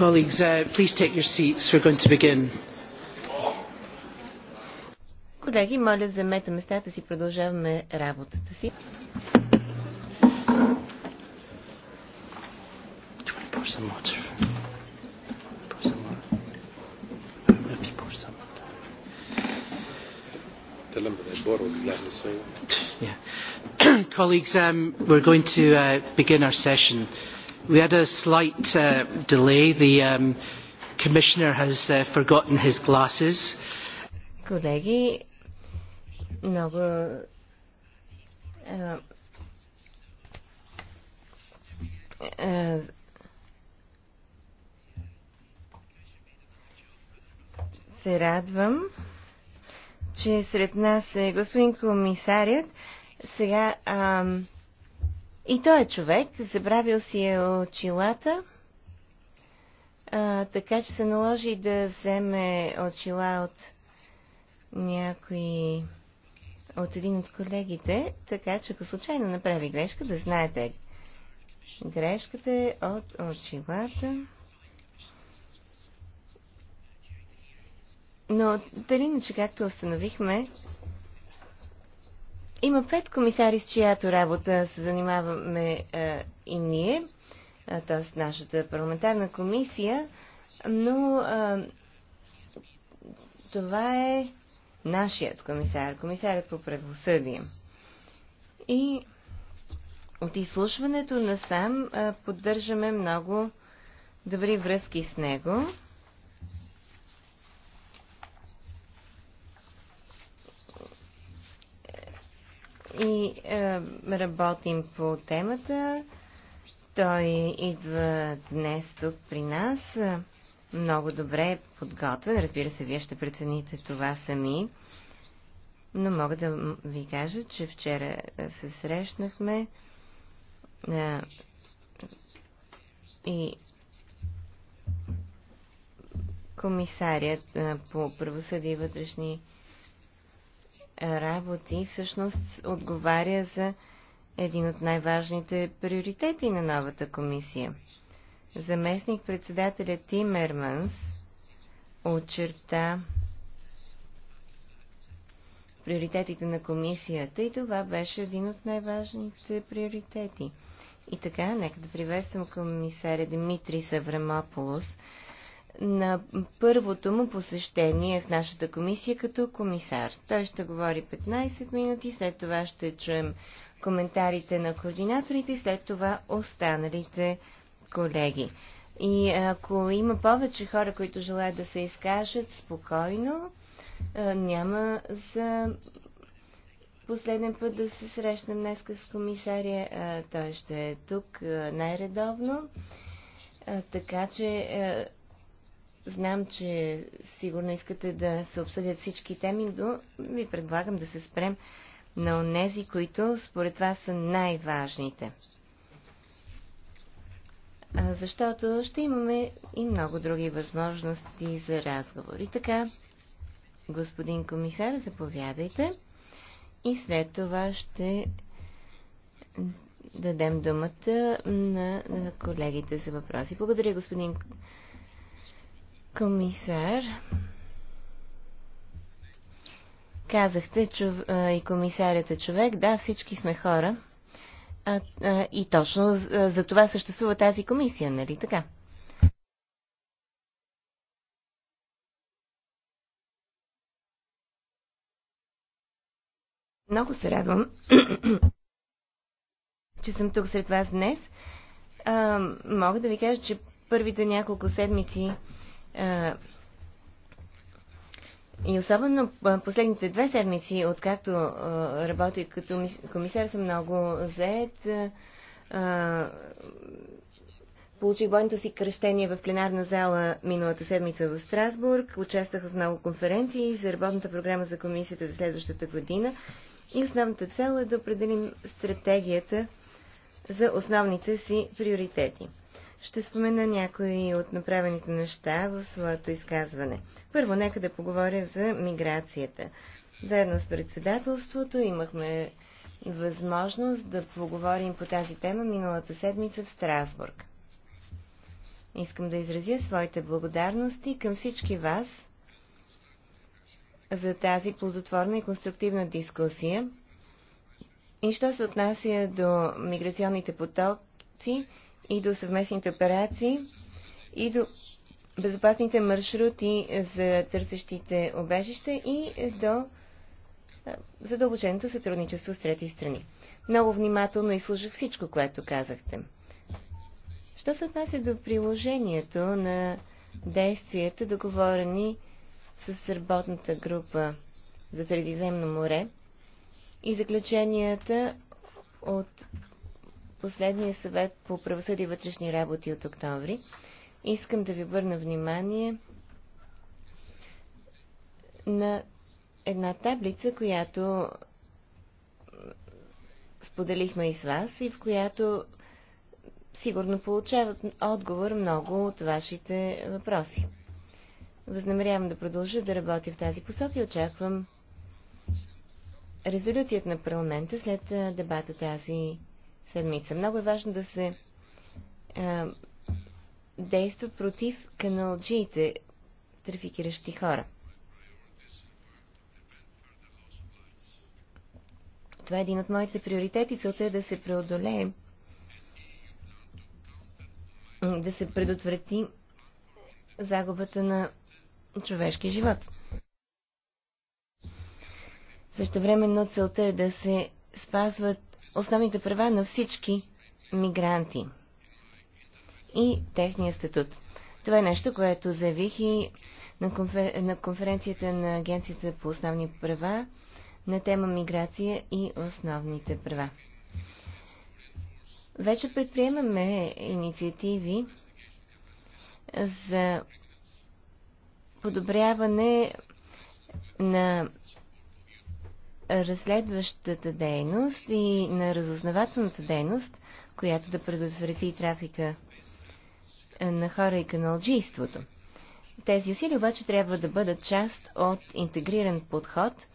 Colleagues, uh, please take your seats. We're going to begin. Колеги, моля, замете местата си, продължаваме работата си. Colleagues, um, we're going to uh, begin our session. We had a slight uh, delay. The um, commissioner has uh, forgotten his glasses. Колеги, много се радвам, че сред нас е господин комисарят. Сега ам, и той е човек, забравил си е очилата, а, така че се наложи да вземе очила от някой от един от колегите, така че ако случайно направи грешка, да знаете. Грешката е от очилата. Но, дали иначе, както установихме, има пет комисари, с чиято работа се занимаваме а, е, и ние, е, т.е. нашата парламентарна комисия, но а, е, това е нашият комисар, комисарят по правосъдие. И от изслушването насам поддържаме много добри връзки с него. и е, работим по темата. Той идва днес тук при нас. Много добре е подготвен. Разбира се, вие ще прецените това сами. Но мога да ви кажа, че вчера е, се срещнахме е, и комисарият е, по правосъдие и вътрешни работи всъщност отговаря за един от най-важните приоритети на новата комисия. Заместник председателя Тимерманс очерта приоритетите на комисията и това беше един от най-важните приоритети. И така, нека да приветствам комисаря Димитрис Аврамополос на първото му посещение в нашата комисия като комисар. Той ще говори 15 минути, след това ще чуем коментарите на координаторите и след това останалите колеги. И ако има повече хора, които желаят да се изкажат спокойно, няма за последен път да се срещнем днес с комисария. Той ще е тук най-редовно. Така че Знам, че сигурно искате да се обсъдят всички теми, но ви предлагам да се спрем на онези, които според вас са най-важните. Защото ще имаме и много други възможности за разговори. Така, господин комисар, заповядайте и след това ще дадем думата на, на колегите за въпроси. Благодаря, господин комисар комисар, казахте че и комисарят е човек. Да, всички сме хора. А, а, и точно за това съществува тази комисия, нали така? Много се радвам, че съм тук сред вас днес. А, мога да ви кажа, че първите няколко седмици е, и особено е, последните две седмици, откакто е, работя като комисар, съм много заед. Получих бойното си кръщение в пленарна зала миналата седмица в Страсбург. Участвах в много конференции за работната програма за комисията за следващата година. И основната цел е да определим стратегията за основните си приоритети. Ще спомена някои от направените неща в своето изказване. Първо, нека да поговоря за миграцията. Заедно с председателството имахме възможност да поговорим по тази тема миналата седмица в Страсбург. Искам да изразя своите благодарности към всички вас за тази плодотворна и конструктивна дискусия. И що се отнася до миграционните потоци, и до съвместните операции, и до безопасните маршрути за търсещите обежище и до задълбоченото сътрудничество с трети страни. Много внимателно изслушах всичко, което казахте. Що се отнася до приложението на действията, договорени с работната група за Средиземно море и заключенията от последния съвет по правосъди и вътрешни работи от октомври, искам да ви върна внимание на една таблица, която споделихме и с вас и в която сигурно получават отговор много от вашите въпроси. Възнамерявам да продължа да работя в тази посока и очаквам резолюцията на парламента след дебата тази седмица. Много е важно да се а, действа против каналджиите, трафикиращи хора. Това е един от моите приоритети. Целта е да се преодолее, да се предотврати загубата на човешки живот. Също но целта е да се спазват основните права на всички мигранти и техния статут. Това е нещо, което заявих и на, конфер... на конференцията на Агенцията по основни права на тема миграция и основните права. Вече предприемаме инициативи за подобряване на разследващата дейност и на разузнавателната дейност, която да предотврати трафика е, на хора и каналджийството. Тези усилия обаче трябва да бъдат част от интегриран подход,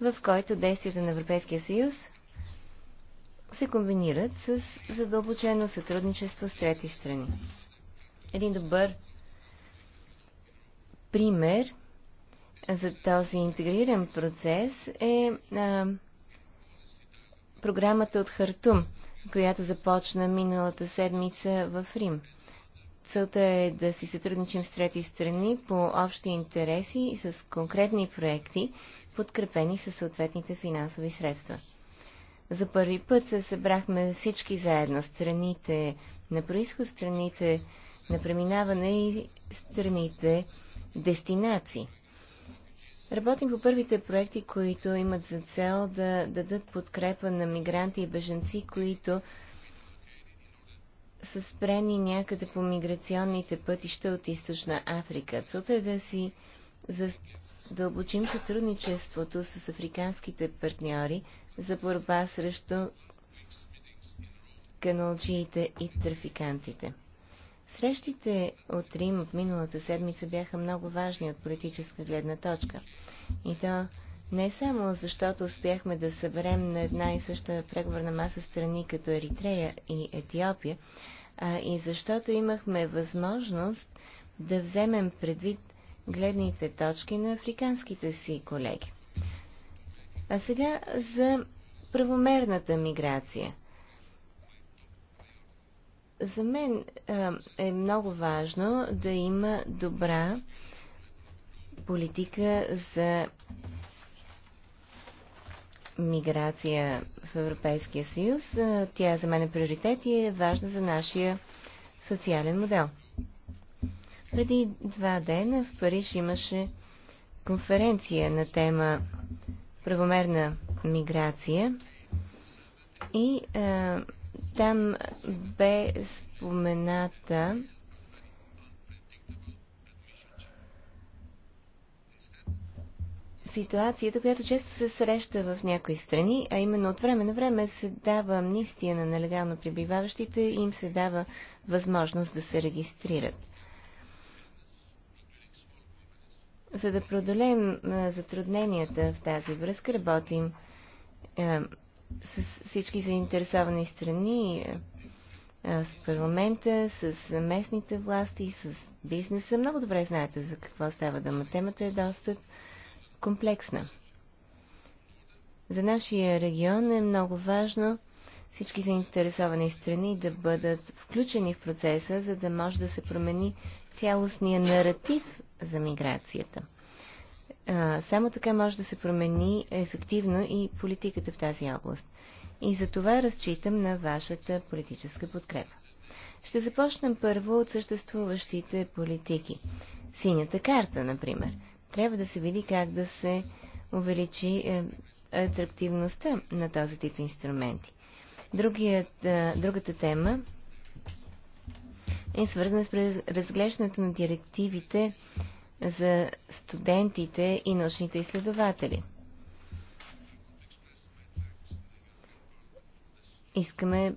в който действията на Европейския съюз се комбинират с задълбочено сътрудничество с трети страни. Един добър пример – за този интегриран процес е а, програмата от Хартум, която започна миналата седмица в Рим. Целта е да си сътрудничим с трети страни по общи интереси и с конкретни проекти, подкрепени със съответните финансови средства. За първи път се събрахме всички заедно, страните на происход, страните на преминаване и страните дестинации – Работим по първите проекти, които имат за цел да дадат подкрепа на мигранти и беженци, които са спрени някъде по миграционните пътища от източна Африка. Целта е да си задълбочим сътрудничеството с африканските партньори за борба срещу каналджиите и трафикантите. Срещите от Рим в миналата седмица бяха много важни от политическа гледна точка. И то не само защото успяхме да съберем на една и съща преговорна маса страни като Еритрея и Етиопия, а и защото имахме възможност да вземем предвид гледните точки на африканските си колеги. А сега за правомерната миграция. За мен е много важно да има добра политика за миграция в Европейския съюз. Тя за мен е приоритет и е важна за нашия социален модел. Преди два дена в Париж имаше конференция на тема правомерна миграция и там бе спомената ситуацията, която често се среща в някои страни, а именно от време на време се дава амнистия на нелегално прибиваващите и им се дава възможност да се регистрират. За да продолеем затрудненията в тази връзка, работим с всички заинтересовани страни, е, е, с парламента, с местните власти, с бизнеса. Много добре знаете за какво става дума. Темата е доста комплексна. За нашия регион е много важно всички заинтересовани страни да бъдат включени в процеса, за да може да се промени цялостния наратив за миграцията. А, само така може да се промени ефективно и политиката в тази област. И за това разчитам на вашата политическа подкрепа. Ще започнем първо от съществуващите политики. Синята карта, например. Трябва да се види как да се увеличи е, атрактивността на този тип инструменти. Другият, е, другата тема е свързана с разглеждането на директивите за студентите и научните изследователи. Искаме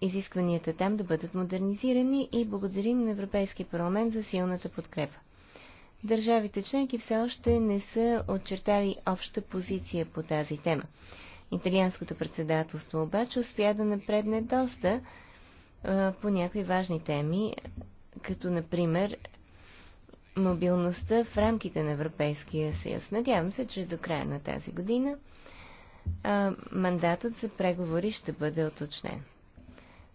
изискванията там да бъдат модернизирани и благодарим на Европейския парламент за силната подкрепа. Държавите членки все още не са отчертали обща позиция по тази тема. Италианското председателство обаче успя да напредне доста а, по някои важни теми, като например мобилността в рамките на Европейския съюз. Надявам се, че до края на тази година а, мандатът за преговори ще бъде оточнен.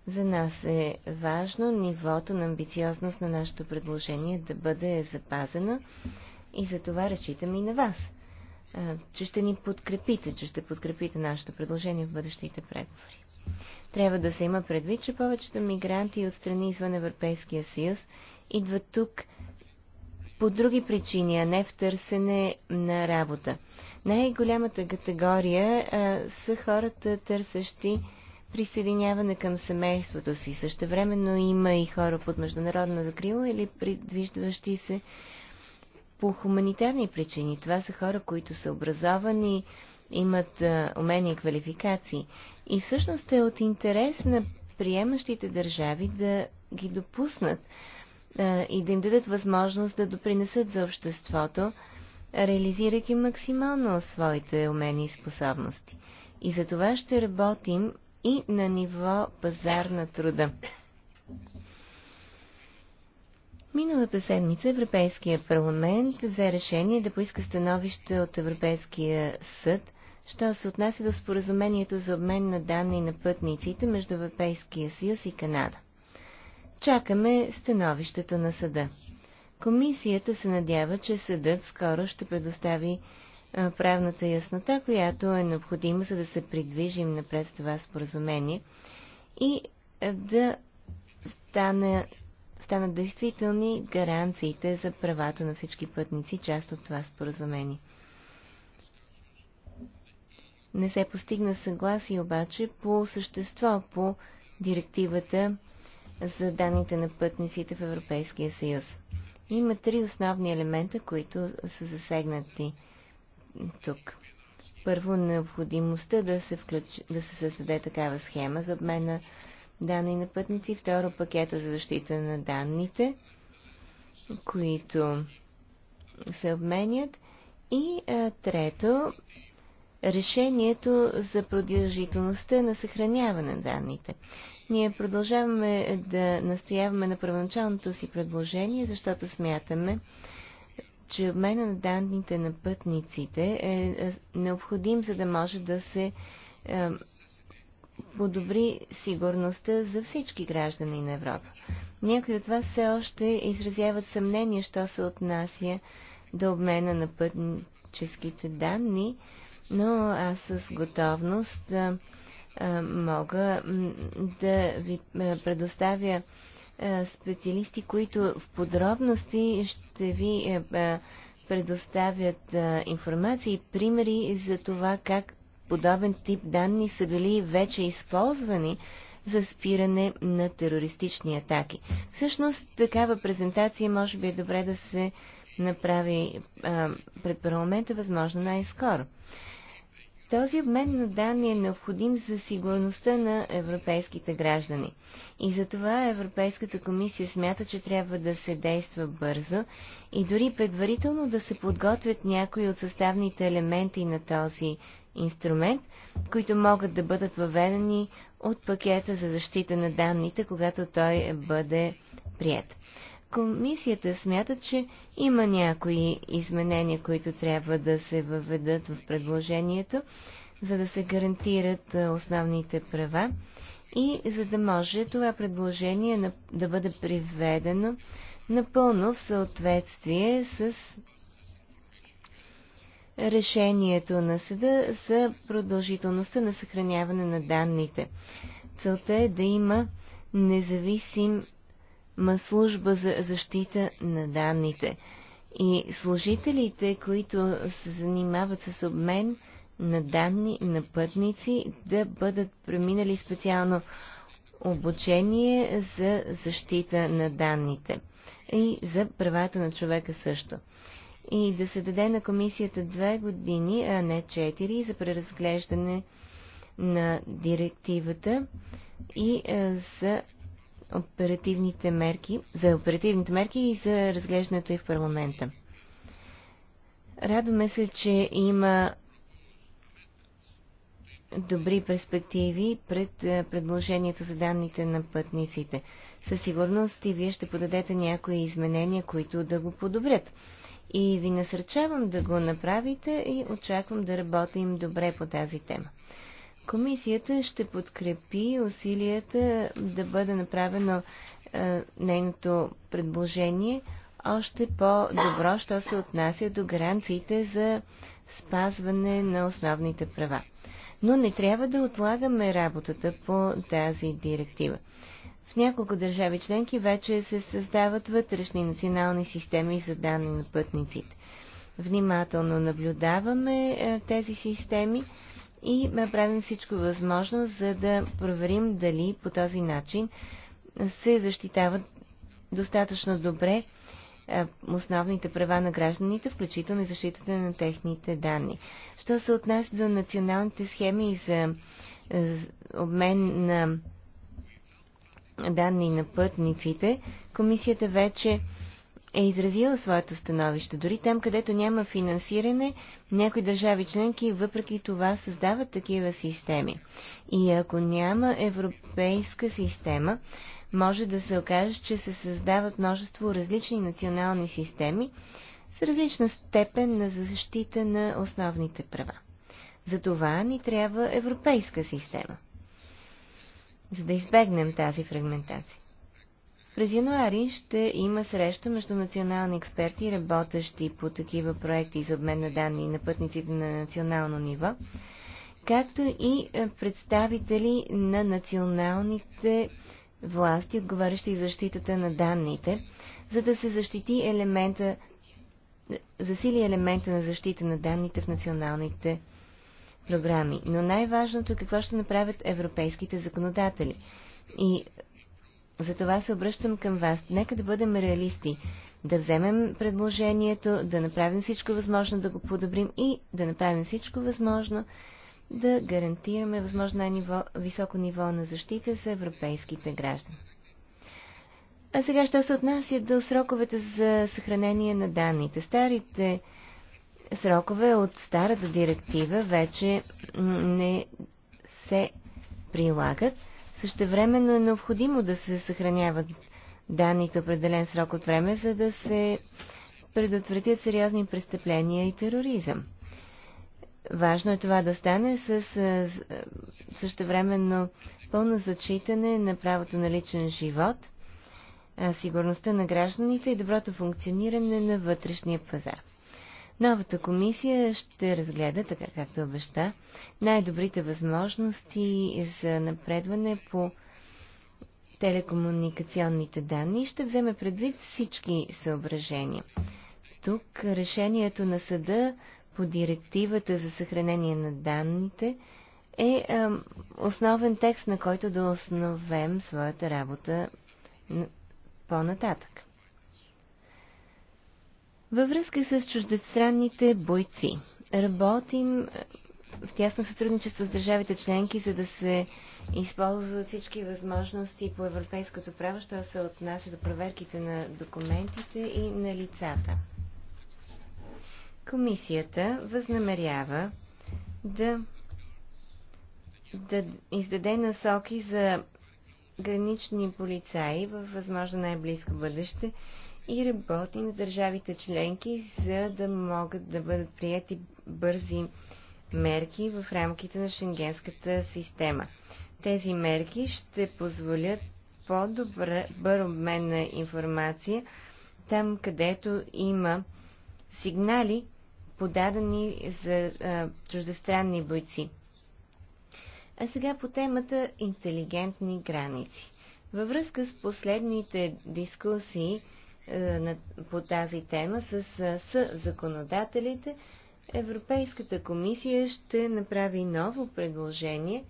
За нас е важно нивото на амбициозност на нашето предложение да бъде запазено и за това разчитам и на вас, а, че ще ни подкрепите, че ще подкрепите нашето предложение в бъдещите преговори. Трябва да се има предвид, че повечето мигранти от страни извън Европейския съюз идват тук – по други причини, а не в търсене на работа. Най-голямата категория а, са хората, търсещи присъединяване към семейството си. времено има и хора под международна закрила или предвиждащи се по хуманитарни причини. Това са хора, които са образовани, имат а, умения и квалификации. И всъщност е от интерес на приемащите държави да ги допуснат е, и да им дадат възможност да допринесат за обществото, реализирайки максимално своите умения и способности. И за това ще работим и на ниво пазар на труда. Миналата седмица Европейския парламент взе решение да поиска становище от Европейския съд, що се отнася до споразумението за обмен на данни на пътниците между Европейския съюз и Канада. Чакаме становището на съда. Комисията се надява, че съдът скоро ще предостави правната яснота, която е необходима, за да се придвижим напред с това споразумение и да стане, станат действителни гаранциите за правата на всички пътници, част от това споразумение. Не се постигна съгласие обаче по същество, по директивата за данните на пътниците в Европейския съюз. Има три основни елемента, които са засегнати тук. Първо, необходимостта да се, включ... да се създаде такава схема за обмен на данни на пътници. Второ, пакета за защита на данните, които се обменят. И а, трето, решението за продължителността на съхраняване на данните. Ние продължаваме да настояваме на първоначалното си предложение, защото смятаме, че обмена на данните на пътниците е, е, е необходим, за да може да се е, подобри сигурността за всички граждани на Европа. Някои от вас все още изразяват съмнение, що се отнася до обмена на пътническите данни, но аз с готовност е, е, мога да ви е, предоставя е, специалисти, които в подробности ще ви предоставят информация и примери за това как подобен тип данни са били вече използвани за спиране на терористични атаки. Всъщност, такава презентация може би е добре да се направи а, пред парламента възможно най-скоро. Този обмен на данни е необходим за сигурността на европейските граждани. И за това Европейската комисия смята, че трябва да се действа бързо и дори предварително да се подготвят някои от съставните елементи на този инструмент, които могат да бъдат въведени от пакета за защита на данните, когато той бъде прият комисията смята, че има някои изменения, които трябва да се въведат в предложението, за да се гарантират основните права и за да може това предложение да бъде приведено напълно в съответствие с решението на съда за продължителността на съхраняване на данните. Целта е да има независим служба за защита на данните. И служителите, които се занимават с обмен на данни на пътници, да бъдат преминали специално обучение за защита на данните и за правата на човека също. И да се даде на комисията две години, а не четири, за преразглеждане на директивата и за оперативните мерки, за оперативните мерки и за разглеждането и в парламента. Радваме се, че има добри перспективи пред е, предложението за данните на пътниците. Със сигурност и вие ще подадете някои изменения, които да го подобрят. И ви насърчавам да го направите и очаквам да работим добре по тази тема. Комисията ще подкрепи усилията да бъде направено е, нейното предложение още по-добро, що се отнася до гаранциите за спазване на основните права. Но не трябва да отлагаме работата по тази директива. В няколко държави членки вече се създават вътрешни национални системи за данни на пътниците. Внимателно наблюдаваме е, тези системи и правим всичко възможно, за да проверим дали по този начин се защитават достатъчно добре основните права на гражданите, включително и защитата на техните данни. Що се отнася до националните схеми и за обмен на данни на пътниците, комисията вече е изразила своето становище. Дори там, където няма финансиране, някои държави членки въпреки това създават такива системи. И ако няма европейска система, може да се окаже, че се създават множество различни национални системи с различна степен на защита на основните права. За това ни трябва европейска система, за да избегнем тази фрагментация. През януари ще има среща между национални експерти, работещи по такива проекти за обмен на данни на пътниците на национално ниво, както и е, представители на националните власти, отговарящи защитата на данните, за да се защити елемента, засили елемента на защита на данните в националните програми. Но най-важното е какво ще направят европейските законодатели. И затова се обръщам към вас. Нека да бъдем реалисти. Да вземем предложението, да направим всичко възможно да го подобрим и да направим всичко възможно да гарантираме възможно най-високо ниво на защита за европейските граждани. А сега, що се отнася до сроковете за съхранение на данните? Старите срокове от старата директива вече не се прилагат. Същевременно е необходимо да се съхраняват данните определен срок от време, за да се предотвратят сериозни престъпления и тероризъм. Важно е това да стане с същевременно пълно зачитане на правото на личен живот, сигурността на гражданите и доброто функциониране на вътрешния пазар. Новата комисия ще разгледа, така както обеща, най-добрите възможности за напредване по телекомуникационните данни и ще вземе предвид всички съображения. Тук решението на съда по директивата за съхранение на данните е, основен текст, на който да основем своята работа по-нататък. Във връзка с чуждестранните бойци, работим е, в тясно сътрудничество с държавите членки, за да се използват всички възможности по европейското право, що се отнася до проверките на документите и на лицата. Комисията възнамерява да, да издаде насоки за гранични полицаи във възможно най-близко бъдеще и работи на държавите членки, за да могат да бъдат прияти бързи мерки в рамките на шенгенската система. Тези мерки ще позволят по-добър обмен на информация там, където има сигнали, подадени за а, чуждестранни бойци. А сега по темата интелигентни граници. Във връзка с последните дискусии е, по тази тема с, е, с законодателите, Европейската комисия ще направи ново предложение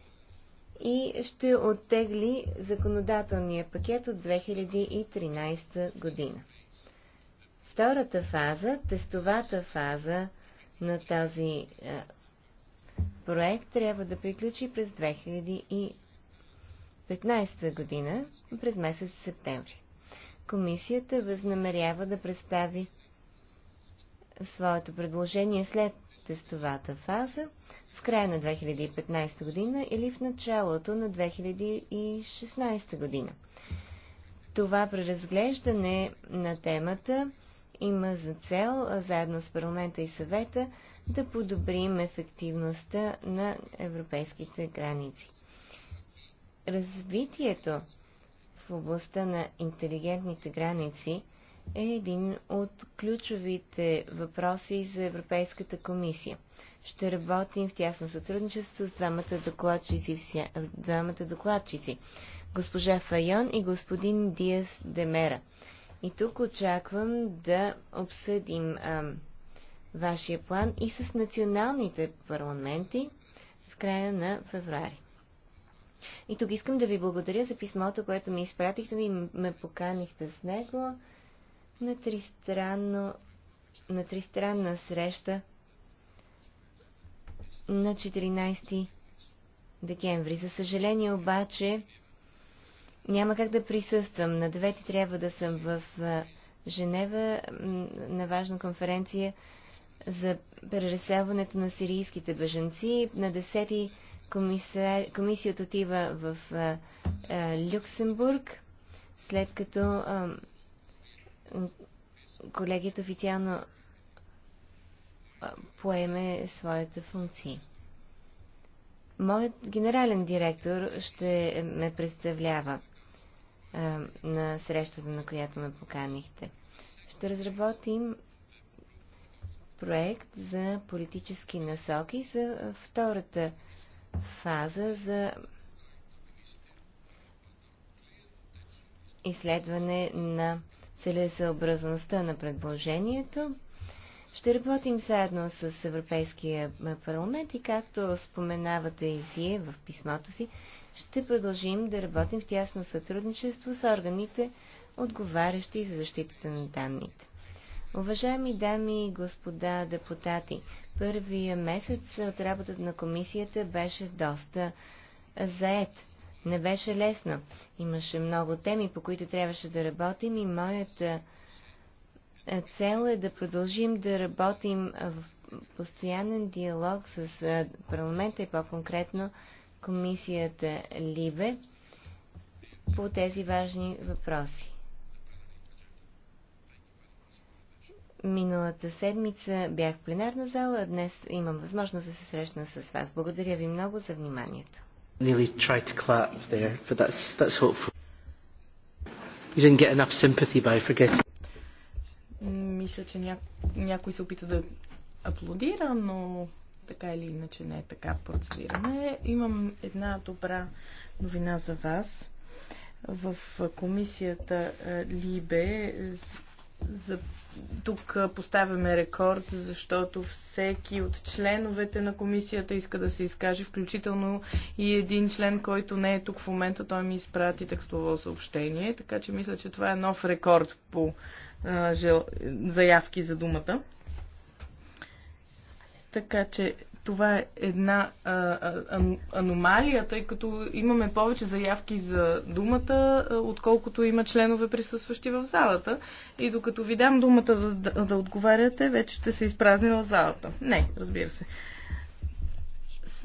и ще оттегли законодателния пакет от 2013 година. Втората фаза, тестовата фаза на този е, проект трябва да приключи през 2015 година, през месец септември комисията възнамерява да представи своето предложение след тестовата фаза в края на 2015 година или в началото на 2016 година. Това преразглеждане на темата има за цел, заедно с парламента и съвета, да подобрим ефективността на европейските граници. Развитието в областта на интелигентните граници е един от ключовите въпроси за Европейската комисия. Ще работим в тясно сътрудничество с двамата докладчици, с двамата докладчици госпожа Файон и господин Диас Демера. И тук очаквам да обсъдим ам, вашия план и с националните парламенти в края на феврари. И тук искам да ви благодаря за писмото, което ми изпратихте и ме поканихте с него на тристранно на тристранна среща на 14 декември. За съжаление обаче няма как да присъствам. На 9 трябва да съм в Женева на важна конференция за прересяването на сирийските бежанци. На 10 комисар, комисията отива в а, а, Люксембург, след като а, колегията официално поеме своята функция. Моят генерален директор ще ме представлява а, на срещата, на която ме поканихте. Ще разработим проект за политически насоки за втората фаза за изследване на целесъобразността на предложението. Ще работим заедно с Европейския парламент и както споменавате и вие в писмото си, ще продължим да работим в тясно сътрудничество с органите, отговарящи за защитата на данните. Уважаеми дами и господа депутати, първия месец от работата на комисията беше доста заед. Не беше лесно. Имаше много теми, по които трябваше да работим и моята цел е да продължим да работим в постоянен диалог с парламента и по-конкретно комисията Либе по тези важни въпроси. Миналата седмица бях в пленарна зала, а днес имам възможност да се срещна с вас. Благодаря ви много за вниманието. Мисля, че ня... някой се опита да аплодира, но така или иначе не е така процедиране. Имам една добра новина за вас. В комисията е, Либе за... Тук поставяме рекорд, защото всеки от членовете на комисията иска да се изкаже, включително и един член, който не е тук в момента, той ми изпрати текстово съобщение, така че мисля, че това е нов рекорд по а, жел... заявки за думата. Така че това е една а, а, аномалия, тъй като имаме повече заявки за думата, отколкото има членове присъстващи в залата. И докато ви дам думата да, да, да отговаряте, вече ще се изпразни в залата. Не, разбира се.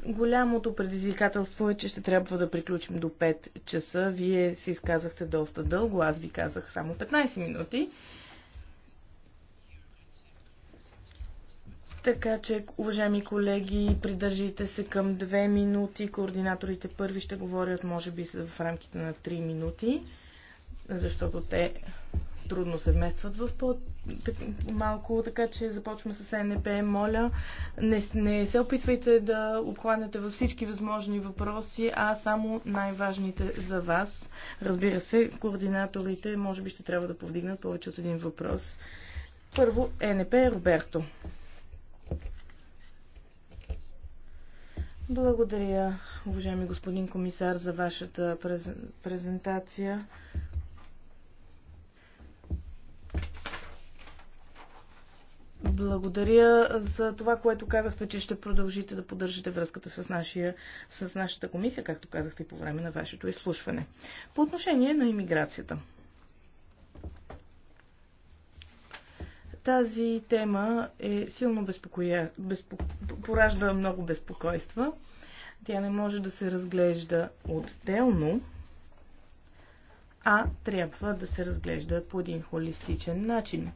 Голямото предизвикателство е, че ще трябва да приключим до 5 часа. Вие се изказахте доста дълго, аз ви казах само 15 минути. Така че, уважаеми колеги, придържайте се към две минути. Координаторите първи ще говорят, може би, в рамките на три минути, защото те трудно се вместват в по малко, така че започваме с НП. Моля, не, не се опитвайте да обхванете във всички възможни въпроси, а само най-важните за вас. Разбира се, координаторите може би ще трябва да повдигнат повече от един въпрос. Първо, НП Роберто. Благодаря, уважаеми господин комисар, за вашата презентация. Благодаря за това, което казахте, че ще продължите да поддържате връзката с, нашия, с нашата комисия, както казахте и по време на вашето изслушване. По отношение на иммиграцията. Тази тема е силно безпокоя... безпо... поражда много безпокойства. Тя не може да се разглежда отделно, а трябва да се разглежда по един холистичен начин.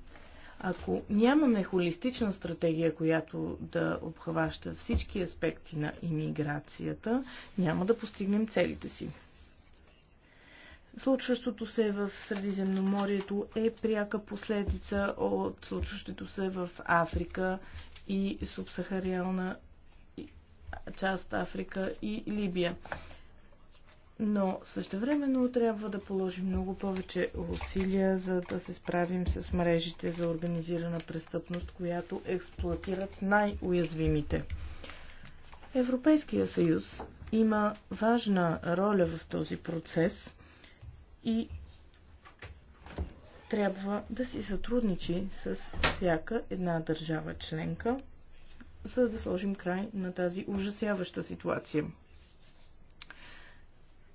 Ако нямаме холистична стратегия, която да обхваща всички аспекти на имиграцията, няма да постигнем целите си. Случващото се в Средиземноморието е пряка последица от случващото се в Африка и субсахариална част Африка и Либия. Но същевременно трябва да положим много повече усилия, за да се справим с мрежите за организирана престъпност, която експлуатират най-уязвимите. Европейския съюз има важна роля в този процес – и трябва да си сътрудничи с всяка една държава членка, за да сложим край на тази ужасяваща ситуация.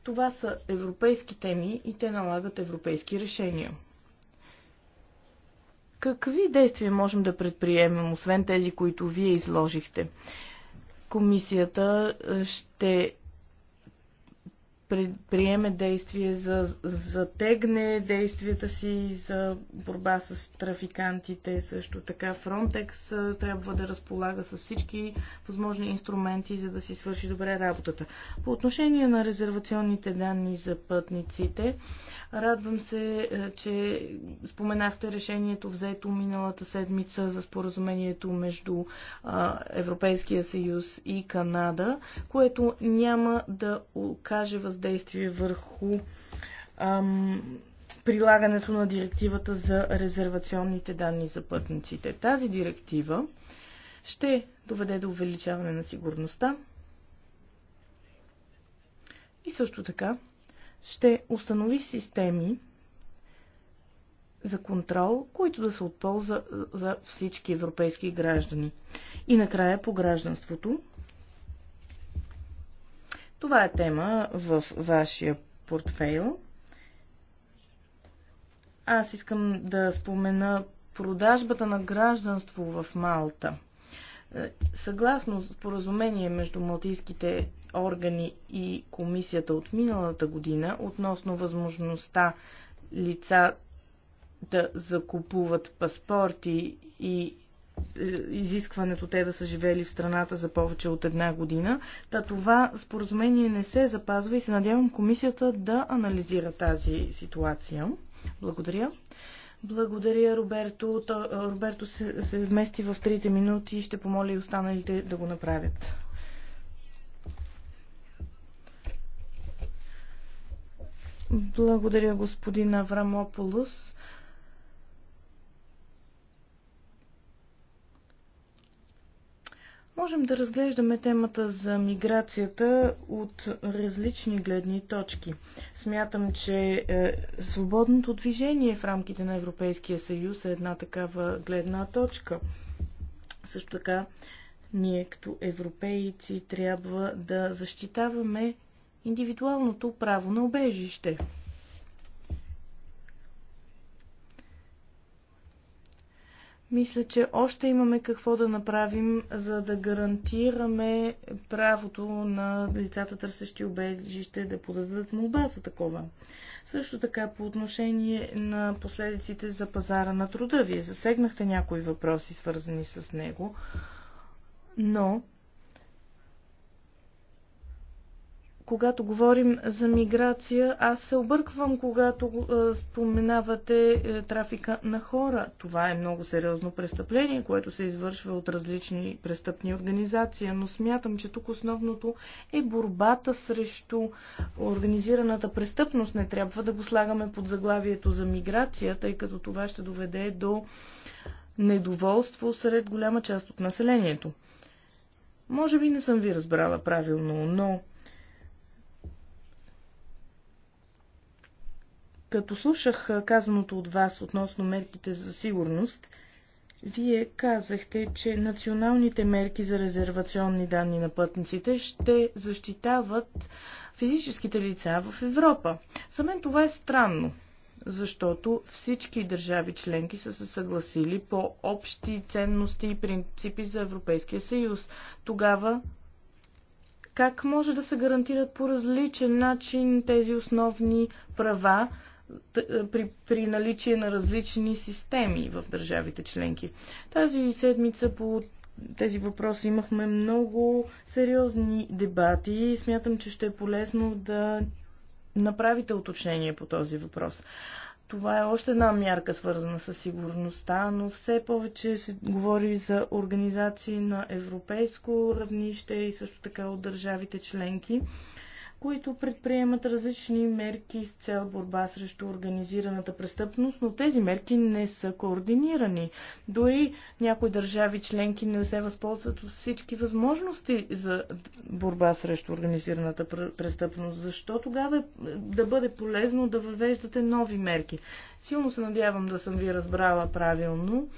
Това са европейски теми и те налагат европейски решения. Какви действия можем да предприемем, освен тези, които вие изложихте? Комисията ще предприеме действие, за затегне действията си за борба с трафикантите. Също така Frontex трябва да разполага с всички възможни инструменти, за да си свърши добре работата. По отношение на резервационните данни за пътниците, радвам се, че споменахте решението взето миналата седмица за споразумението между Европейския съюз и Канада, което няма да окаже въздействие въздействие върху ам, прилагането на директивата за резервационните данни за пътниците. Тази директива ще доведе до увеличаване на сигурността и също така ще установи системи за контрол, които да се от полза за всички европейски граждани. И накрая по гражданството това е тема в вашия портфейл. Аз искам да спомена продажбата на гражданство в Малта. Е, съгласно споразумение между малтийските органи и комисията от миналата година относно възможността лица да закупуват паспорти и изискването те да са живели в страната за повече от една година. Та това споразумение не се запазва и се надявам комисията да анализира тази ситуация. Благодаря. Благодаря, Роберто. То, Роберто се, се вмести в трите минути и ще помоля и останалите да го направят. Благодаря, господин Аврамополос. Можем да разглеждаме темата за миграцията от различни гледни точки. Смятам, че е, свободното движение в рамките на Европейския съюз е една такава гледна точка. Също така, ние като европейци трябва да защитаваме индивидуалното право на убежище. Мисля, че още имаме какво да направим, за да гарантираме правото на лицата, търсещи обежище, да подадат молба за такова. Също така по отношение на последиците за пазара на труда. Вие засегнахте някои въпроси, свързани с него, но когато говорим за миграция, аз се обърквам, когато е, споменавате е, трафика на хора. Това е много сериозно престъпление, което се извършва от различни престъпни организации, но смятам, че тук основното е борбата срещу организираната престъпност. Не трябва да го слагаме под заглавието за миграция, тъй като това ще доведе до недоволство сред голяма част от населението. Може би не съм ви разбрала правилно, но Като слушах казаното от вас относно мерките за сигурност, вие казахте, че националните мерки за резервационни данни на пътниците ще защитават физическите лица в Европа. За мен това е странно, защото всички държави членки са се съгласили по общи ценности и принципи за Европейския съюз. Тогава как може да се гарантират по различен начин тези основни права при, при наличие на различни системи в държавите членки. Тази седмица по тези въпроси имахме много сериозни дебати и смятам, че ще е полезно да направите уточнение по този въпрос. Това е още една мярка, свързана с сигурността, но все повече се говори за организации на европейско равнище и също така от държавите членки които предприемат различни мерки с цел борба срещу организираната престъпност, но тези мерки не са координирани. Дори някои държави членки не се възползват от всички възможности за борба срещу организираната престъпност. Защо тогава е, да бъде полезно да въвеждате нови мерки? Силно се надявам да съм ви разбрала правилно.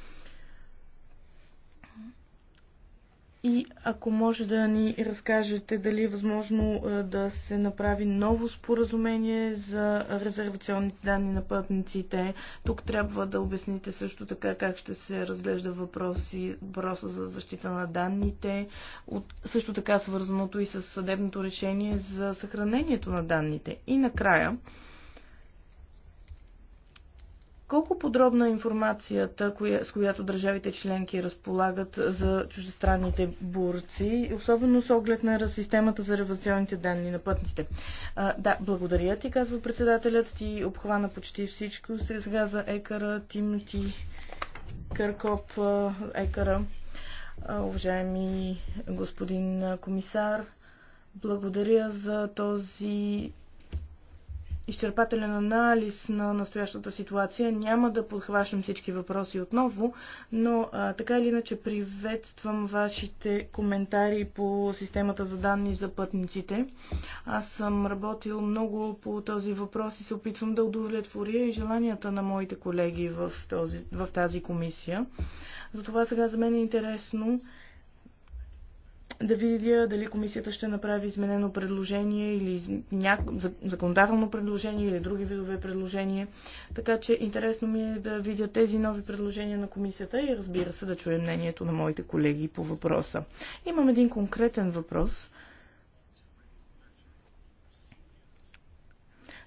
И ако може да ни разкажете дали е възможно е, да се направи ново споразумение за резервационните данни на пътниците. Тук трябва да обясните също така как ще се разглежда въпроси, въпроса за защита на данните, от, също така свързаното и с съдебното решение за съхранението на данните. И накрая, колко подробна е информацията, коя, с която държавите членки разполагат за чуждестранните бурци, особено с оглед на системата за ревазионните данни на пътниците? А, да, благодаря ти, казва председателят. Ти обхвана почти всичко. Сега за екара, Тимоти, Къркоп, екара. Уважаеми господин комисар, благодаря за този изчерпателен анализ на настоящата ситуация. Няма да подхващам всички въпроси отново, но а, така или иначе приветствам вашите коментари по системата за данни за пътниците. Аз съм работил много по този въпрос и се опитвам да удовлетворя и желанията на моите колеги в, този, в тази комисия. Затова сега за мен е интересно да видя дали комисията ще направи изменено предложение или няко... законодателно предложение или други видове предложения. Така че интересно ми е да видя тези нови предложения на комисията и разбира се да чуя мнението на моите колеги по въпроса. Имам един конкретен въпрос.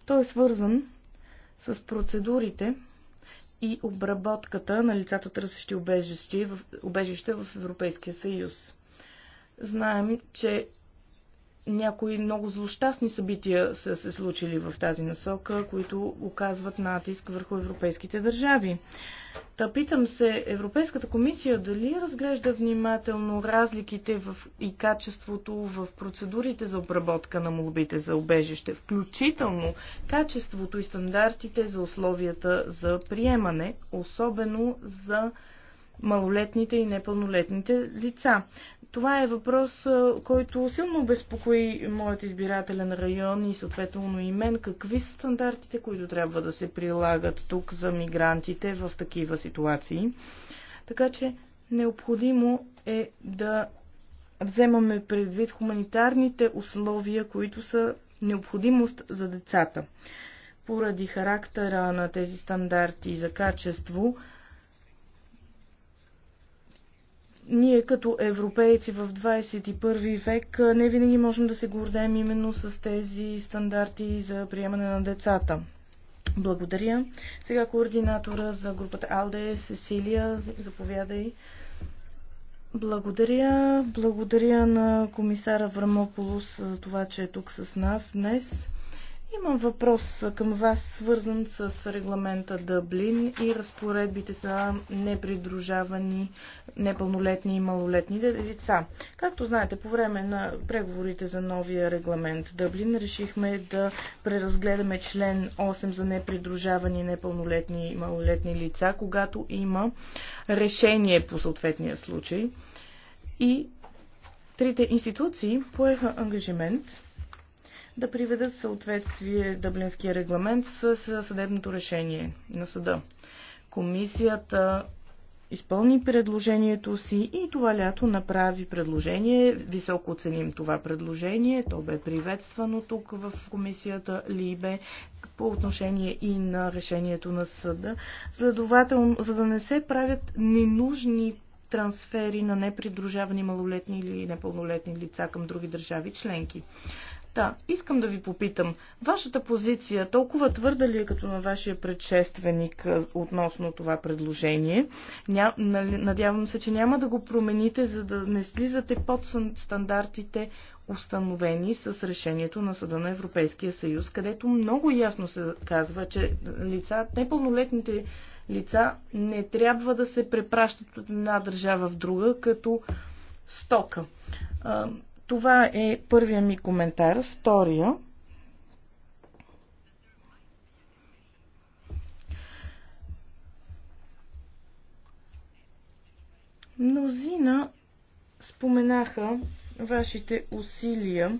Той е свързан с процедурите и обработката на лицата търсещи убежище в, в Европейския съюз. Знаем, че някои много злощастни събития са се случили в тази насока, които оказват натиск върху европейските държави. Та питам се, Европейската комисия дали разглежда внимателно разликите в и качеството в процедурите за обработка на молбите за обежище, включително качеството и стандартите за условията за приемане, особено за малолетните и непълнолетните лица. Това е въпрос, който силно обезпокои моят избирателен район и съответно и мен. Какви са стандартите, които трябва да се прилагат тук за мигрантите в такива ситуации? Така че необходимо е да вземаме предвид хуманитарните условия, които са необходимост за децата. Поради характера на тези стандарти за качество, ние като европейци в 21 век не винаги можем да се гордеем именно с тези стандарти за приемане на децата. Благодаря. Сега координатора за групата АЛДЕ, Сесилия, заповядай. Благодаря. Благодаря на комисара Врамополус за това, че е тук с нас днес. Имам въпрос към вас, свързан с регламента Дъблин и разпоредбите за непридружавани непълнолетни и малолетни деца. Както знаете, по време на преговорите за новия регламент Дъблин решихме да преразгледаме член 8 за непридружавани непълнолетни и малолетни лица, когато има решение по съответния случай. И трите институции поеха ангажимент да приведат съответствие Дъблинския регламент с съдебното решение на съда. Комисията изпълни предложението си и това лято направи предложение. Високо оценим това предложение. То бе приветствано тук в комисията Либе по отношение и на решението на съда. Следователно, за да не се правят ненужни трансфери на непридружавани малолетни или непълнолетни лица към други държави членки. Да, искам да ви попитам. Вашата позиция толкова твърда ли е като на вашия предшественик относно това предложение? Ня, нали, надявам се, че няма да го промените, за да не слизате под стандартите установени с решението на Съда на Европейския съюз, където много ясно се казва, че лица, непълнолетните лица не трябва да се препращат от една държава в друга като стока. Това е първия ми коментар. Втория. Мнозина споменаха вашите усилия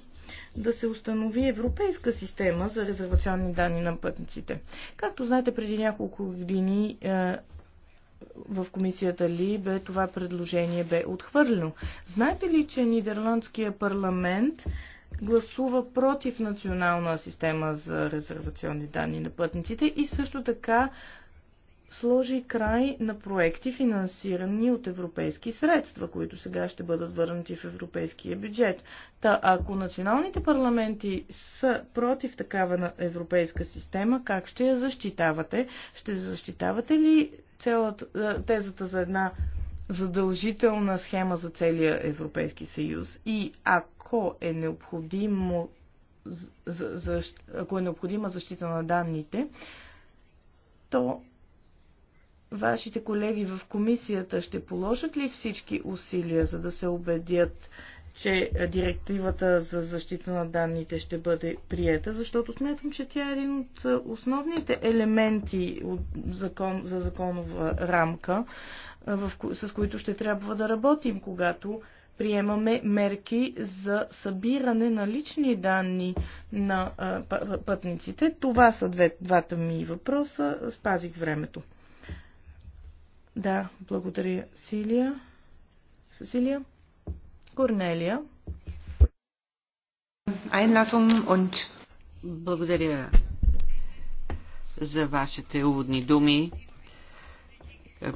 да се установи европейска система за резервационни данни на пътниците. Както знаете, преди няколко години е, в комисията ли, бе това предложение бе отхвърлено. Знаете ли, че Нидерландския парламент гласува против национална система за резервационни данни на пътниците и също така сложи край на проекти, финансирани от европейски средства, които сега ще бъдат върнати в европейския бюджет. Та ако националните парламенти са против такава европейска система, как ще я защитавате? Ще защитавате ли цялата, е, тезата за една задължителна схема за целия Европейски съюз и ако е необходимо за, за, ако е необходима защита на данните, то вашите колеги в комисията ще положат ли всички усилия, за да се убедят че е, директивата за защита на данните ще бъде приета, защото смятам, че тя е един от е, основните елементи от закон, за законова рамка, е, в, с които ще трябва да работим, когато приемаме мерки за събиране на лични данни на пътниците. Това са две, двата ми въпроса. Спазих времето. Да, благодаря, Силия. Сесилия. Корнелия. Айнласум und... Благодаря за вашите уводни думи.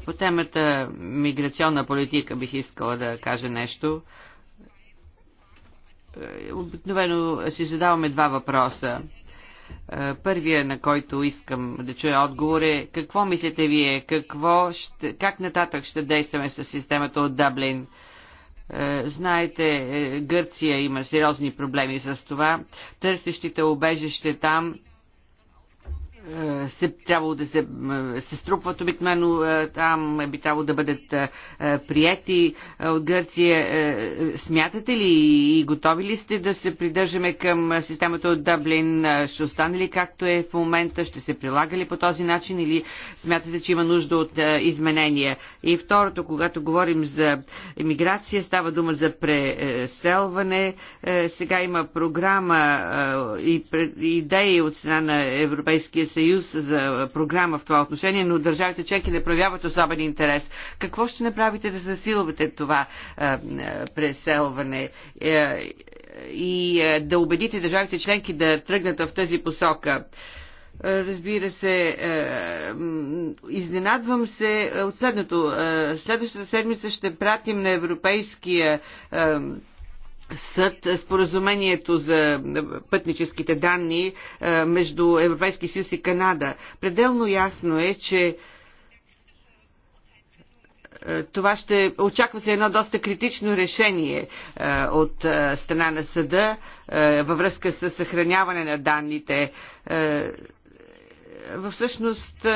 По темата миграционна политика бих искала да кажа нещо. Обикновено си задаваме два въпроса. Първия, на който искам да чуя отговор е какво мислите вие, какво ще, как нататък ще действаме с системата от Даблин? Е, знаете, е, Гърция има сериозни проблеми с това. Търсещите обежище там е, се, трябвало да се, се струпват обикновено е, там, е, би трябвало да бъдат прияти от Гърция. Смятате ли и готови ли сте да се придържаме към системата от Дъблин? Ще остане ли както е в момента? Ще се прилага ли по този начин или смятате, че има нужда от изменения? И второто, когато говорим за емиграция, става дума за преселване. Сега има програма и идеи от страна на Европейския съюз съюз за програма в това отношение, но държавите членки не проявяват особен интерес. Какво ще направите да засилвате това е, е, преселване? Е, и да убедите държавите членки да тръгнат в тази посока. Разбира се, изненадвам се от следното. Следващата седмица ще пратим на Европейския съд е, споразумението за е, пътническите данни е, между Европейски съюз и Канада. Пределно ясно е, че това ще очаква се едно доста критично решение от страна на съда във връзка с съхраняване на данните. Всъщност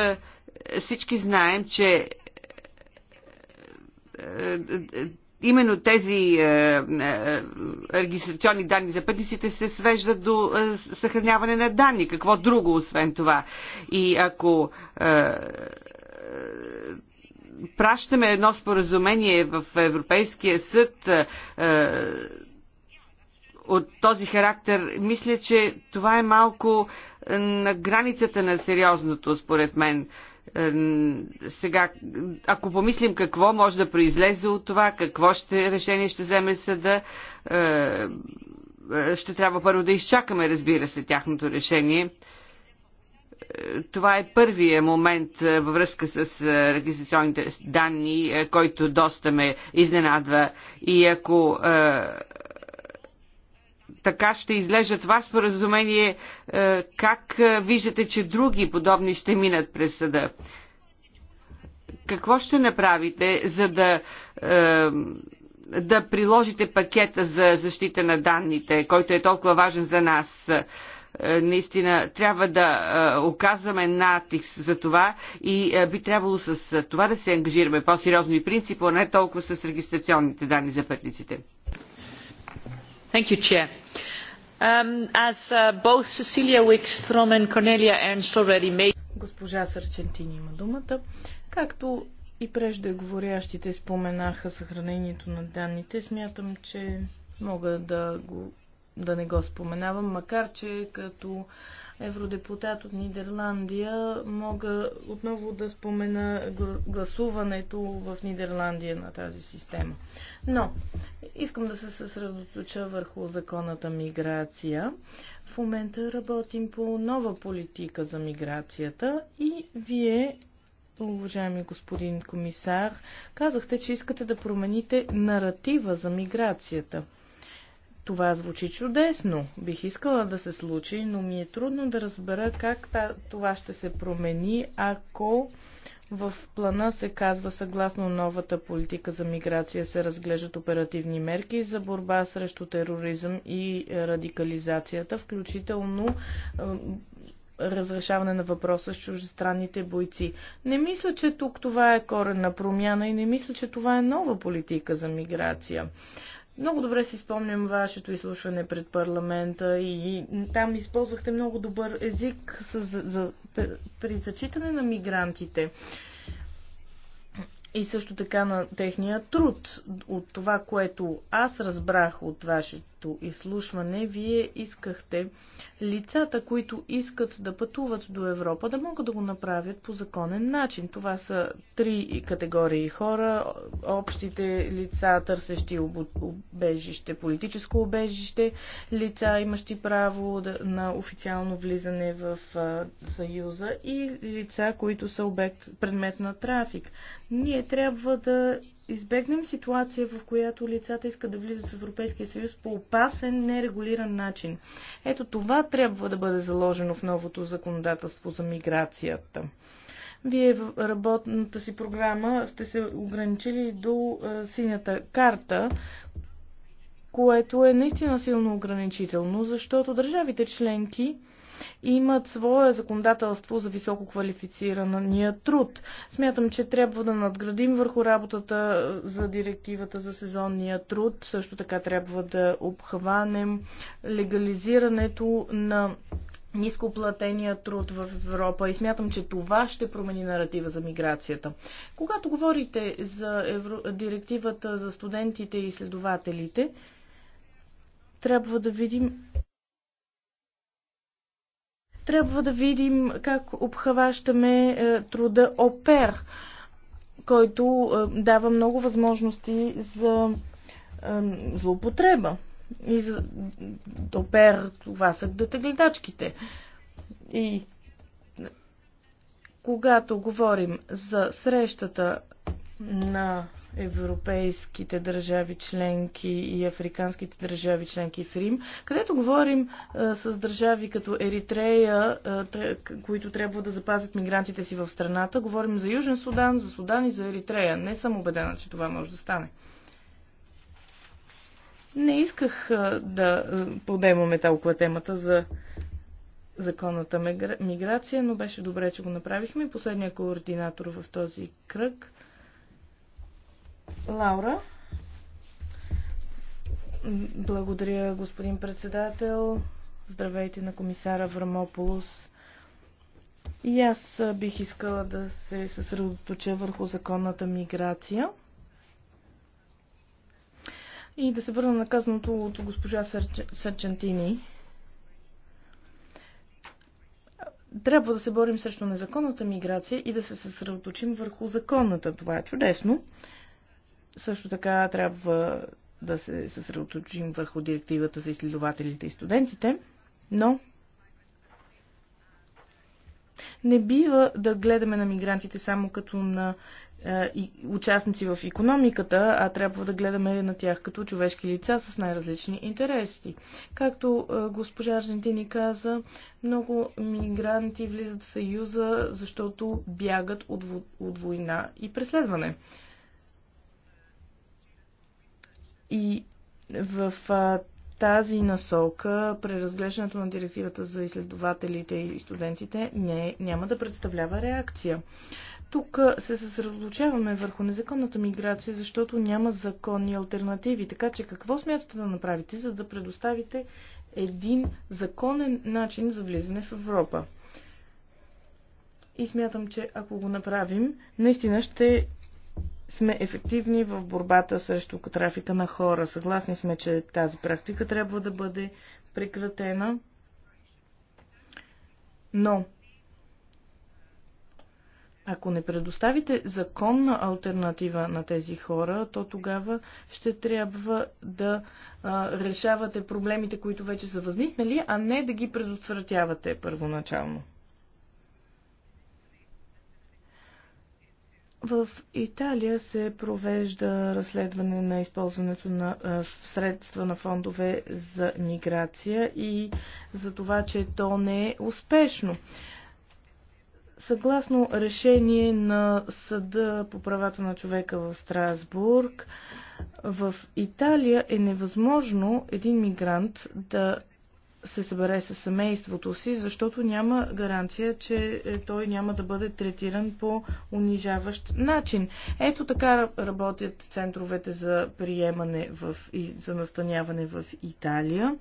всички знаем, че именно тези е, е, регистрационни данни за пътниците се свеждат до е, съхраняване на данни. Какво друго освен това? И ако е, пращаме едно споразумение в Европейския съд е, е, от този характер, мисля, че това е малко на границата на сериозното, според мен сега, ако помислим какво може да произлезе от това, какво ще, решение ще вземе съда, е, ще трябва първо да изчакаме, разбира се, тяхното решение. Е, това е първия момент е, във връзка с регистрационните данни, който доста ме изненадва. И ако така ще излежа това споразумение, е, как е, виждате, че други подобни ще минат през съда? Какво ще направите, за да, е, да приложите пакета за защита на данните, който е толкова важен за нас? наистина трябва да оказваме натиск за това и би трябвало с това да се ангажираме по-сериозно и принципно, не толкова с регистрационните данни за пътниците. Um, as uh, both cecilia wikstrm and Cornelia Ernst already made... Госпожа Сърчентини има думата. Както и преждеговорящите споменаха съхранението на данните, смятам, че мога да, го, да не го споменавам, макар че като евродепутат от Нидерландия, мога отново да спомена гласуването в Нидерландия на тази система. Но искам да се съсредоточа върху законната миграция. В момента работим по нова политика за миграцията и вие уважаеми господин комисар, казахте, че искате да промените наратива за миграцията. Това звучи чудесно. Бих искала да се случи, но ми е трудно да разбера как това ще се промени, ако в плана се казва съгласно новата политика за миграция се разглеждат оперативни мерки за борба срещу тероризъм и радикализацията, включително е, разрешаване на въпроса с чуждестранните бойци. Не мисля, че тук това е корен на промяна и не мисля, че това е нова политика за миграция. Много добре си спомням вашето изслушване пред парламента и там използвахте много добър език с, за, за, при зачитане на мигрантите и също така на техния труд. От това, което аз разбрах от вашето вашето изслушване, вие искахте лицата, които искат да пътуват до Европа, да могат да го направят по законен начин. Това са три категории хора. Общите лица, търсещи обежище, политическо обежище, лица, имащи право на официално влизане в Съюза и лица, които са обект, предмет на трафик. Ние трябва да избегнем ситуация, в която лицата искат да влизат в Европейския съюз по опасен, нерегулиран начин. Ето това трябва да бъде заложено в новото законодателство за миграцията. Вие в работната си програма сте се ограничили до синята карта, което е наистина силно ограничително, защото държавите членки имат свое законодателство за високо квалифицирания труд. Смятам, че трябва да надградим върху работата за директивата за сезонния труд. Също така трябва да обхванем легализирането на нископлатения труд в Европа и смятам, че това ще промени наратива за миграцията. Когато говорите за евро... директивата за студентите и изследователите, трябва да видим трябва да видим как обхващаме е, труда ОПЕР, който е, дава много възможности за е, злоупотреба. И за ОПЕР това са детегледачките. И когато говорим за срещата на европейските държави членки и африканските държави членки в Рим, където говорим а, с държави като Еритрея, а, които трябва да запазят мигрантите си в страната. Говорим за Южен Судан, за Судан и за Еритрея. Не съм убедена, че това може да стане. Не исках а, да подемаме толкова темата за законната миграция, но беше добре, че го направихме. Последният координатор в този кръг Лаура. Благодаря, господин председател. Здравейте на комисара Врамополус. И аз бих искала да се съсредоточа върху законната миграция. И да се върна на казаното от госпожа Сърчантини. Трябва да се борим срещу незаконната миграция и да се съсредоточим върху законната. Това е чудесно. Също така трябва да се съсредоточим върху директивата за изследователите и студентите, но не бива да гледаме на мигрантите само като на е, участници в економиката, а трябва да гледаме на тях като човешки лица с най-различни интереси. Както е, госпожа Аржентини каза, много мигранти влизат в Съюза, защото бягат от, от война и преследване. И в тази насока преразглеждането на директивата за изследователите и студентите не, няма да представлява реакция. Тук се съсредоточаваме върху незаконната миграция, защото няма законни альтернативи. Така че какво смятате да направите, за да предоставите един законен начин за влизане в Европа? И смятам, че ако го направим, наистина ще сме ефективни в борбата срещу трафика на хора. Съгласни сме, че тази практика трябва да бъде прекратена. Но, ако не предоставите законна альтернатива на тези хора, то тогава ще трябва да а, решавате проблемите, които вече са възникнали, а не да ги предотвратявате първоначално. В Италия се провежда разследване на използването на средства на фондове за миграция и за това, че то не е успешно. Съгласно решение на Съда по правата на човека в Страсбург, в Италия е невъзможно един мигрант да се събере с семейството си, защото няма гаранция, че е, той няма да бъде третиран по унижаващ начин. Ето така работят центровете за приемане в, за настаняване в Италия.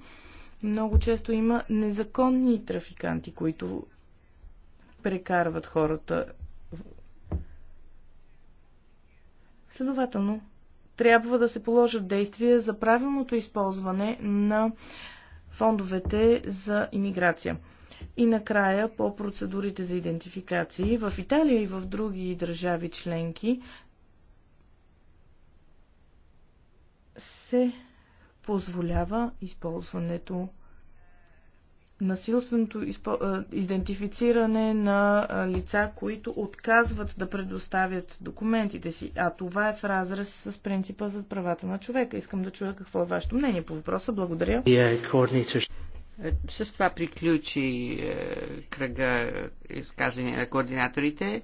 Много често има незаконни трафиканти, които прекарват хората. Следователно, трябва да се положат действия за правилното използване на фондовете за иммиграция. И накрая по процедурите за идентификации. В Италия и в други държави членки се позволява използването насилственото идентифициране на лица, които отказват да предоставят документите си. А това е в разрез с принципа за правата на човека. Искам да чуя какво е вашето мнение по въпроса. Благодаря. Е, е, с това приключи е, кръга изказвания на координаторите.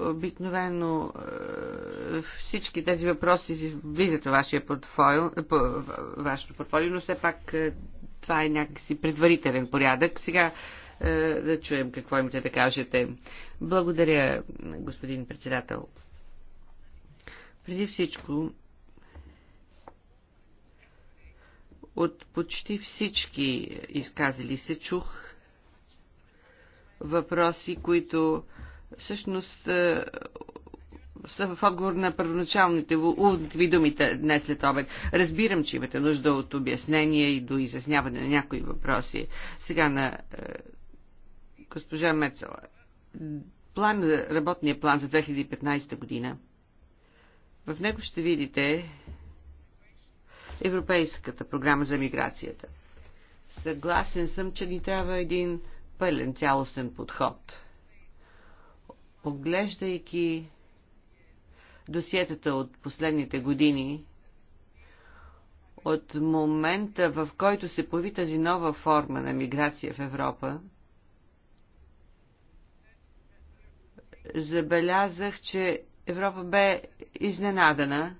Обикновено е, всички тези въпроси влизат във вашия вашето портфолио, но все пак е, това е някакси предварителен порядък. Сега е, да чуем какво имате да кажете. Благодаря, господин председател. Преди всичко, от почти всички изказали се чух въпроси, които всъщност е, са в отговор на първоначалните ви думите днес след обед. Разбирам, че имате нужда от обяснение и до изясняване на някои въпроси. Сега на е, госпожа Мецела. План, работния план за 2015 година. В него ще видите Европейската програма за миграцията. Съгласен съм, че ни трябва един пълен цялостен подход – Поглеждайки досиетата от последните години, от момента, в който се появи тази нова форма на миграция в Европа, забелязах, че Европа бе изненадана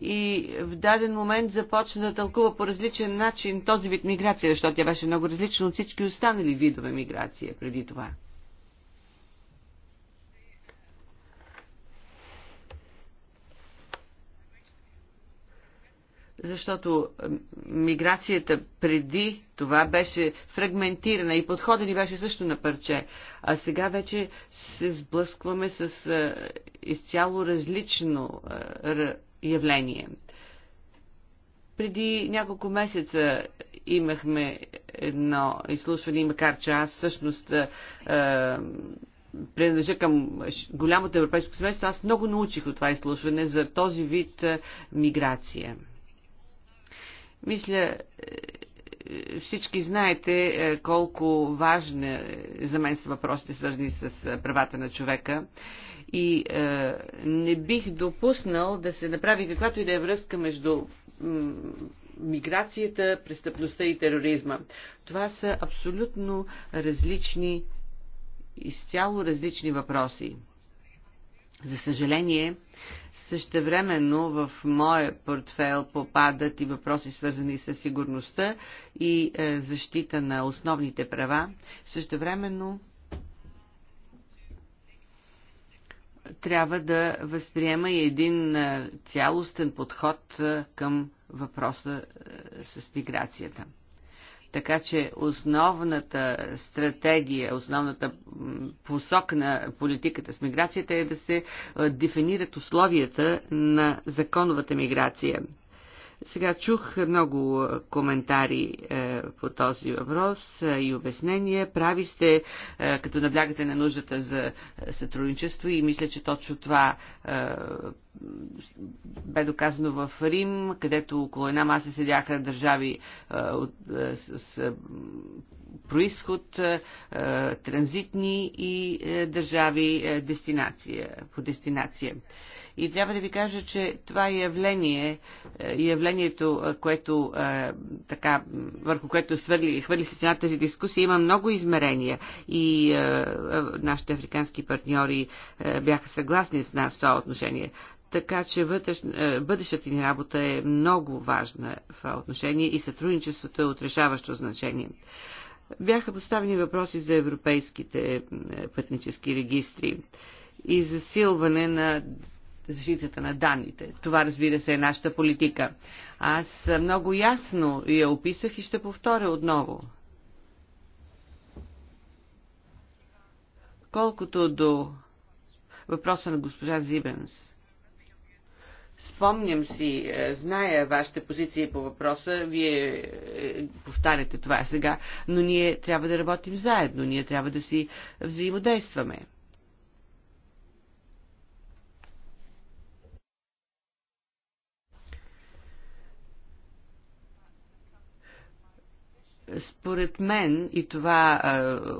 и в даден момент започна да тълкува по различен начин този вид миграция, защото тя беше много различна от всички останали видове миграция преди това. Защото миграцията преди това беше фрагментирана и подходът ни беше също на парче. А сега вече се сблъскваме с изцяло различно явление. Преди няколко месеца имахме едно изслушване, макар че аз всъщност е, принадлежа към голямото европейско семейство, аз много научих от това изслушване за този вид е, миграция. Мисля, е, всички знаете е, колко важни за мен са въпросите, свързани с е, правата на човека и е, не бих допуснал да се направи каквато и да е връзка между миграцията, престъпността и тероризма. Това са абсолютно различни, изцяло различни въпроси. За съжаление, същевременно в моя портфел попадат и въпроси свързани с сигурността и е, защита на основните права. Същевременно трябва да възприема и един цялостен подход към въпроса с миграцията. Така че основната стратегия, основната посок на политиката с миграцията е да се дефинират условията на законовата миграция. Сега чух много коментари е, по този въпрос е, и обяснения. Прави сте, е, като наблягате на нуждата за е, сътрудничество и мисля, че точно това е, бе доказано в Рим, където около една маса седяха държави е, от, с, с происход, транзитни и държави дестинация, по дестинация. И трябва да ви кажа, че това е явление, е, явлението, е, което, така, върху което свърли, хвърли се цена тази дискусия, има много измерения. И нашите африкански партньори бяха съгласни с нас в това отношение. Така че вътреш, бъдещата ни работа е много важна в това отношение и сътрудничеството е от решаващо значение. Бяха поставени въпроси за европейските пътнически регистри и засилване на защитата на данните. Това, разбира се, е нашата политика. Аз много ясно я описах и ще повторя отново. Колкото до въпроса на госпожа Зибенс. Спомням си, е, зная вашите позиции по въпроса, вие е, повтаряте това сега, но ние трябва да работим заедно, ние трябва да си взаимодействаме. Според мен, и това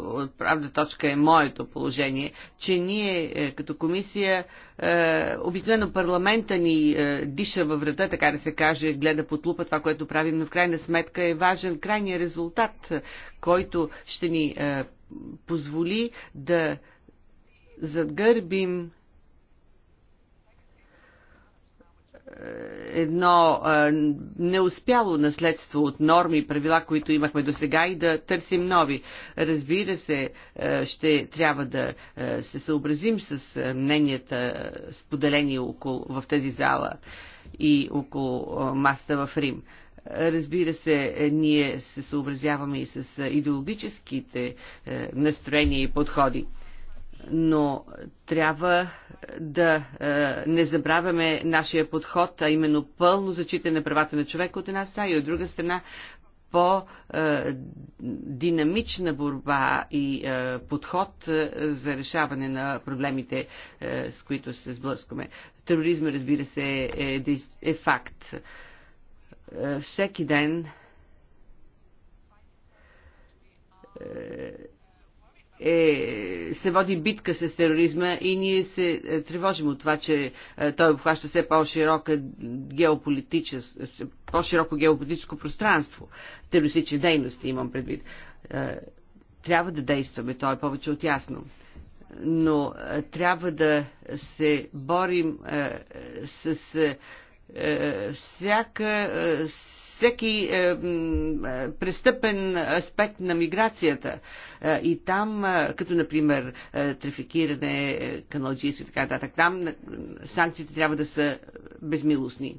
от правда точка е моето положение, че ние е, като комисия, е, обикновено парламента ни е, диша във врата, така да се каже, гледа под лупа това, което правим, но в крайна сметка е важен крайният резултат, който ще ни позволи да задгърбим едно а, неуспяло наследство от норми и правила, които имахме до сега и да търсим нови. Разбира се, а, ще трябва да а, се съобразим с мненията споделени около, в тези зала и около маста в Рим. Разбира се, е, ние се съобразяваме и с идеологическите настроения и подходи но трябва е, да е, не забравяме нашия подход, а именно пълно зачитане на правата на човека от една страна и от друга страна по-динамична борба и е, подход е, за решаване на проблемите, с които се сблъскаме. Тероризма, разбира се, е, е, е факт. Всеки ден е, се води битка с тероризма и ние се е, тревожим от това, че е, той обхваща все по широко геополитическо, по-широко геополитическо пространство. Терористични дейности имам предвид. Е, трябва да действаме, то е повече от ясно. Но е, трябва да се борим е, с. Е, е всяка, е, всеки е, е, престъпен аспект на миграцията. Е, и там, като например трафикиране, каналджийство и така нататък, там санкциите трябва да са безмилостни.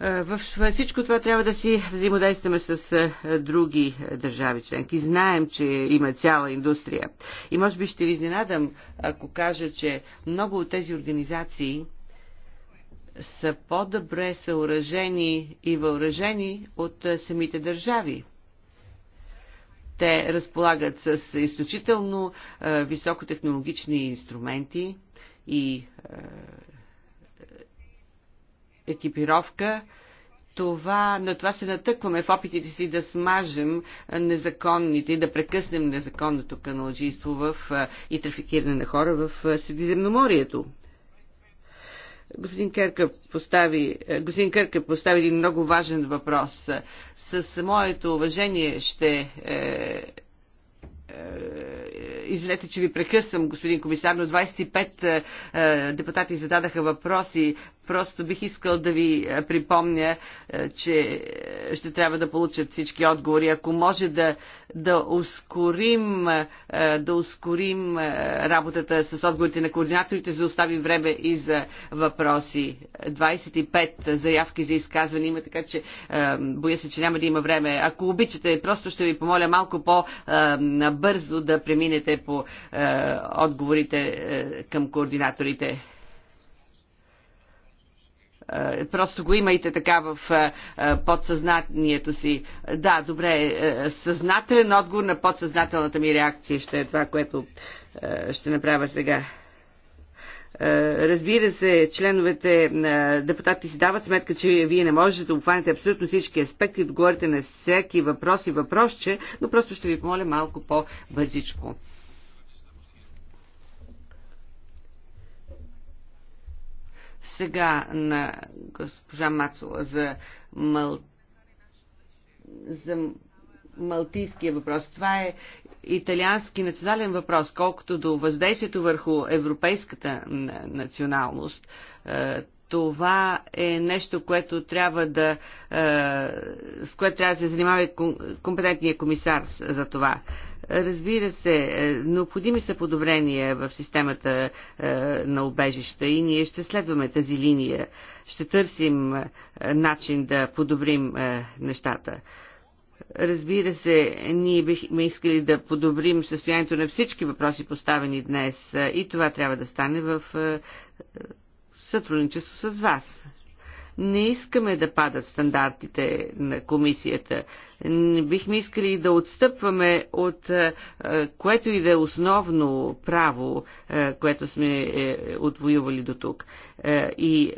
В всичко това трябва да си взаимодействаме с други държави членки. Знаем, че има цяла индустрия. И може би ще ви изненадам, ако кажа, че много от тези организации са по-добре съоръжени и въоръжени от самите държави. Те разполагат с изключително е, високотехнологични инструменти и е, екипировка. Това, на това се натъкваме в опитите си да смажем незаконните и да прекъснем незаконното каналджийство в, е, и трафикиране на хора в Средиземноморието. Господин Кърка постави, е, господин Кърка постави един много важен въпрос. С моето уважение ще е, е, Извинете, че ви прекъсвам, господин комисар, но 25 депутати зададаха въпроси Просто бих искал да ви е, припомня, е, че е, ще трябва да получат всички отговори. Ако може да, да, ускорим, да ускорим работата с отговорите на координаторите, за да оставим време и за въпроси. 25 заявки за изказване има, така че боя се, че няма да има време. Ако обичате, просто ще ви помоля малко по-набързо да преминете по отговорите към координаторите. Е, просто го имайте така в е, е, подсъзнанието си. Да, добре, съзнателен отговор на подсъзнателната ми реакция ще е това, което ще направя сега. Разбира се, членовете на депутатите си дават сметка, че вие не можете да обхванете абсолютно всички аспекти, да говорите на всеки въпрос и въпрос, че, но просто ще ви помоля малко по-бързичко. Сега на госпожа Мацова за, мал... за малтийския въпрос. Това е италиански национален въпрос, колкото до въздействието върху европейската националност. Е, това е нещо, което трябва да, е, с което трябва да се занимава компетентния комисар за това. Разбира се, е, необходими са подобрения в системата е, на обежища и ние ще следваме тази линия. Ще търсим е, начин да подобрим нещата. Разбира се, ние бихме искали да подобрим състоянието на всички въпроси поставени днес и това трябва да стане в сътрудничество с вас. Не искаме да падат стандартите на комисията. Не бихме искали да отстъпваме от е, което и да е основно право, е, което сме е, отвоювали до тук. И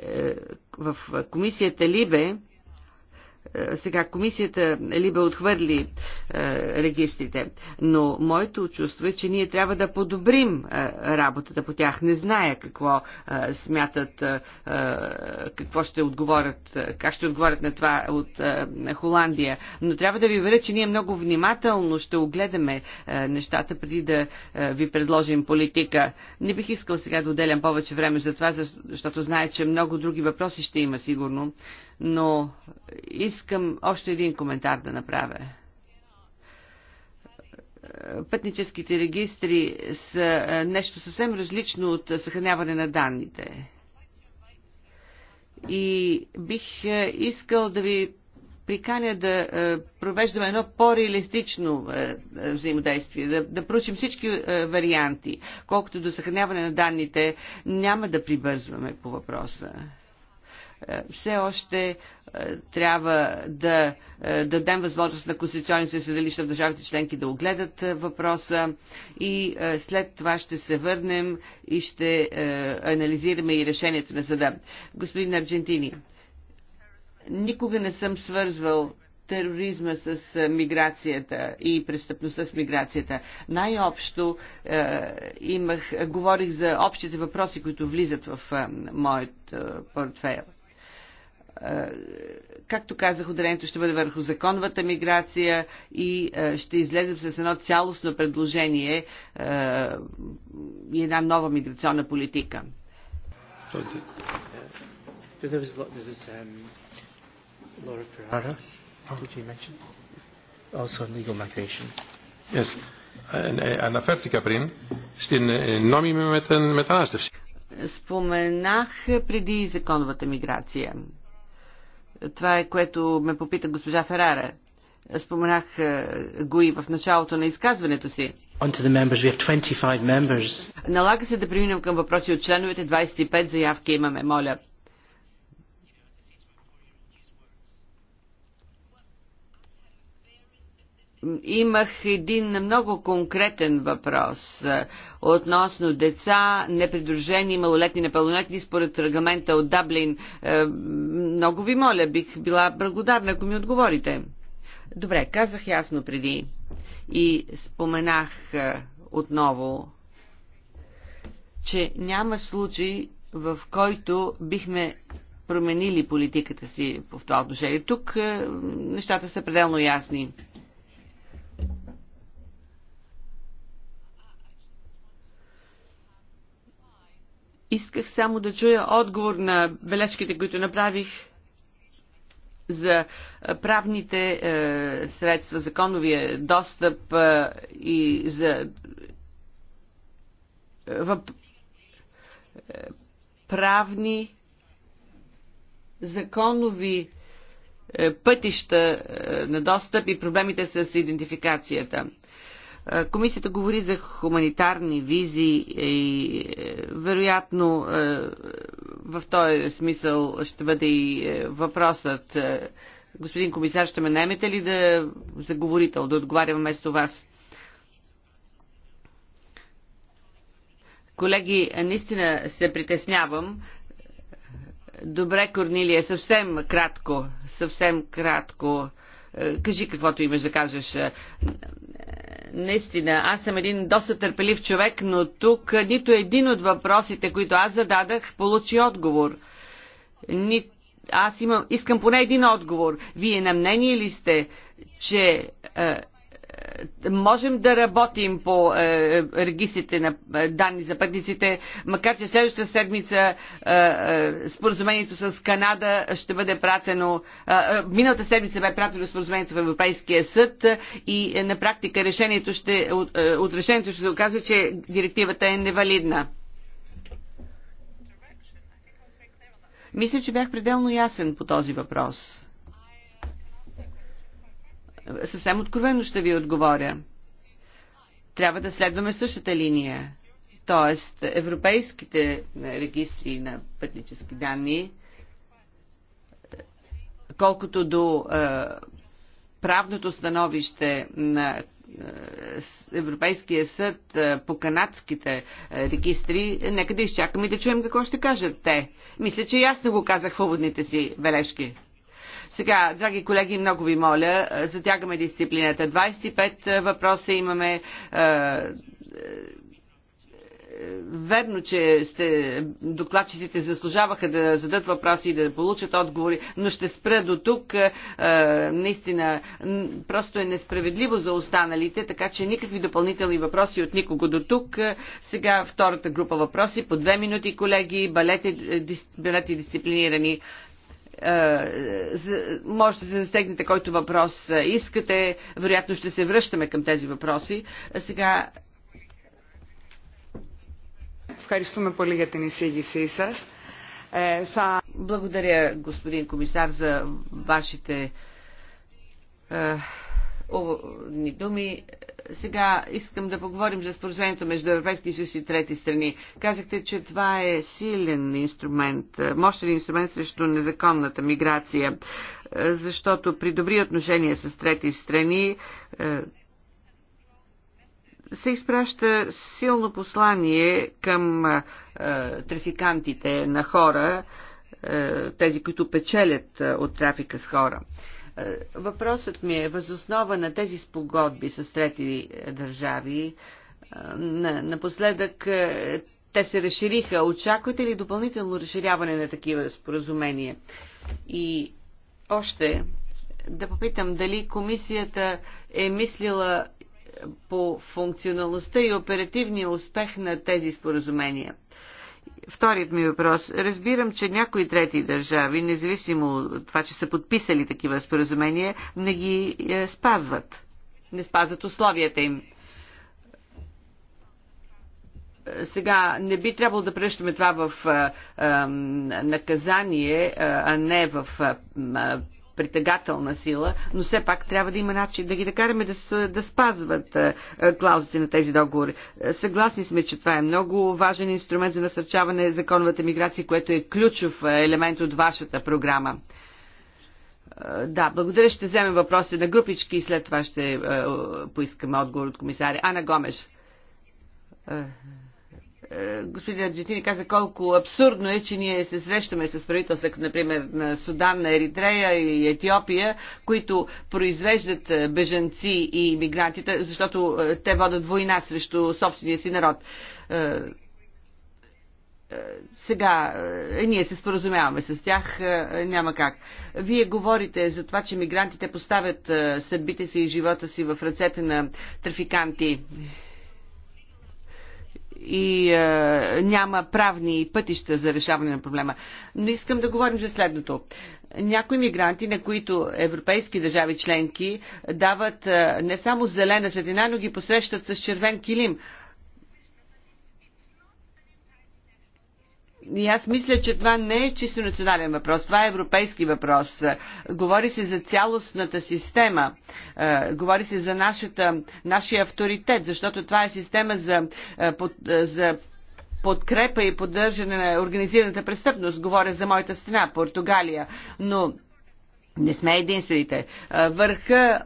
в комисията Либе сега, комисията Либе отхвърли е, регистрите, но моето чувство е, че ние трябва да подобрим е, работата по тях. Не зная какво е, смятат, какво ще отговорят, как ще отговорят на това от Холандия, но трябва да ви веря, че ние много внимателно ще огледаме нещата преди да ви предложим политика. Не бих искал сега да отделям повече време за това, защото знае, че много други въпроси ще има сигурно но искам още един коментар да направя. Пътническите регистри са е, нещо съвсем различно от съхраняване на данните. И бих е, искал да ви приканя да е, провеждаме едно по-реалистично взаимодействие, да, да проучим всички варианти. Колкото до съхраняване на данните, няма да прибързваме по въпроса. Е, все още е, трябва е, да дадем възможност на конституционните съдилища в държавите членки да огледат въпроса и след това ще се върнем и ще анализираме и решението на съда. Господин Аржентини, никога не съм свързвал тероризма с миграцията и престъпността с миграцията. Най-общо е, имах, говорих за общите въпроси, които влизат в е, моят е, портфейл. Е, както казах, ударението ще бъде върху законовата миграция и е, ще излезем с едно цялостно предложение е, и една нова миграционна политика. Споменах преди законовата миграция. Това е което ме попита госпожа Ферара. Споменах е, го и в началото на изказването си. Налага се да преминем към въпроси от членовете. 25 заявки имаме, моля. Имах един много конкретен въпрос относно деца, непридружени, малолетни, непълнолетни, според регламента от Даблин. Много ви моля, бих била благодарна, ако ми отговорите. Добре, казах ясно преди и споменах отново, че няма случай, в който бихме променили политиката си в това отношение. Тук нещата са пределно ясни. Исках само да чуя отговор на бележките, които направих за правните е, средства, законовия достъп е, и за е, въп, е, правни законови е, пътища е, на достъп и проблемите с идентификацията. Е, комисията говори за хуманитарни визи и е, вероятно е, в този смисъл ще бъде и въпросът. Господин комисар, ще ме наймете ли да заговорител, да отговарям вместо вас? Колеги, наистина се притеснявам. Добре, Корнилия, съвсем кратко, съвсем кратко. Кажи каквото имаш да кажеш. Наистина, аз съм един доста търпелив човек, но тук нито един от въпросите, които аз зададах, получи отговор. Ни... Аз имам... искам поне един отговор. Вие на мнение ли сте, че е, можем да работим по е, регистрите на е, данни за пътниците, макар че следващата седмица е, е, споразумението с Канада ще бъде пратено. Е, е миналата седмица бе пратено споразумението в Европейския съд и е, на практика решението ще, е, е, от решението ще се оказва, че директивата е невалидна. Мисля, че бях пределно ясен по този въпрос. Съвсем откровено ще ви отговоря. Трябва да следваме същата линия. Тоест, европейските регистри на пътнически данни, колкото до е, правното становище на е, Европейския съд е, по канадските регистри, нека да изчакаме и да чуем какво ще кажат те. Мисля, че ясно го казах в уводните си бележки. Сега, драги колеги, много ви моля, е, затягаме дисциплината. 25 е, въпроса имаме. Е, верно, че сте, докладчиците заслужаваха да зададат въпроси и да получат отговори, но ще спра до тук. Наистина, просто е несправедливо за останалите, така че никакви допълнителни въпроси от никого до тук. Сега втората група въпроси по две минути, колеги. Балете, балете дисциплинирани. Е, можете да застегнете който въпрос е, искате. Вероятно ще се връщаме към тези въпроси. Сега... Ευχαριστούμε πολύ για την εισήγησή σας. Благодаря, господин комисар, за вашите е, думи сега искам да поговорим за споразумението между Европейски съюз и трети страни. Казахте, че това е силен инструмент, е, мощен инструмент срещу незаконната миграция, е, защото при добри отношения с трети страни е, се изпраща силно послание към трафикантите на хора, тези, които печелят от трафика с хора. Е, въпросът ми е възоснова на тези спогодби с трети е, държави. Е, напоследък те се разшириха. Очаквате ли допълнително разширяване на такива споразумения? И още да попитам дали комисията е мислила по функционалността и оперативния успех на тези споразумения. Вторият ми въпрос. Разбирам, че някои трети държави, независимо от това, че са подписали такива споразумения, не ги е, спазват. Не спазват условията им. Сега, не би трябвало да превръщаме това в е, е, наказание, а не в притегателна сила, но все пак трябва да има начин да ги накараме да, да, да спазват е, е, клаузите на тези договори. Е, съгласни сме, че това е много важен инструмент за насърчаване на законовата миграция, което е ключов елемент от вашата програма. Да, благодаря. Ще вземем въпроси на групички и след това ще поискаме отговор от комисаря. Ана Гомеш господин Арджентини каза колко абсурдно е, че ние се срещаме с правителства, например, на Судан, на Еритрея и Етиопия, които произвеждат е, бежанци и иммигрантите, защото е, те водят война срещу собствения си народ. Е, сега, ние се споразумяваме с тях, няма как. Вие говорите за това, че мигрантите поставят съдбите си и живота си в ръцете на трафиканти и е, няма правни пътища за решаване на проблема. Но искам да говорим за следното. Някои мигранти, на които европейски държави членки дават е, не само зелена светлина, но ги посрещат с червен килим. Е, И аз мисля, че това не е чисто национален въпрос, това е европейски въпрос. Говори се за цялостната система, е, говори се за нашата, нашия авторитет, защото това е система за, е, е, за подкрепа и поддържане на организираната престъпност. Говоря за моята страна, Португалия. Но не сме единствените. Върха,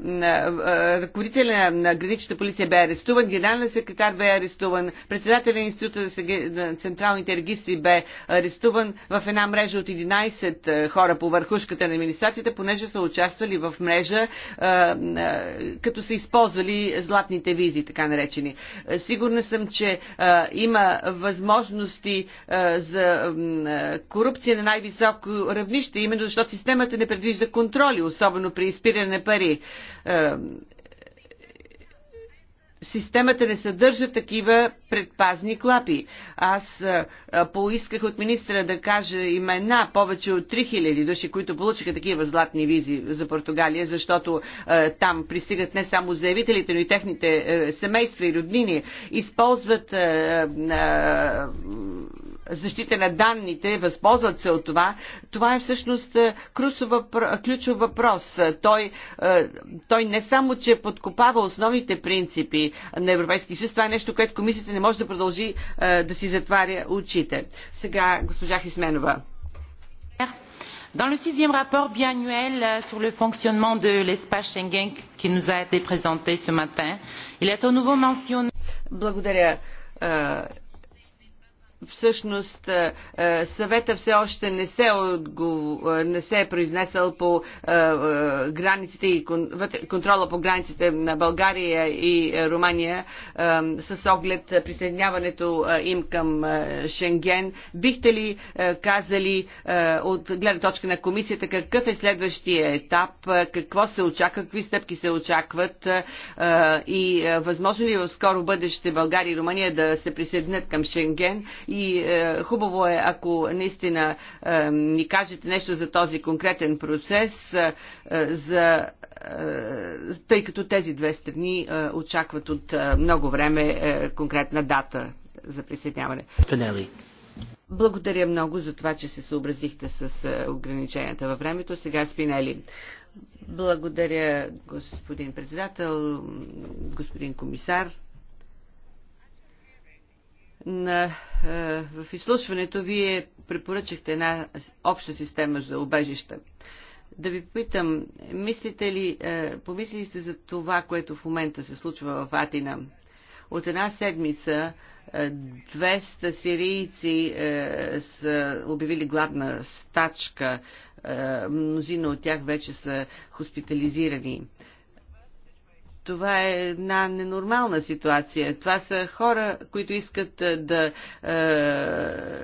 ръководителя на граничната полиция бе арестуван, генералният секретар бе арестуван, председателя на института на централните регистри бе арестуван в една мрежа от 11 хора по върхушката на администрацията, понеже са участвали в мрежа, като са използвали златните визи, така наречени. Сигурна съм, че има възможности за корупция на най-високо равнище, именно защото системата не предвижда контроли, особено при изпиране пари. Е, системата не съдържа такива предпазни клапи. Аз е, е, поисках от министра да каже имена повече от 3000 души, които получиха такива златни визи за Португалия, защото а, там пристигат не само заявителите, но и техните а, семейства и роднини. Използват а, защита на данните, възползват се от това, това е всъщност е, ключов въпрос. Той, е, той не само, че подкопава основните принципи на Европейския съюз, това е нещо, което комисията не може да продължи е, да си затваря очите. Сега госпожа Хисменова. Dans le sixième rapport biannuel sur le fonctionnement de l'espace Schengen qui nous a été présenté ce matin, il est au nouveau mentionné. Благодаря всъщност е, е, съвета все още не се, отго... Е, не се е произнесъл по границите и контрола по границите на България и Румъния с оглед присъединяването им към Шенген. Бихте ли казали от гледна точка на комисията какъв е следващия етап, какво се очаква, какви стъпки се очакват и възможно ли в скоро бъдеще България и Румъния да се присъединят към Шенген и е, хубаво е, ако наистина е, ни кажете нещо за този конкретен процес, е, е, за, е, тъй като тези две страни е, очакват от е, много време е, конкретна дата за присъединяване. Пенели. Благодаря много за това, че се съобразихте с е, ограниченията във времето. Сега Спинели. Благодаря, господин председател, господин комисар на, е, в изслушването вие препоръчахте една обща система за убежища. Да ви питам, мислите ли, е, помислили сте за това, което в момента се случва в Атина? От една седмица 200 е, сирийци е, са обявили гладна стачка. Е, мнозина от тях вече са хоспитализирани. Е, това е една ненормална ситуация. Това са хора, които искат е, да.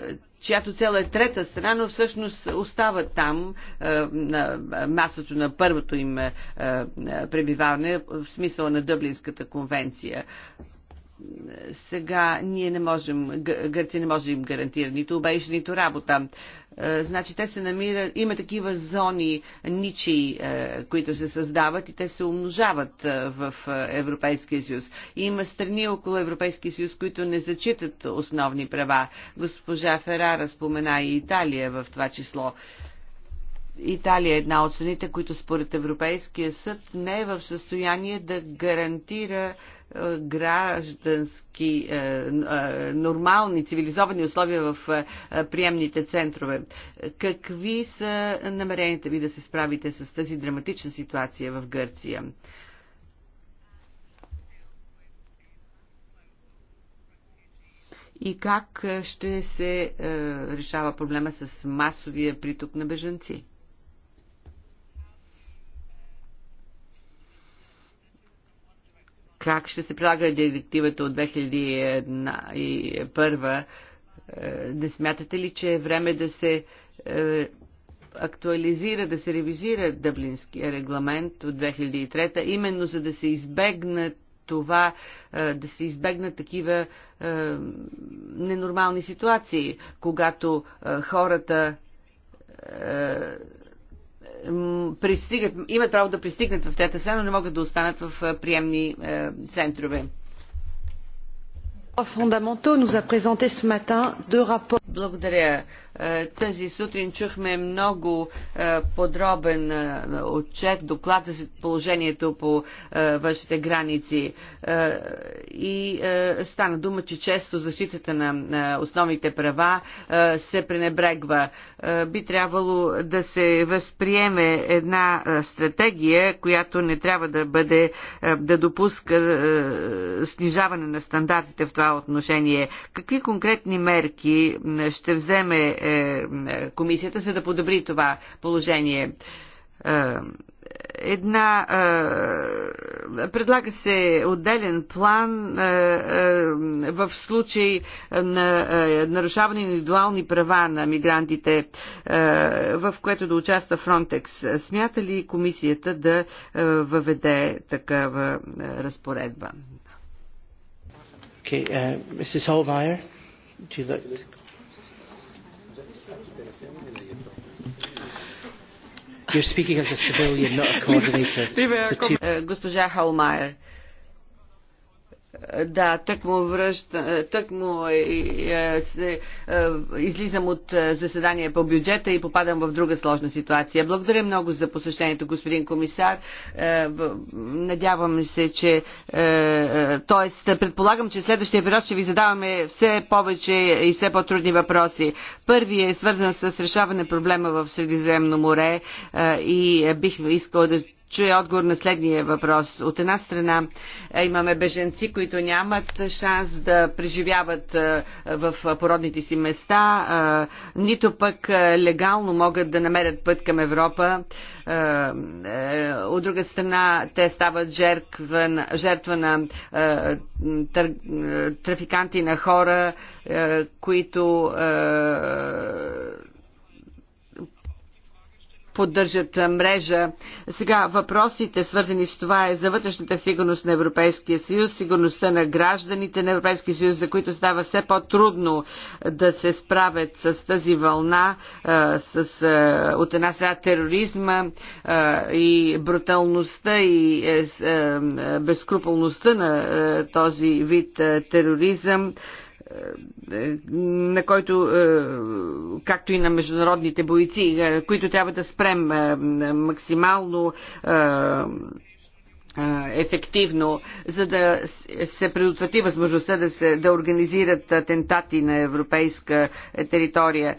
Е, чиято цел е трета страна, но всъщност остават там е, на мястото на първото им пребиваване в смисъла на Дъблинската конвенция сега ние не можем, Гърция не може да им гарантира нито обежда, нито работа. Е, значи те се намират, има такива зони, ничи, е, които се създават и те се умножават е, в Европейския съюз. Има страни около Европейския съюз, които не зачитат основни права. Госпожа Ферара спомена и Италия в това число. Италия е една от страните, които според Европейския съд не е в състояние да гарантира е, граждански, е, е, нормални, цивилизовани условия в приемните центрове. Какви са намеренията ви да се справите с тази драматична ситуация в Гърция? и как ще се решава проблема с масовия приток на бежанци. как ще се прилага директивата от 2001. Е, не смятате ли, че е време да се е, актуализира, да се ревизира Дъблинския регламент от 2003, именно за да се избегнат това е, да се избегнат такива е, ненормални ситуации, когато е, хората пристигат, имат право да пристигнат в тета сена, но не могат да останат в приемни центрове. Благодаря. Е, тази сутрин чухме много е, подробен е, отчет, доклад за положението по външните граници. И стана дума, че често защитата на основните права се пренебрегва. Би трябвало да се възприеме една стратегия, която не трябва да бъде да допуска снижаване на стандартите в това това отношение. Какви конкретни мерки ще вземе е, комисията, за да подобри това положение? Е, една. Е, предлага се отделен план е, е, в случай на е, нарушаване на индивидуални права на мигрантите, е, в което да участва Фронтекс. Смята ли комисията да е, въведе такава е, разпоредба? Okay, uh, Mrs. Holmeyer, do you like to... You're speaking as a civilian, not a coordinator. so two... Госпожа Холмайер, да, тък му, връща, тък му е, е, се, е, излизам от заседание по бюджета и попадам в друга сложна ситуация. Благодаря много за посещението, господин комисар. Надявам се, че... Тоест, предполагам, че следващия период ще ви задаваме все повече и все по-трудни въпроси. Първият е свързан с решаване проблема в Средиземно море и бих искал да чуя отговор на следния въпрос. От една страна е, имаме беженци, които нямат шанс да преживяват е, в породните си места, е, нито пък легално могат да намерят път към Европа. От друга страна те стават жертва, на трафиканти на хора, които поддържат мрежа. Сега въпросите, свързани с това, е за вътрешната сигурност на Европейския съюз, сигурността на гражданите на Европейския съюз, за които става все по-трудно да се справят с тази вълна, с, от една страна тероризма и бруталността и е, е, безкруполността на е, този вид тероризъм. Е, на който, е, както и на международните бойци, е, които трябва да спрем максимално ефективно, за да се предотврати възможността да, се, да организират атентати на европейска територия.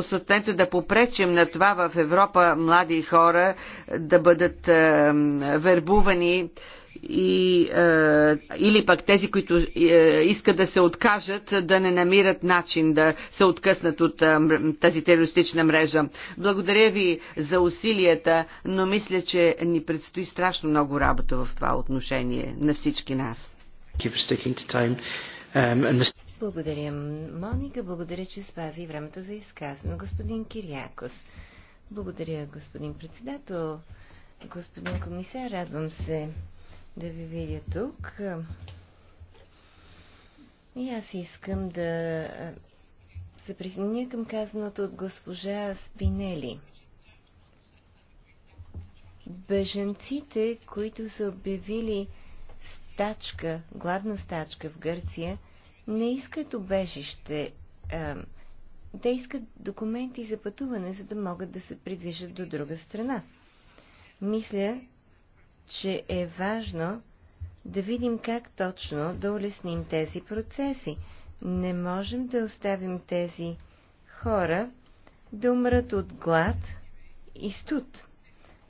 Съответно да попречим на това в Европа млади хора да бъдат вербувани и, е, или пък тези, които е, искат да се откажат, да не намират начин да се откъснат от е, тази терористична мрежа. Благодаря ви за усилията, но мисля, че ни предстои страшно много работа в това отношение на всички нас. Um, Благодаря, Моника. Благодаря, че спази времето за изказване. Господин Кириакос. Благодаря, господин председател. Господин комисар, радвам се, да ви видя тук. И аз искам да се присъединя към казаното от госпожа Спинели. Беженците, които са обявили стачка, гладна стачка в Гърция, не искат обежище. те искат документи за пътуване, за да могат да се придвижат до друга страна. Мисля, че е важно да видим как точно да улесним тези процеси. Не можем да оставим тези хора да умрат от глад и студ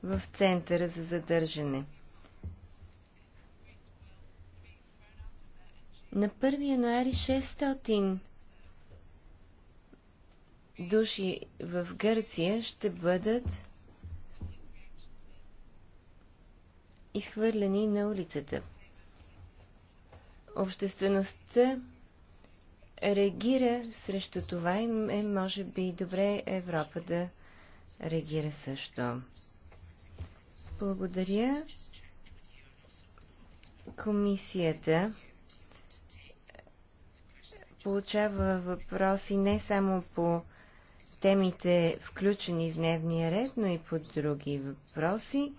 в центъра за задържане. На 1 януари 600 души в Гърция ще бъдат изхвърлени на улицата. Обществеността реагира срещу това и е, може би добре Европа да реагира също. Благодаря комисията получава въпроси не само по темите включени в дневния ред, но и по други въпроси.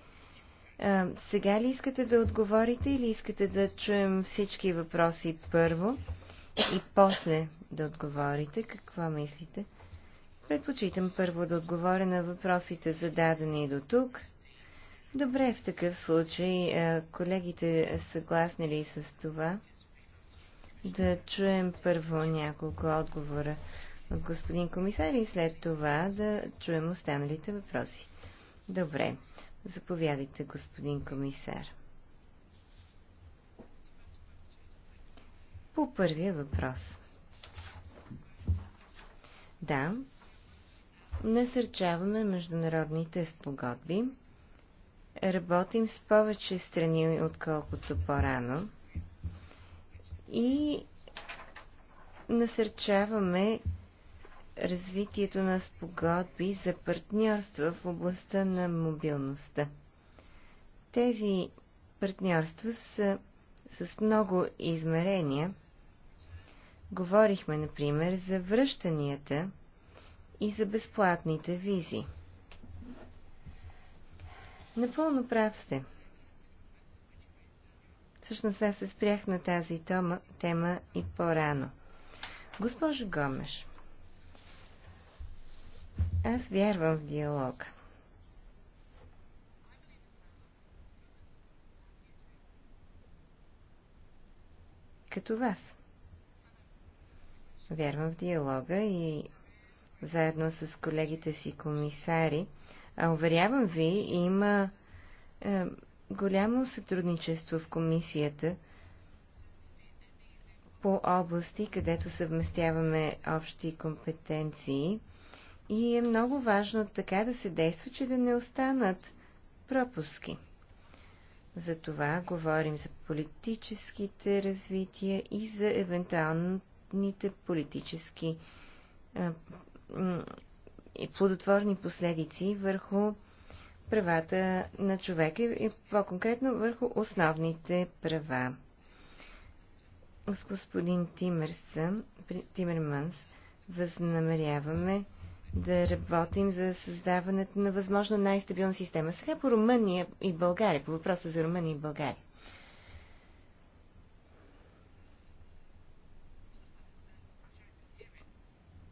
А, сега ли искате да отговорите или искате да чуем всички въпроси първо и после да отговорите? Какво мислите? Предпочитам първо да отговоря на въпросите зададени до тук. Добре, в такъв случай, колегите съгласни ли с това? Да чуем първо няколко отговора от господин комисар и след това да чуем останалите въпроси. Добре. Заповядайте, господин комисар. По първия въпрос. Да, насърчаваме международните спогодби. Работим с повече страни, отколкото по-рано. И насърчаваме развитието на спогодби за партньорства в областта на мобилността. Тези партньорства са с много измерения. Говорихме, например, за връщанията и за безплатните визи. Напълно прав сте. Всъщност аз се спрях на тази тема и по-рано. Госпожо Гомеш, аз вярвам в диалог. Като вас. Вярвам в диалога и заедно с колегите си комисари, а уверявам ви, има е, голямо сътрудничество в комисията по области, където съвместяваме общи компетенции – и е много важно така да се действа, че да не останат пропуски. За това говорим за политическите развития и за евентуалните политически и плодотворни последици върху правата на човека и по-конкретно върху основните права. С господин Тимерсън, Тимерманс възнамеряваме да работим за създаването на възможно най-стабилна система. Сега по Румъния и България, по въпроса за Румъния и България.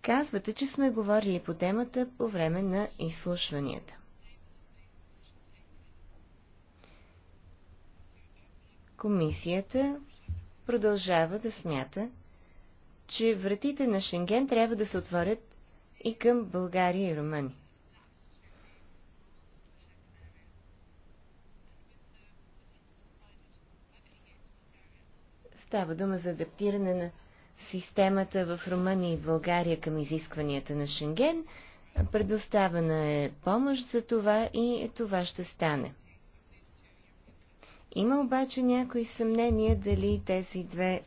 Казвате, че сме говорили по темата по време на изслушванията. Комисията продължава да смята, че вратите на Шенген трябва да се отворят и към България и Румъния. Става дума за адаптиране на системата в Румъния и България към изискванията на Шенген. Предоставена е помощ за това и това ще стане. Има обаче някои съмнения дали тези две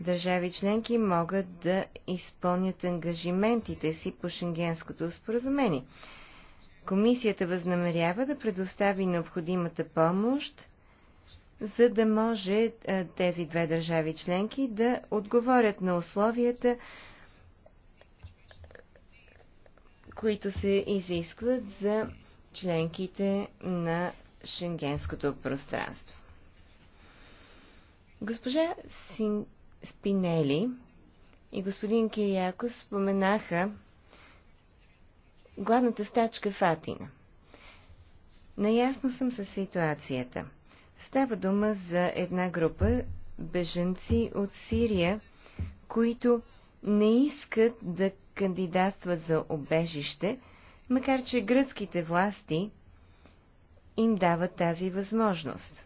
държави членки могат да изпълнят ангажиментите си по Шенгенското споразумение. Комисията възнамерява да предостави необходимата помощ, за да може тези две държави членки да отговорят на условията, които се изискват за членките на Шенгенското пространство. Госпожа Син... Спинели и господин Кирияко споменаха гладната стачка Фатина. Наясно съм с ситуацията. Става дума за една група беженци от Сирия, които не искат да кандидатстват за обежище, макар че гръцките власти им дават тази възможност.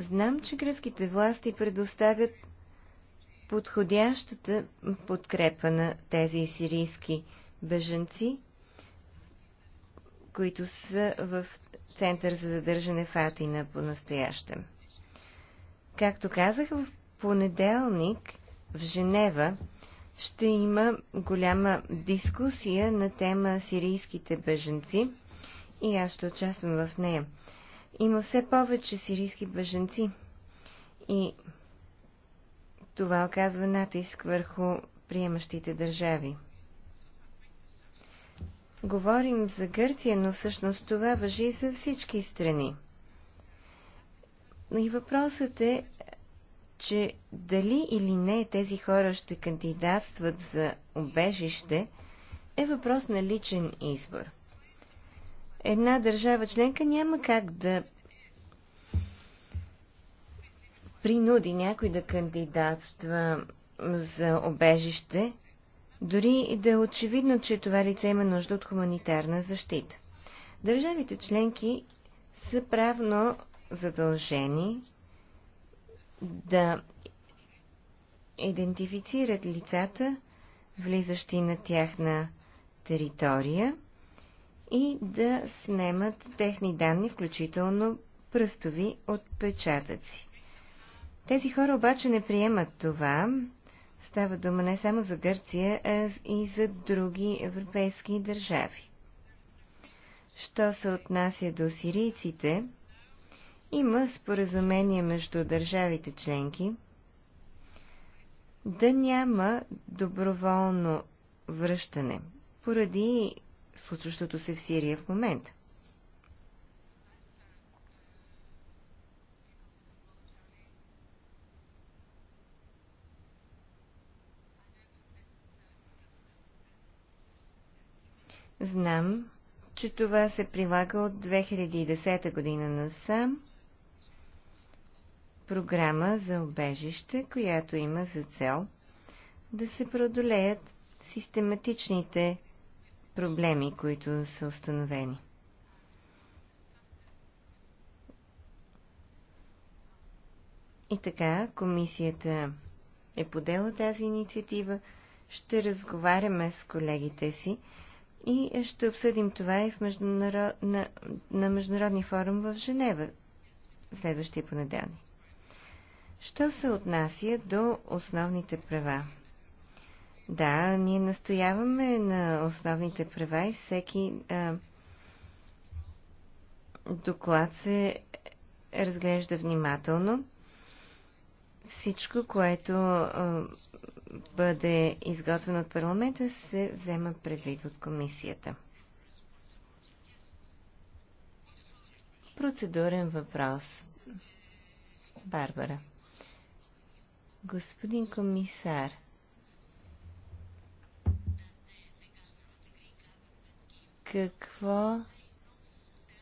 Знам, че гръцките власти предоставят подходящата подкрепа на тези сирийски бежанци, които са в Център за задържане в Атина по-настоящем. Както казах, в понеделник в Женева ще има голяма дискусия на тема сирийските бежанци и аз ще участвам в нея. Има все повече сирийски беженци и това оказва натиск върху приемащите държави. Говорим за Гърция, но всъщност това въжи и за всички страни. И въпросът е, че дали или не тези хора ще кандидатстват за убежище, е въпрос на личен избор една държава членка няма как да принуди някой да кандидатства за обежище, дори и да е очевидно, че това лице има нужда от хуманитарна защита. Държавите членки са правно задължени да идентифицират лицата, влизащи на тяхна територия – и да снемат техни данни, включително пръстови отпечатъци. Тези хора обаче не приемат това. Става дума не само за Гърция, а и за други европейски държави. Що се отнася до сирийците, има споразумение между държавите членки да няма доброволно връщане, поради случващото се в Сирия в момента. Знам, че това се прилага от 2010 година на САМ програма за обежище, която има за цел да се преодолеят систематичните проблеми, които са установени. И така, комисията е подела тази инициатива, ще разговаряме с колегите си и ще обсъдим това и в международ... на... на Международния форум в Женева следващия понеделник. Що се отнася до основните права? Да, ние настояваме на основните права и всеки а, доклад се разглежда внимателно. Всичко, което а, бъде изготвено от парламента, се взема предвид от комисията. Процедурен въпрос. Барбара. Господин комисар, Какво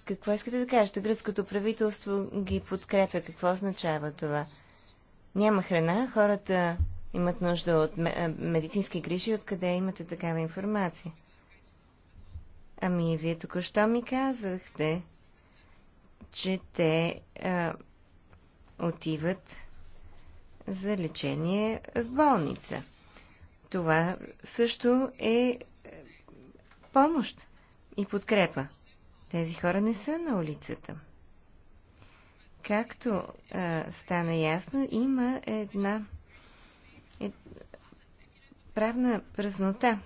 какво искате да кажете? Гръцкото правителство ги подкрепя. Какво означава това? Няма храна, хората имат нужда от медицински грижи. Откъде имате такава информация? Ами, вие току-що ми казахте, че те а, отиват за лечение в болница. Това също е помощ и подкрепа. Тези хора не са на улицата. Както а, стана ясно, има една е, правна празнота.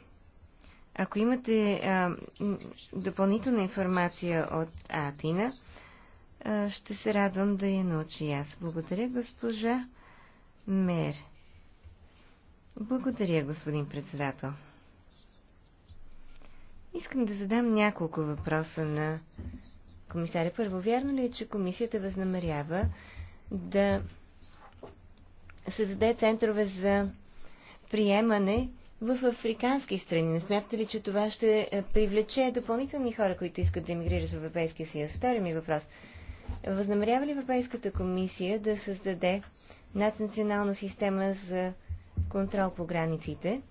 Ако имате а, допълнителна информация от Атина, а, ще се радвам да я научи аз. Благодаря, госпожа Мер. Благодаря, господин председател. Искам да задам няколко въпроса на комисаря. Първо, вярно ли е, че комисията възнамерява да създаде центрове за приемане в африкански страни. Не смятате ли, че това ще е, привлече допълнителни хора, които искат да емигрират в Европейския съюз? Втори ми въпрос. Възнамерява ли Европейската комисия да създаде наднационална система за контрол по границите?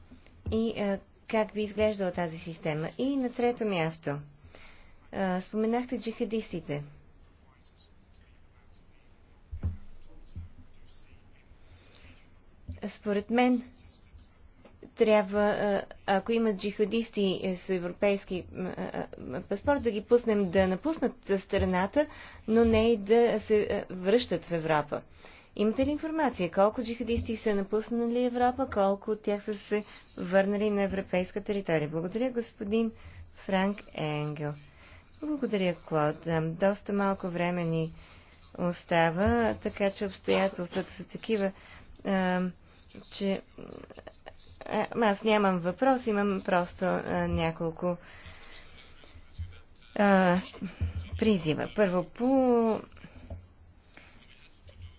И е, как би изглеждала тази система. И на трето място, споменахте джихадистите. Според мен, трябва, ако имат джихадисти с европейски паспорт, да ги пуснем да напуснат страната, но не и да се връщат в Европа. Имате ли информация колко джихадисти са напуснали Европа, колко от тях са се върнали на европейска територия? Благодаря, господин Франк Енгел. Благодаря, Клод. Доста малко време ни остава, така че обстоятелствата са такива, а, че а, аз нямам въпрос, имам просто а, няколко а, призива. Първо, по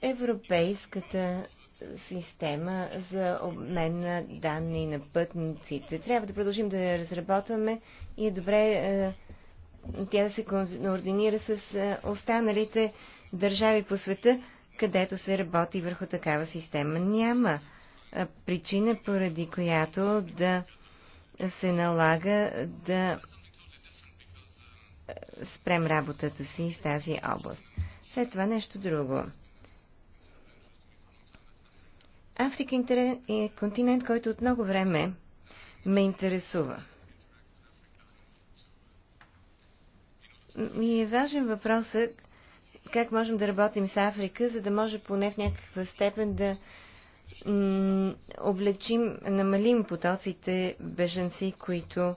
европейската система за обмен на данни на пътниците. Трябва да продължим да я разработваме и е добре е, тя да се координира с е, останалите държави по света, където се работи върху такава система. Няма е, причина, поради която да се налага да е, спрем работата си в тази област. След това нещо друго. Африка е, е континент, който от много време ме интересува. Ми е важен въпросът как можем да работим с Африка, за да може поне в някаква степен да облегчим, намалим потоците беженци, които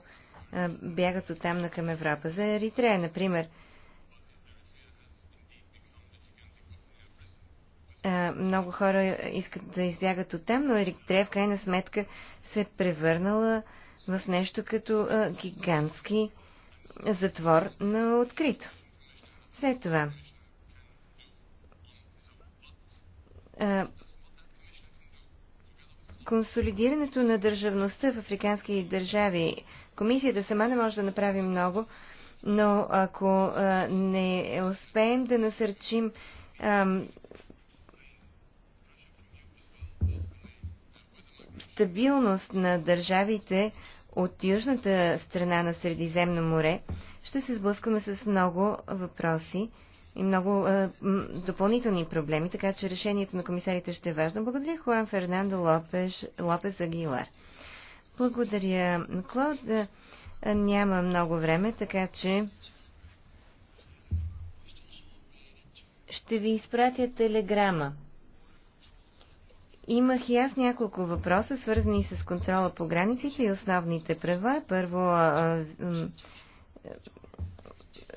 бягат оттам на към Европа. За Еритрея, например, много хора искат да избягат от там, но Еритрея в крайна сметка се е превърнала в нещо като а, гигантски затвор на открито. След това. А, консолидирането на държавността в африкански държави. Комисията сама не може да направи много, но ако а, не успеем да насърчим а, стабилност на държавите от южната страна на Средиземно море, ще се сблъскаме с много въпроси и много е, допълнителни проблеми, така че решението на комисарите ще е важно. Благодаря Хуан Фернандо Лопеш, Лопес Агилар. Благодаря, Клод. Е, е, няма много време, така че ще ви изпратя телеграма. Имах и аз няколко въпроса, свързани с контрола по границите и основните права. Първо,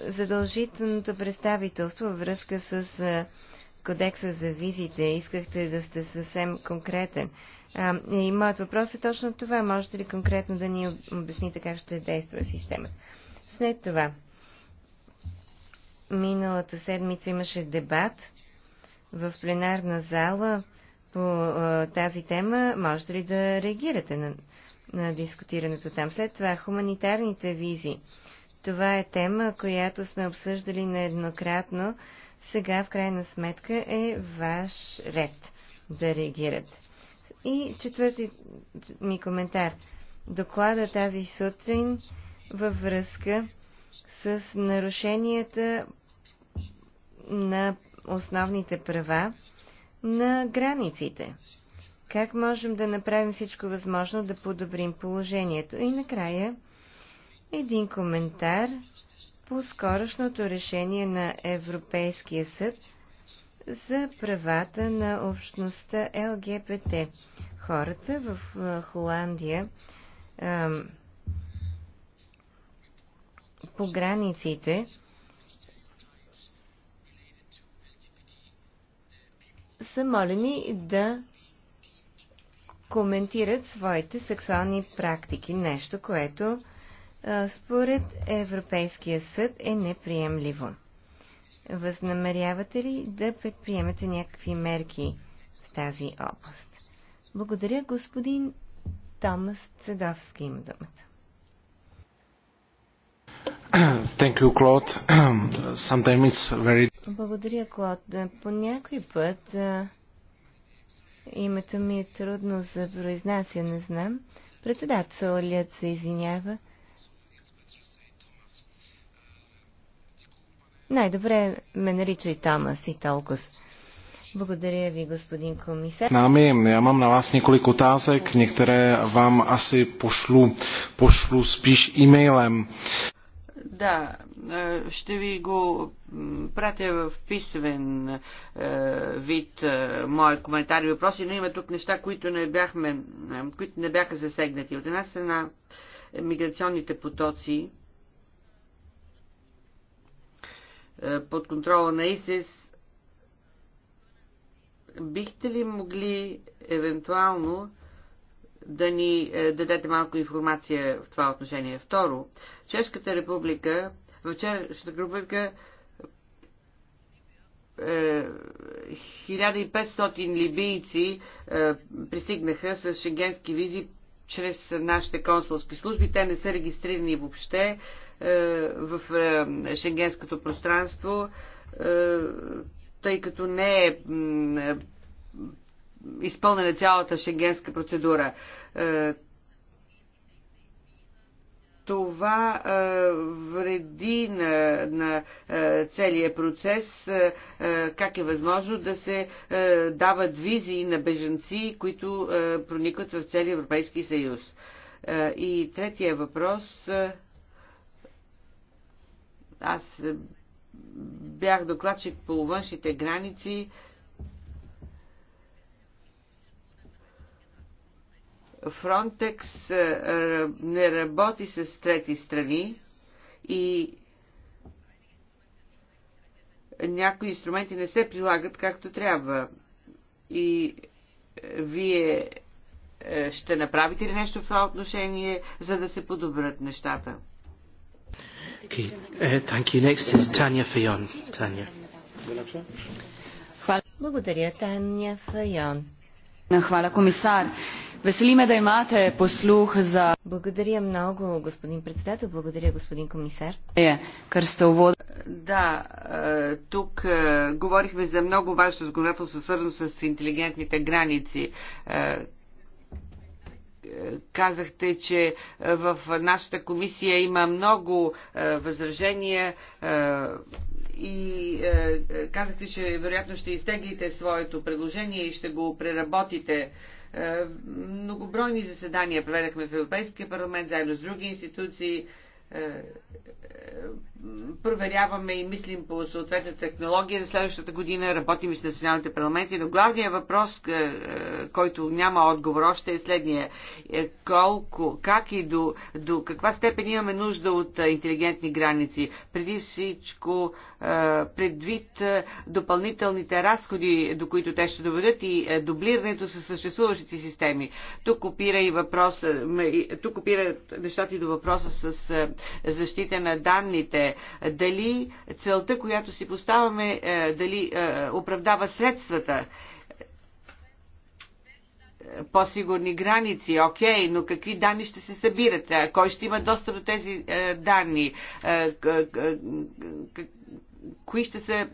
задължителното представителство във връзка с кодекса за визите. Искахте да сте съвсем конкретен. и моят въпрос е точно това. Можете ли конкретно да ни обясните как ще действа системата? След това, миналата седмица имаше дебат в пленарна зала по тази тема, можете ли да реагирате на, на дискутирането там? След това хуманитарните визи. Това е тема, която сме обсъждали нееднократно. Сега, в крайна сметка, е ваш ред да реагирате. И четвърти ми коментар. Доклада тази сутрин във връзка с нарушенията на основните права на границите. Как можем да направим всичко възможно да подобрим положението? И накрая един коментар по скорошното решение на Европейския съд за правата на общността ЛГБТ. Хората в Холандия по границите са молени да коментират своите сексуални практики. Нещо, което според Европейския съд е неприемливо. Възнамерявате ли да предприемете някакви мерки в тази област? Благодаря, господин Томас Цедовски има думата. Thank you, Claude. Sometimes it's very благодаря, Клод. По някой път а, името ми е трудно за произнасяне, знам. Председателят се извинява. Най-добре ме наричай Томас и Толкос. Благодаря ви, господин комисар. Нами, я мам на вас několik otázek, některé vám asi pošlu, pošlu spíš e-mailem. Да, е, ще ви го пратя в писвен е, вид е, мои коментари и въпроси, но има тук неща, които не, бяхме, които не бяха засегнати. От една страна, миграционните потоци под контрола на ИСИС, бихте ли могли евентуално да ни е, дадете малко информация в това отношение. Второ, Чешката република, в Чешката република 1500 е, либийци е, пристигнаха с шенгенски визи чрез нашите консулски служби. Те не са регистрирани въобще в шенгенското пространство, тъй като не е изпълнена цялата шенгенска процедура. Е, това е, вреди на, на е, целият процес, как е възможно да се дават визии на бежанци, които проникват в целия Европейски съюз. и третия въпрос. аз бях докладчик по външните граници. Фронтекс е, не работи с трети страни и някои инструменти не се прилагат както трябва. И е, вие е, ще направите ли нещо в това отношение, за да се подобрят нещата? Okay. Uh, Tanya. Благодаря, Таня Файон. Хвала, комисар. Весели ме да имате послух за... Благодаря много, господин председател. Благодаря, господин комисар. Е, кар Да, е, тук е, говорихме за много важно законодателство, свързано с интелигентните граници е, казахте, че в нашата комисия има много възражения и казахте, че вероятно ще изтеглите своето предложение и ще го преработите е, многобройни заседания проведахме в Европейския парламент, заедно с други институции, е, е, проверяваме и мислим по съответната технология. За следващата година работим и с националните парламенти, но главният въпрос, е, който няма отговор още е следния. Колко, как и до, до каква степен имаме нужда от интелигентни граници? Преди всичко, предвид допълнителните разходи, до които те ще доведат и дублирането с съществуващите системи. Тук опира и въпрос, тук опира нещата и до въпроса с защита на данните, дали целта, която си поставяме, е, дали е, оправдава средствата по-сигурни граници, окей, но какви данни ще се събират? Е, кой ще има достъп до тези данни? кои ще са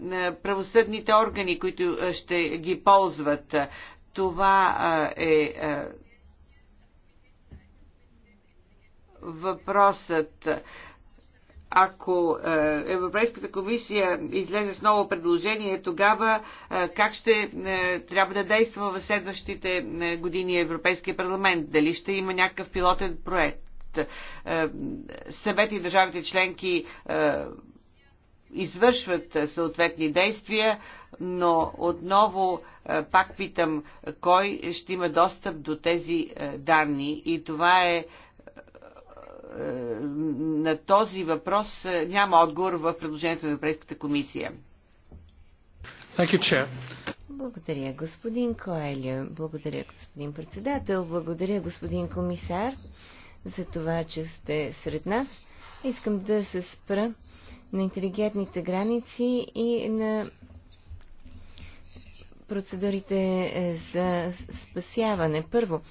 правосъдните органи, които ще ги ползват? Това е въпросът ако е, Европейската комисия излезе с ново предложение, тогава е, как ще е, трябва да действа в следващите години Европейския парламент? Дали ще има някакъв пилотен проект? Съвет и държавите членки извършват съответни действия, но отново пак питам, кой ще има достъп до тези данни? И това е на този въпрос е, няма отговор в предложението на Европейската комисия. You, благодаря, господин Коелия. Благодаря, господин председател. Благодаря, господин комисар, за това, че сте сред нас. Искам да се спра на интелигентните граници и на процедурите е, за спасяване. Първо,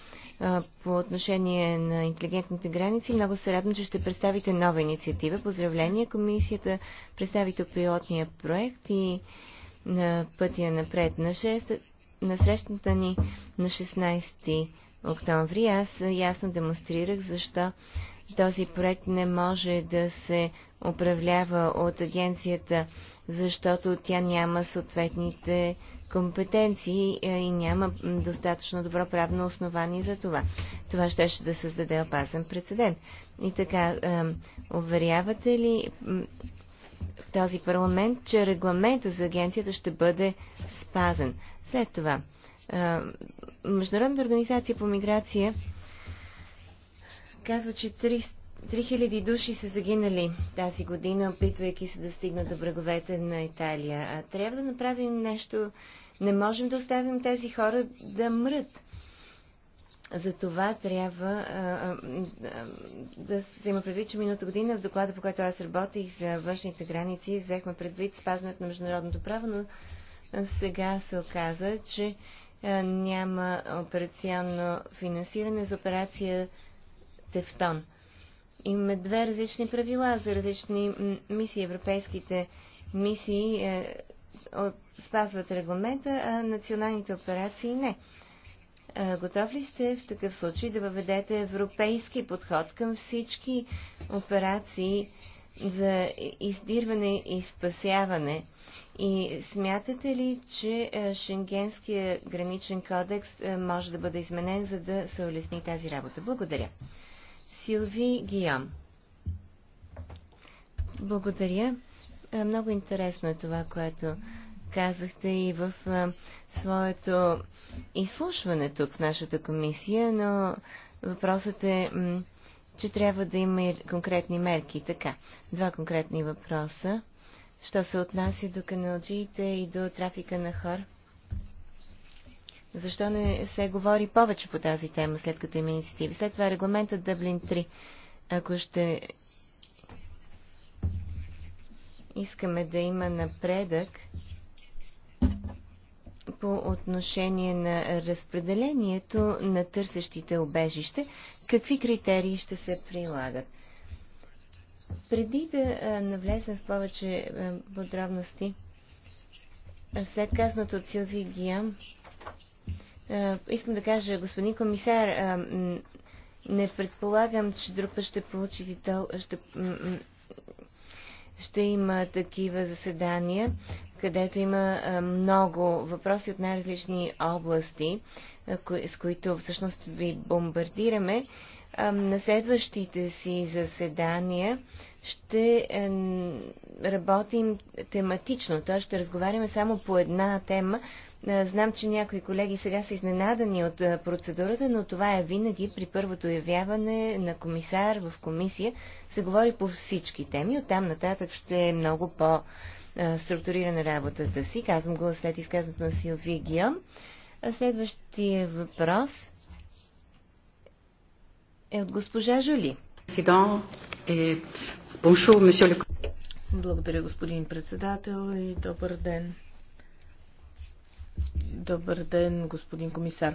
по отношение на интелигентните граници. Много се радвам, че ще представите нова инициатива. Поздравления! Комисията представите пилотния проект и на пътя напред на, 6, на срещната ни на 16 октомври. Аз ясно демонстрирах защо този проект не може да се управлява от агенцията, защото тя няма съответните компетенции е, и няма достатъчно добро правно основание за това. Това ще, ще да създаде опасен прецедент. И така, е, уверявате ли този парламент, че регламента за агенцията ще бъде спазен? След това, е, Международната организация по миграция казва, че 300 3000 души са загинали тази година, опитвайки се да стигнат до бреговете на Италия. А трябва да направим нещо. Не можем да оставим тези хора да мрат. За това трябва а, да се има предвид, че миналата година в доклада, по който аз работих за външните граници, взехме предвид спазването на международното право, но сега се оказа, че а, няма операционно финансиране за операция Тефтон. Имаме две различни правила за различни мисии. Европейските мисии е, от, спазват регламента, а националните операции не. А, е, готов ли сте в такъв случай да въведете европейски подход към всички операции за издирване и спасяване? И смятате ли, че е, Шенгенския граничен кодекс е, може да бъде изменен, за да се улесни тази работа? Благодаря. Силви Гион. Благодаря. Е, много интересно е това, което казахте и в е, своето изслушване тук в нашата комисия, но въпросът е, че трябва да има и конкретни мерки. Така, два конкретни въпроса. Що се отнася до каналджиите и до трафика на хора? Защо не се говори повече по тази тема, след като има инициативи? След това регламентът Дъблин 3. Ако ще искаме да има напредък по отношение на разпределението на търсещите обежище, какви критерии ще се прилагат? Преди да навлезем в повече подробности, след казаното от Силви Гиам, е, искам да кажа, господин комисар, е, не предполагам, че друг път ще получите тол... ще... ще има такива заседания, където има е, много въпроси от най-различни области, с които всъщност ви бомбардираме. На следващите си заседания ще работим тематично, т.е. ще разговаряме само по една тема, е, знам, че някои колеги сега са изненадани от е, процедурата, но това е винаги при първото явяване на комисар в комисия. Се говори по всички теми. Оттам нататък ще е много по-структурирана е, работата си. Казвам го след изказването на Силви Гион. Следващия въпрос е от госпожа Жули. Благодаря, господин председател и добър ден Добър ден, господин комисар.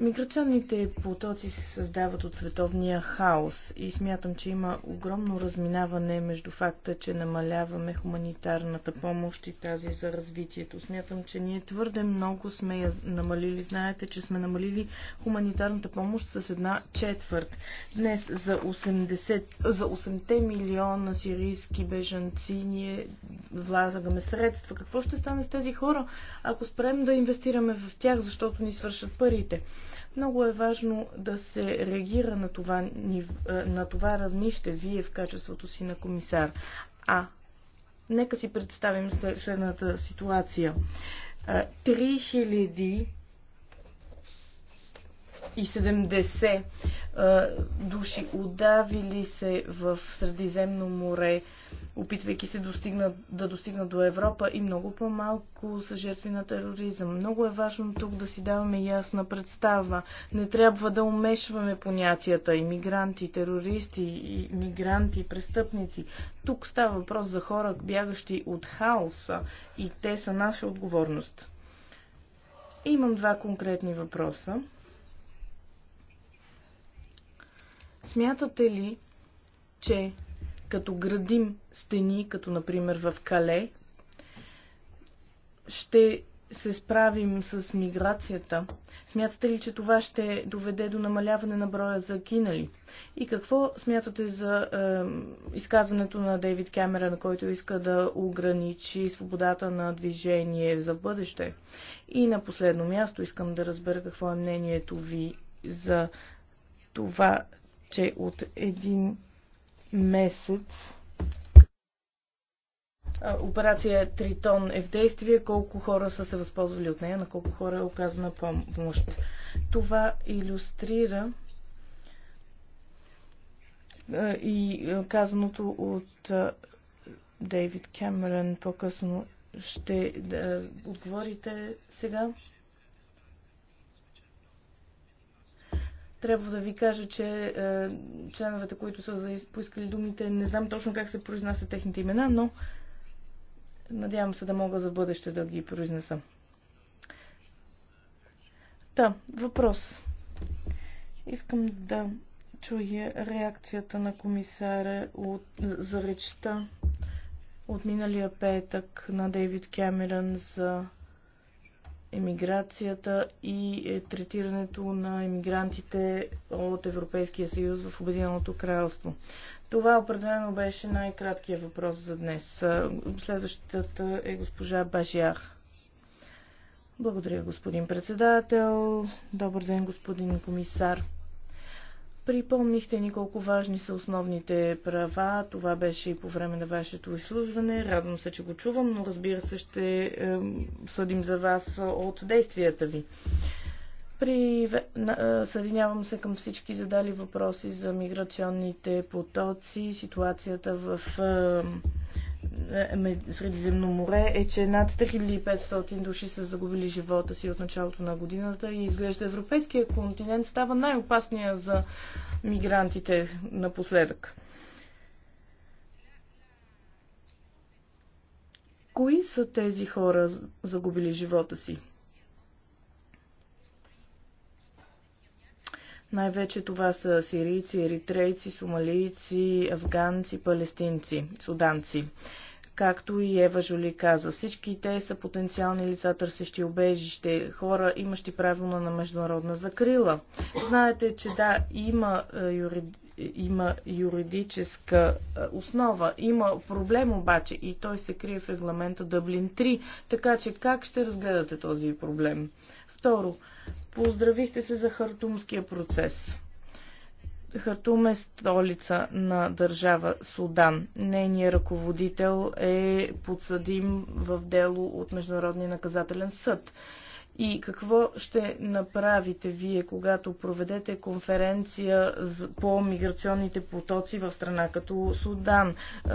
Миграционните потоци се създават от световния хаос и смятам, че има огромно разминаване между факта, че намаляваме хуманитарната помощ и тази за развитието. Смятам, че ние твърде много сме я намалили. Знаете, че сме намалили хуманитарната помощ с една четвърт. Днес за, 80, за 8 милиона сирийски бежанци ние влагаме средства. Какво ще стане с тези хора, ако спрем да инвестираме в тях, защото ни свършат парите? Много е важно да се реагира на това, е, на това равнище, вие в качеството си на комисар. А, нека си представим следната ситуация. 3000 е, и 170 души удавили се в Средиземно море, опитвайки се достигна, да достигнат до Европа и много по-малко са жертви на тероризъм. Много е важно тук да си даваме ясна представа. Не трябва да умешваме понятията иммигранти, терористи, мигранти, престъпници. Тук става въпрос за хора, бягащи от хаоса и те са наша отговорност. Имам два конкретни въпроса. Смятате ли, че като градим стени, като например в Кале, ще се справим с миграцията? Смятате ли, че това ще доведе до намаляване на броя загинали? И какво смятате за е, изказването на Дейвид на който иска да ограничи свободата на движение за бъдеще? И на последно място искам да разбера какво е мнението ви за това, че от един месец операция Тритон е в действие, колко хора са се възползвали от нея, на колко хора е оказана помощ. Това иллюстрира и казаното от Дейвид Кемерън по-късно ще да, отговорите сега. Трябва да ви кажа, че е, членовете, които са поискали думите, не знам точно как се произнасят техните имена, но надявам се да мога за бъдеще да ги произнеса. Да, въпрос. Искам да чуя реакцията на комисаря от, за речта от миналия петък на Дейвид Кемерън за емиграцията и е, третирането на емигрантите от Европейския съюз в Обединеното кралство. Това определено беше най-краткият въпрос за днес. Следващата е госпожа Бажиах. Благодаря, господин председател. Добър ден, господин комисар. Припомнихте ни колко важни са основните права. Това беше и по време на вашето изслужване. Радвам се, че го чувам, но разбира се, ще е, съдим за вас от действията ви. При... Е, съединявам се към всички задали въпроси за миграционните потоци, ситуацията в е, Средиземно море е, че над 3500 души са загубили живота си от началото на годината и изглежда европейския континент става най-опасния за мигрантите напоследък. Кои са тези хора загубили живота си? Най-вече това са сирийци, еритрейци, сомалийци, афганци, палестинци, суданци. Както и Ева Жоли каза, всички те са потенциални лица, търсещи обежище, хора, имащи правилно на международна закрила. Знаете, че да, има е, юрид има юридическа е, основа. Има проблем обаче и той се крие в регламента Дъблин 3, така че как ще разгледате този проблем? Второ, Поздравихте се за хартумския процес. Хартум е столица на държава Судан. Нейният ръководител е подсъдим в дело от Международния наказателен съд. И какво ще направите вие, когато проведете конференция по миграционните потоци в страна като Судан?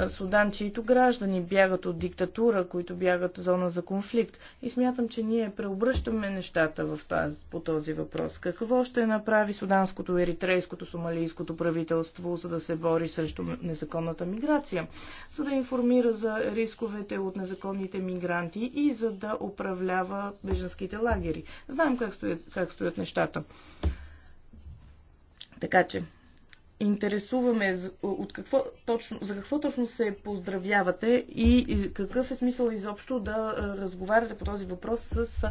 Е, Судан, чието граждани бягат от диктатура, които бягат от зона за конфликт. И смятам, че ние преобръщаме нещата в тази, по този въпрос. Какво ще направи суданското, еритрейското, сомалийското правителство, за да се бори срещу незаконната миграция? За да информира за рисковете от незаконните мигранти и за да управлява беженските лагери? лагери. Знаем как стоят, как стоят нещата. Така че, интересуваме от какво точно, за какво точно се поздравявате и какъв е смисъл изобщо да разговаряте по този въпрос с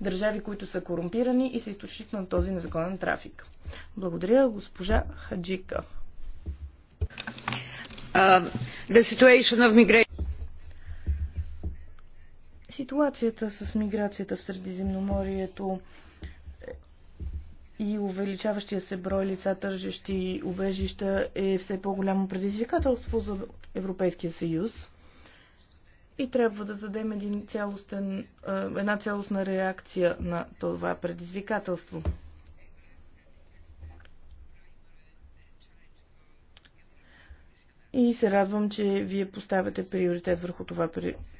държави, които са корумпирани и са източник на този незаконен трафик. Благодаря, госпожа Хаджика. Uh, Ситуацията с миграцията в Средиземноморието и увеличаващия се брой лица, тържещи убежища, е все по-голямо предизвикателство за Европейския съюз. И трябва да дадем един цялостен, една цялостна реакция на това предизвикателство. И се радвам, че вие поставяте приоритет върху това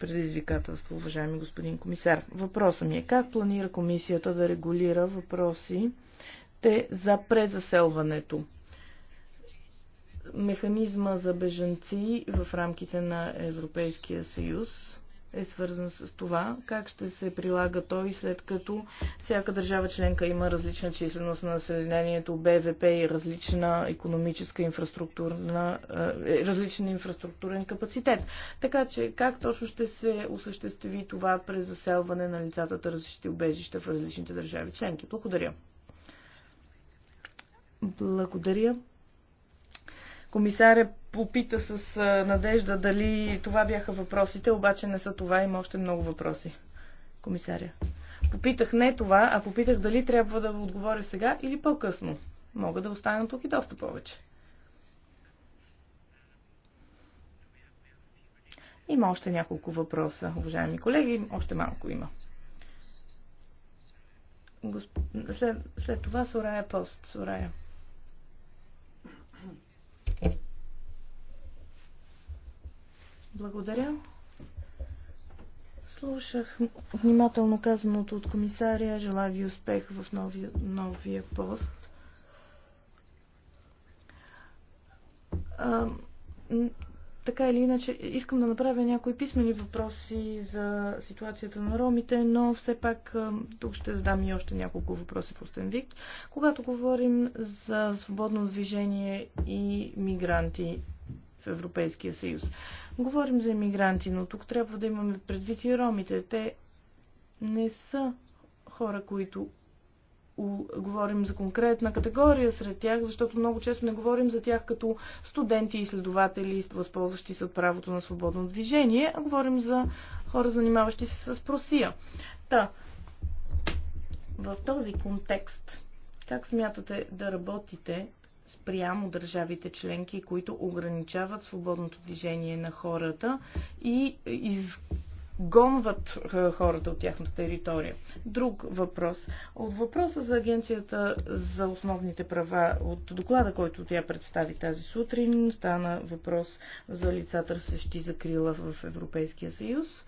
предизвикателство, уважаеми господин комисар. Въпросът ми е как планира комисията да регулира въпроси те за презаселването? Механизма за бежанци в рамките на Европейския съюз е свързан с това, как ще се прилага той, след като всяка държава членка има различна численост на населението, БВП и различна економическа инфраструктурна, е, е, различен инфраструктурен капацитет. Така че как точно ще се осъществи това през заселване на лицата, различни убежища в различните държави членки? Благодаря. Благодаря. Комисаря попита с надежда дали това бяха въпросите, обаче не са това, има още много въпроси. Комисаря. Попитах не това, а попитах дали трябва да отговоря сега или по-късно. Мога да остана тук и доста повече. Има още няколко въпроса, уважаеми колеги. Още малко има. Госп... След, след това Сорая Пост. Сорая. Благодаря. Слушах внимателно казаното от комисаря. Желая ви успех в новия, новия пост. А, така или иначе, искам да направя някои писмени въпроси за ситуацията на ромите, но все пак тук ще задам и още няколко въпроси в устен вик. Когато говорим за свободно движение и мигранти в Европейския съюз. Говорим за иммигранти, но тук трябва да имаме предвид и ромите. Те не са хора, които говорим за конкретна категория сред тях, защото много често не говорим за тях като студенти, изследователи, възползващи се от правото на свободно движение, а говорим за хора, занимаващи се с просия. Та, в този контекст, как смятате да работите спрямо държавите членки, които ограничават свободното движение на хората и из гонват е, хората от тяхната територия. Друг въпрос. От въпроса за Агенцията за основните права, от доклада, който тя представи тази сутрин, стана въпрос за лица търсещи закрила в Европейския съюз.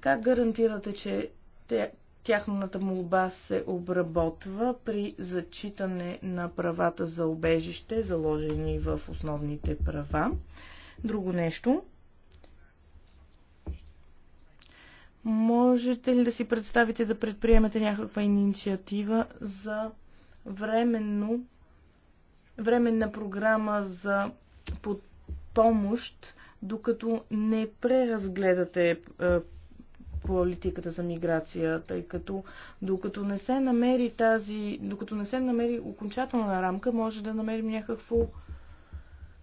Как гарантирате, че Тяхната молба се обработва при зачитане на правата за обежище, заложени в основните права. Друго нещо. Можете ли да си представите да предприемете някаква инициатива за временно, временна програма за под помощ, докато не преразгледате е, политиката за миграция, тъй като докато не се намери тази, докато не се намери окончателна рамка, може да намерим някакво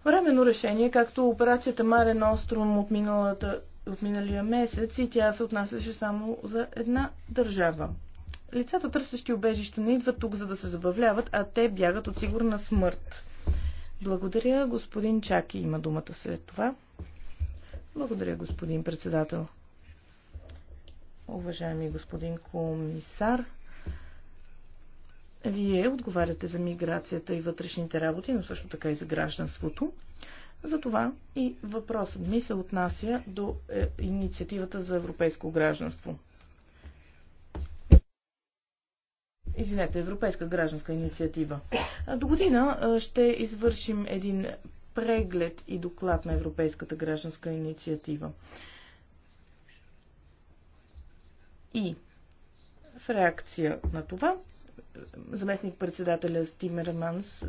временно решение, както операцията Марен Остром от, миналата, от миналия месец и тя се отнасяше само за една държава. Лицата, търсещи убежище, не идват тук, за да се забавляват, а те бягат от сигурна смърт. Благодаря, господин Чаки има думата след това. Благодаря, господин председател уважаеми господин комисар. Вие отговаряте за миграцията и вътрешните работи, но също така и за гражданството. Затова и въпросът ми се отнася до е, инициативата за европейско гражданство. Извинете, Европейска гражданска инициатива. До година ще извършим един преглед и доклад на Европейската гражданска инициатива. И в реакция на това, заместник-председателя Стимерманс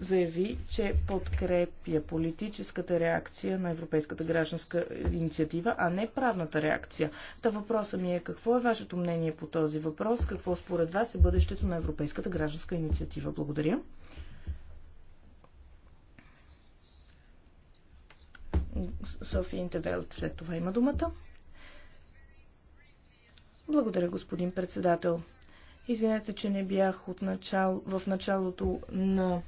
заяви, че подкрепя политическата реакция на Европейската гражданска инициатива, а не правната реакция. Та въпросът ми е какво е вашето мнение по този въпрос? Какво според вас е бъдещето на Европейската гражданска инициатива? Благодаря. София Интевелт след това има думата. Благодаря, господин председател. Извинете, че не бях от начало, в началото на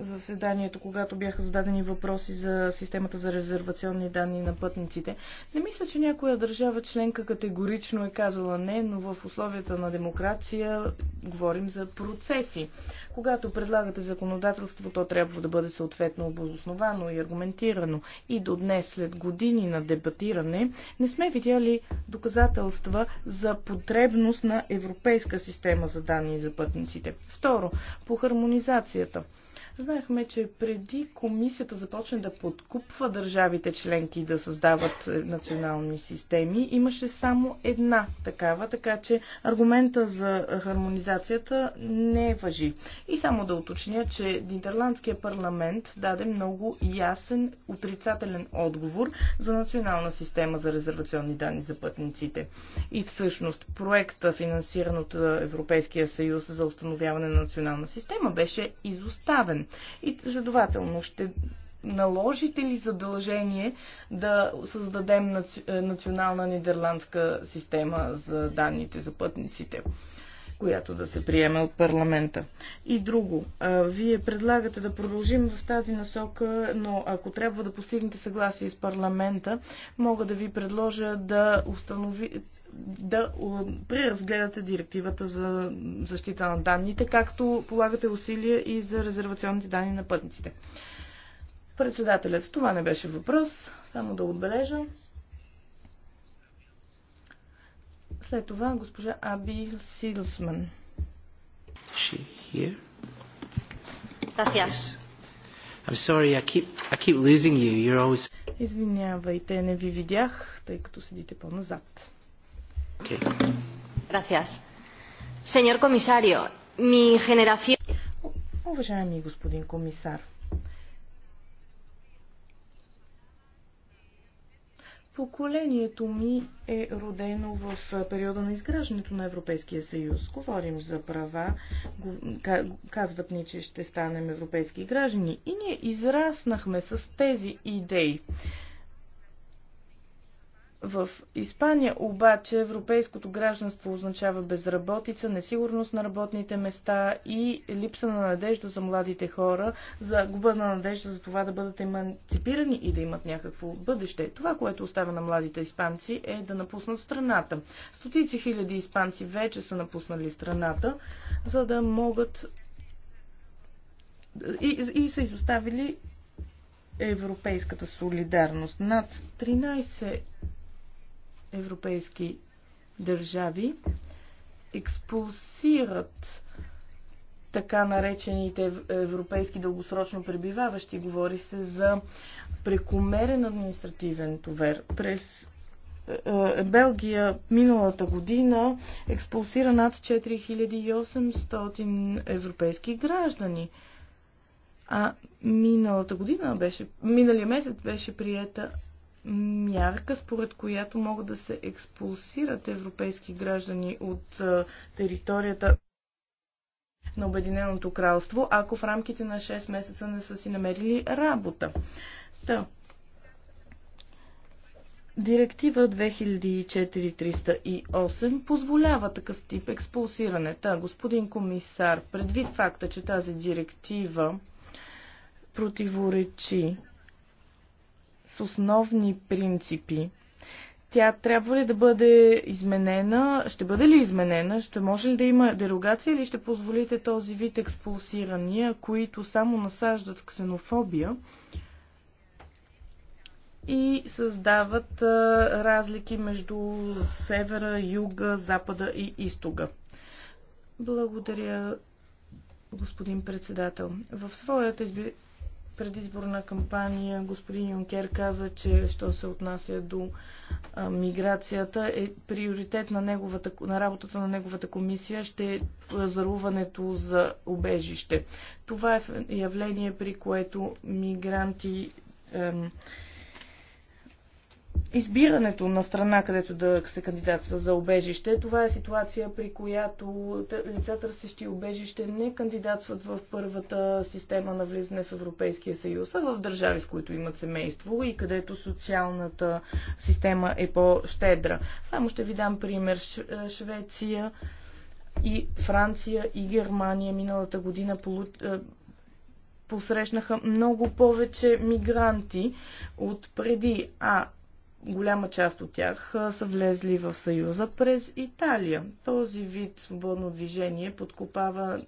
заседанието, когато бяха зададени въпроси за системата за резервационни данни на пътниците. Не мисля, че някоя държава членка категорично е казала не, но в условията на демокрация говорим за процеси. Когато предлагате законодателство, то трябва да бъде съответно обосновано и аргументирано. И до днес, след години на дебатиране, не сме видяли доказателства за потребност на европейска система за данни за пътниците. Второ, по хармонизацията. Знаехме, че преди комисията започне да подкупва държавите членки да създават е, национални системи, имаше само една такава, така че аргумента за хармонизацията не е въжи. И само да уточня, че Нидерландския парламент даде много ясен отрицателен отговор за национална система за резервационни данни за пътниците. И всъщност проекта, финансиран от е, Европейския съюз за установяване на национална система, беше изоставен и следователно ще наложите ли задължение да създадем е, национална нидерландска система за данните за пътниците? която да се приеме от парламента. И друго, вие предлагате да продължим в тази насока, но ако трябва да постигнете съгласие с парламента, мога да ви предложа да установи, да преразгледате директивата за защита на данните, както полагате усилия и за резервационните данни на пътниците. Председателят, това не беше въпрос, само да отбележа. След това госпожа Аби Силсман. She here? I'm sorry, I keep, I keep losing you. You're always... Извинявайте, не ви видях, тъй като седите по-назад. Gracias. Señor Уважаеми господин комисар, Поколението ми е родено в периода на изграждането на Европейския съюз. Говорим за права, казват ни, че ще станем европейски граждани и ние израснахме с тези идеи. В Испания обаче европейското гражданство означава безработица, несигурност на работните места и липса на надежда за младите хора, за на надежда за това да бъдат еманципирани и да имат някакво бъдеще. Това, което остава на младите испанци е да напуснат страната. Стотици хиляди испанци вече са напуснали страната, за да могат и, и са изоставили европейската солидарност. Над 13 европейски държави експулсират така наречените европейски дългосрочно пребиваващи. Говори се за прекомерен административен товер. През е, е, Белгия миналата година експулсира над 4800 европейски граждани. А миналата година беше, миналия месец беше приета мярка, според която могат да се експулсират европейски граждани от територията на Обединеното кралство, ако в рамките на 6 месеца не са си намерили работа. Та. Директива 2004-308 позволява такъв тип експулсиране. Та, господин комисар, предвид факта, че тази директива противоречи с основни принципи. Тя трябва ли да бъде изменена? Ще бъде ли изменена? Ще може ли да има дерогация или ще позволите този вид експулсирания, които само насаждат ксенофобия? и създават а, разлики между севера, юга, запада и изтога. Благодаря, господин председател. В своята изби предизборна кампания господин Юнкер каза, че що се отнася до а, миграцията, е приоритет на, неговата, на работата на неговата комисия ще е пазаруването за обежище. Това е явление, при което мигранти ем, избирането на страна, където да се кандидатства за обежище. Това е ситуация, при която лицата, търсещи обежище не кандидатстват в първата система на влизане в Европейския съюз, а в държави, в които имат семейство и където социалната система е по-щедра. Само ще ви дам пример. Е, Швеция и Франция и Германия миналата година полу е, посрещнаха много повече мигранти от преди, а голяма част от тях са влезли в Съюза през Италия. Този вид свободно движение подкопава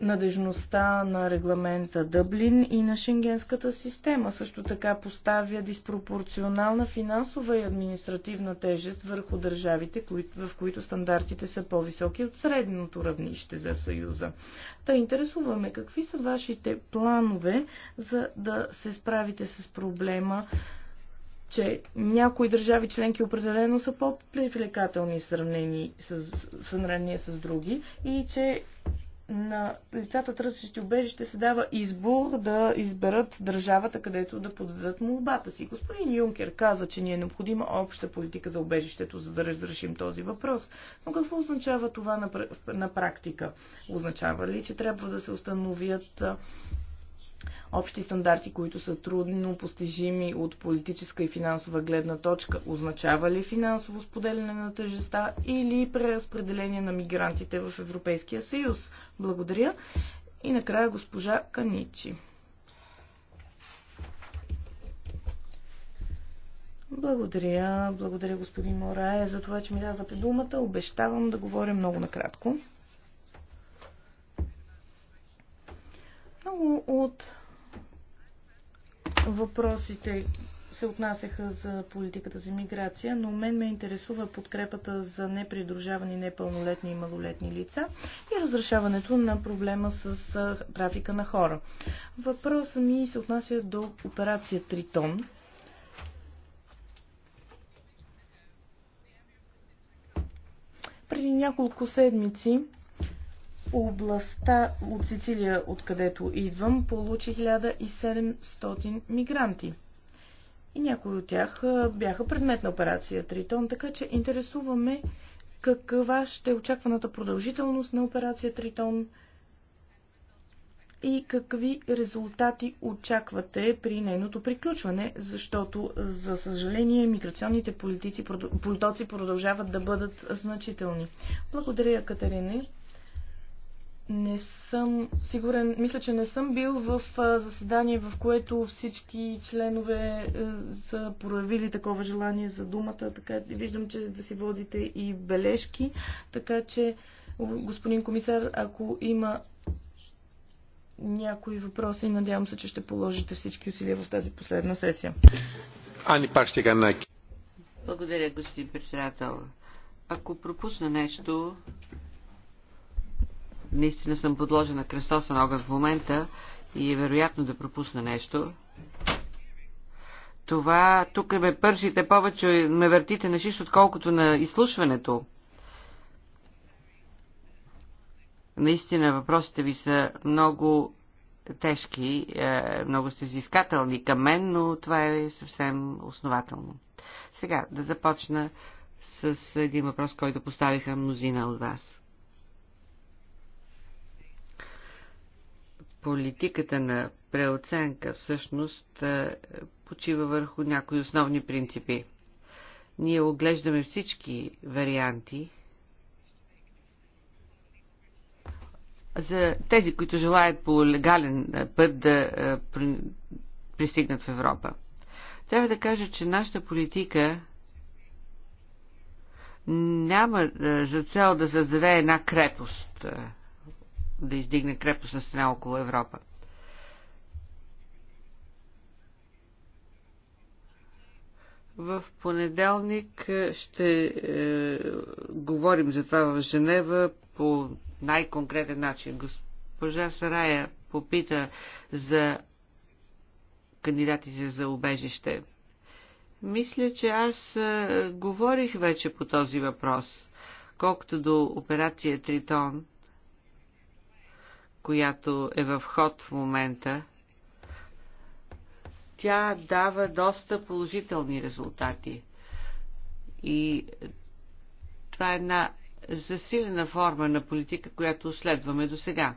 надежността на регламента Дъблин и на шенгенската система. Също така поставя диспропорционална финансова и административна тежест върху държавите, в които стандартите са по-високи от средното равнище за Съюза. Та интересуваме какви са вашите планове за да се справите с проблема че някои държави членки определено са по-привлекателни в сравнение с, сравнение с други и че на лицата търсещи убежище се дава избор да изберат държавата, където да подадат молбата си. Господин Юнкер каза, че ни е необходима обща политика за убежището, за да разрешим този въпрос. Но какво означава това на, на практика? Означава ли, че трябва да се установят Общи стандарти, които са трудно постижими от политическа и финансова гледна точка, означава ли финансово споделяне на тъжеста или преразпределение на мигрантите в Европейския съюз? Благодаря. И накрая госпожа Каничи. Благодаря, благодаря господин Морае за това, че ми давате думата. Обещавам да говоря много накратко. Много от въпросите се отнасяха за политиката за миграция, но мен ме интересува подкрепата за непридружавани непълнолетни и малолетни лица и разрешаването на проблема с трафика на хора. Въпросът ми се отнася до операция Тритон. Преди няколко седмици областта от Сицилия, откъдето идвам, получи 1700 мигранти. И някои от тях бяха предмет на операция Тритон, така че интересуваме каква ще е очакваната продължителност на операция Тритон и какви резултати очаквате при нейното приключване, защото, за съжаление, миграционните политици, протоци продължават да бъдат значителни. Благодаря, Катерине не съм сигурен, мисля, че не съм бил в заседание, в което всички членове е, са проявили такова желание за думата. Така, виждам, че да си водите и бележки. Така че, господин комисар, ако има някои въпроси, надявам се, че ще положите всички усилия в тази последна сесия. Ани пак ще Благодаря, господин председател. Ако пропусна нещо, Наистина съм подложена кръстоса нога в момента и е вероятно да пропусна нещо. Това тук ме пържите повече, ме въртите на шиш, отколкото на изслушването. Наистина въпросите ви са много тежки, е, много сте взискателни към мен, но това е съвсем основателно. Сега да започна с един въпрос, който поставиха мнозина от вас. политиката на преоценка всъщност е, почива върху някои основни принципи. Ние оглеждаме всички варианти. За тези, които желаят по легален е, път да е, пристигнат в Европа. Трябва да кажа, че нашата политика няма за цел да създаде една крепост да издигне крепостна стена около Европа. В понеделник е, ще е, говорим за това в Женева по най-конкретен начин. Госпожа Сарая попита за кандидатите за убежище. Мисля, че аз е, говорих вече по този въпрос. Колкото до операция Тритон, която е в ход в момента, тя дава доста положителни резултати. И това е една засилена форма на политика, която следваме до сега.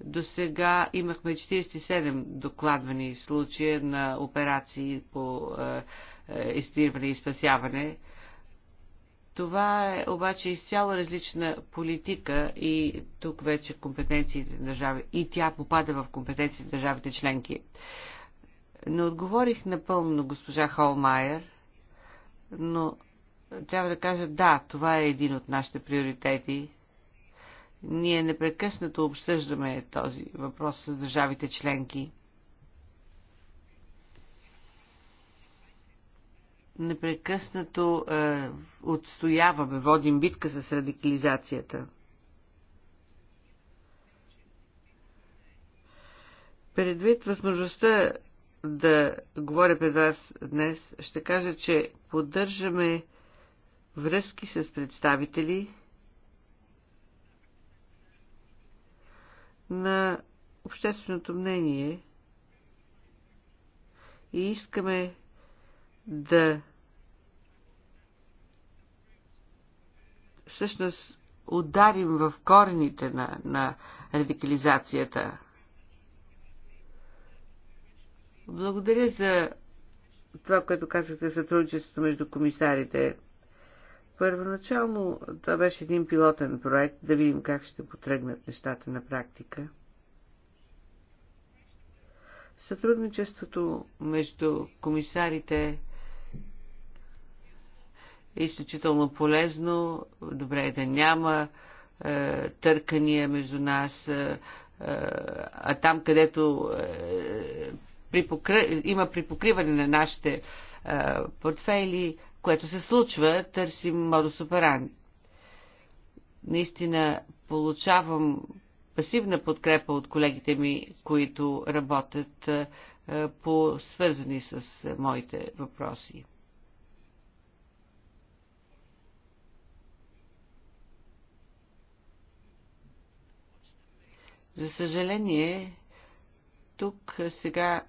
До сега имахме 47 докладвани случая на операции по е, е и спасяване. Това е обаче изцяло различна политика и тук вече компетенциите на държави, и тя попада в компетенциите на държавите членки. Не отговорих напълно госпожа Холмайер, но трябва да кажа да, това е един от нашите приоритети. Ние непрекъснато обсъждаме този въпрос с държавите членки. непрекъснато е, отстояваме, водим битка с радикализацията. Предвид възможността да говоря пред вас днес, ще кажа, че поддържаме връзки с представители на общественото мнение и искаме да всъщност ударим в корените на, на радикализацията. Благодаря за това, което казахте, сътрудничеството между комисарите. Първоначално това беше един пилотен проект, да видим как ще потръгнат нещата на практика. Сътрудничеството между комисарите изключително полезно. Добре е да няма е, търкания между нас. Е, е а там, където е, припокри... има припокриване на нашите е, портфейли, което се случва, търсим модус операнди. Наистина получавам пасивна подкрепа от колегите ми, които работят е, по свързани с е, моите въпроси. За съжаление, тук сега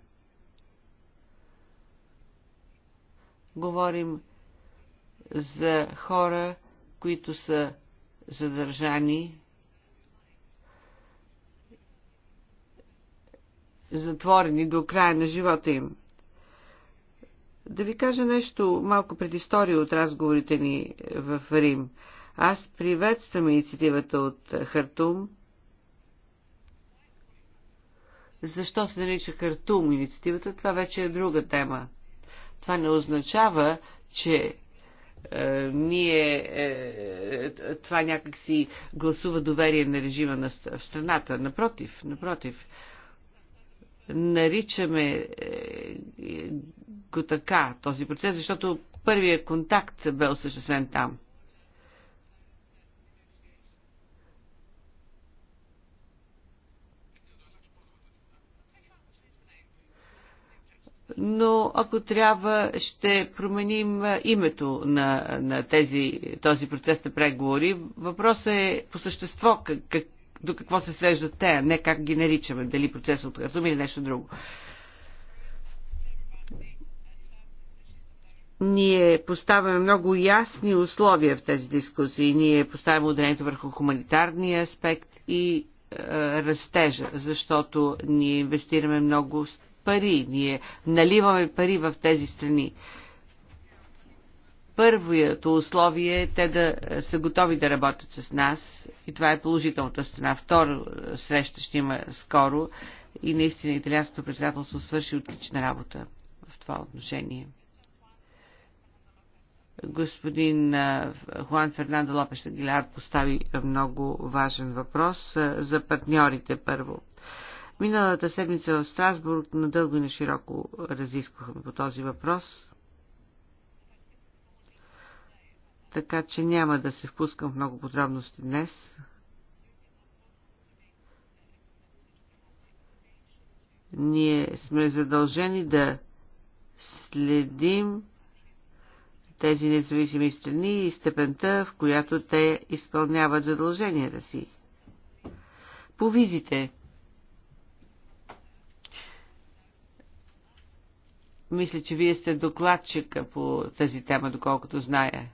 говорим за хора, които са задържани, затворени до края на живота им. Да ви кажа нещо малко предистория от разговорите ни в Рим. Аз приветствам инициативата от Хартум, защо се нарича Хартум инициативата, това вече е друга тема. Това не означава, че е, ние е, е това някакси гласува доверие на режима на в страната. Напротив, напротив. Наричаме е, го така, този процес, защото първият контакт бе осъществен там. но ако трябва, ще променим името на, на тези, този процес на преговори. Въпросът е по същество как, как, до какво се свеждат те, не как ги наричаме, дали процес от разум или нещо друго. Ние поставяме много ясни условия в тези дискусии. Ние поставяме ударението върху хуманитарния аспект и е, растежа, защото ние инвестираме много пари. Ние наливаме пари в тези страни. Първото условие е те да е, са готови да работят с нас и това е положителната страна. Втора е, среща ще има скоро и наистина италианското председателство свърши отлична работа в това отношение. Господин е, Хуан Фернандо Лопеш Агилар постави много важен въпрос за партньорите първо. Миналата седмица в Страсбург надълго и на широко разисквахме по този въпрос. Така че няма да се впускам в много подробности днес. Ние сме задължени да следим тези независими страни и степента, в която те изпълняват задълженията си. По визите Мисля, че вие сте докладчика по тази тема, доколкото зная.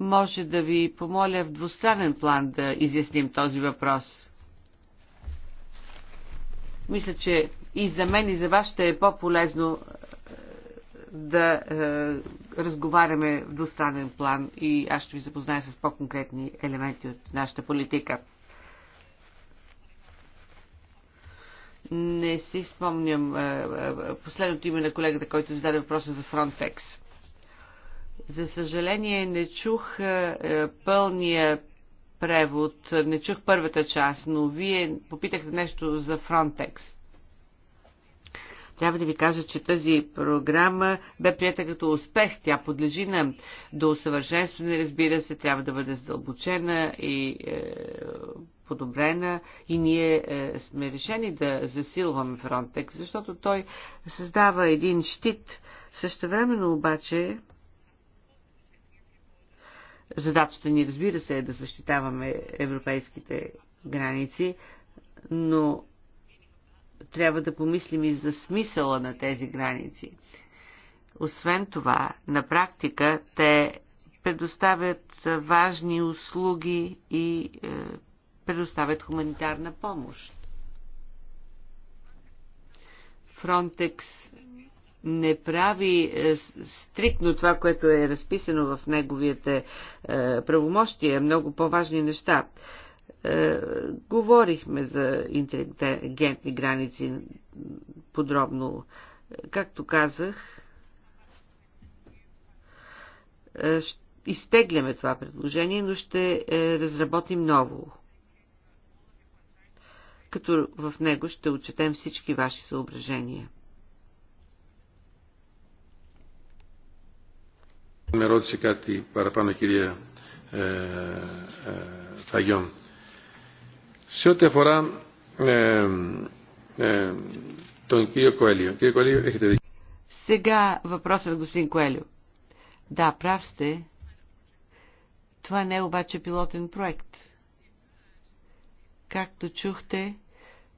Може да ви помоля в двустранен план да изясним този въпрос. Мисля, че и за мен, и за вас ще е по-полезно е, да е, разговаряме в двустранен план и аз ще ви запозная с по-конкретни елементи от нашата политика. Не си спомням е, е, последното име на колегата, който зададе въпроса за Frontex. За съжаление не чух е, пълния превод, не чух първата част, но вие попитахте нещо за Frontex. Трябва да ви кажа, че тази програма бе прията като успех. Тя подлежи на до усъвършенстване, разбира се, трябва да бъде задълбочена и е, подобрена и ние е, сме решени да засилваме Фронтекс, защото той създава един щит. Същевременно обаче задачата ни разбира се е да защитаваме европейските граници, но трябва да помислим и за смисъла на тези граници. Освен това, на практика те предоставят важни услуги и е, предоставят хуманитарна помощ. Фронтекс не прави е, стриктно това, което е разписано в неговите е, правомощия, е много по-важни неща. Говорихме за интелигентни граници подробно. Както казах, изтегляме това предложение, но ще разработим ново като в него ще отчетем всички ваши съображения. Ме ρώτησε κάτι παραπάνω κυρία ε, ε, Φαγιόν. Σε ό,τι αφορά τον κύριο Коέλιο. Κύριε Коέλιο, έχετε δίκιο. Сега въпросът на господин Коелио. Да, прав сте. Това не е обаче пилотен проект. Както чухте,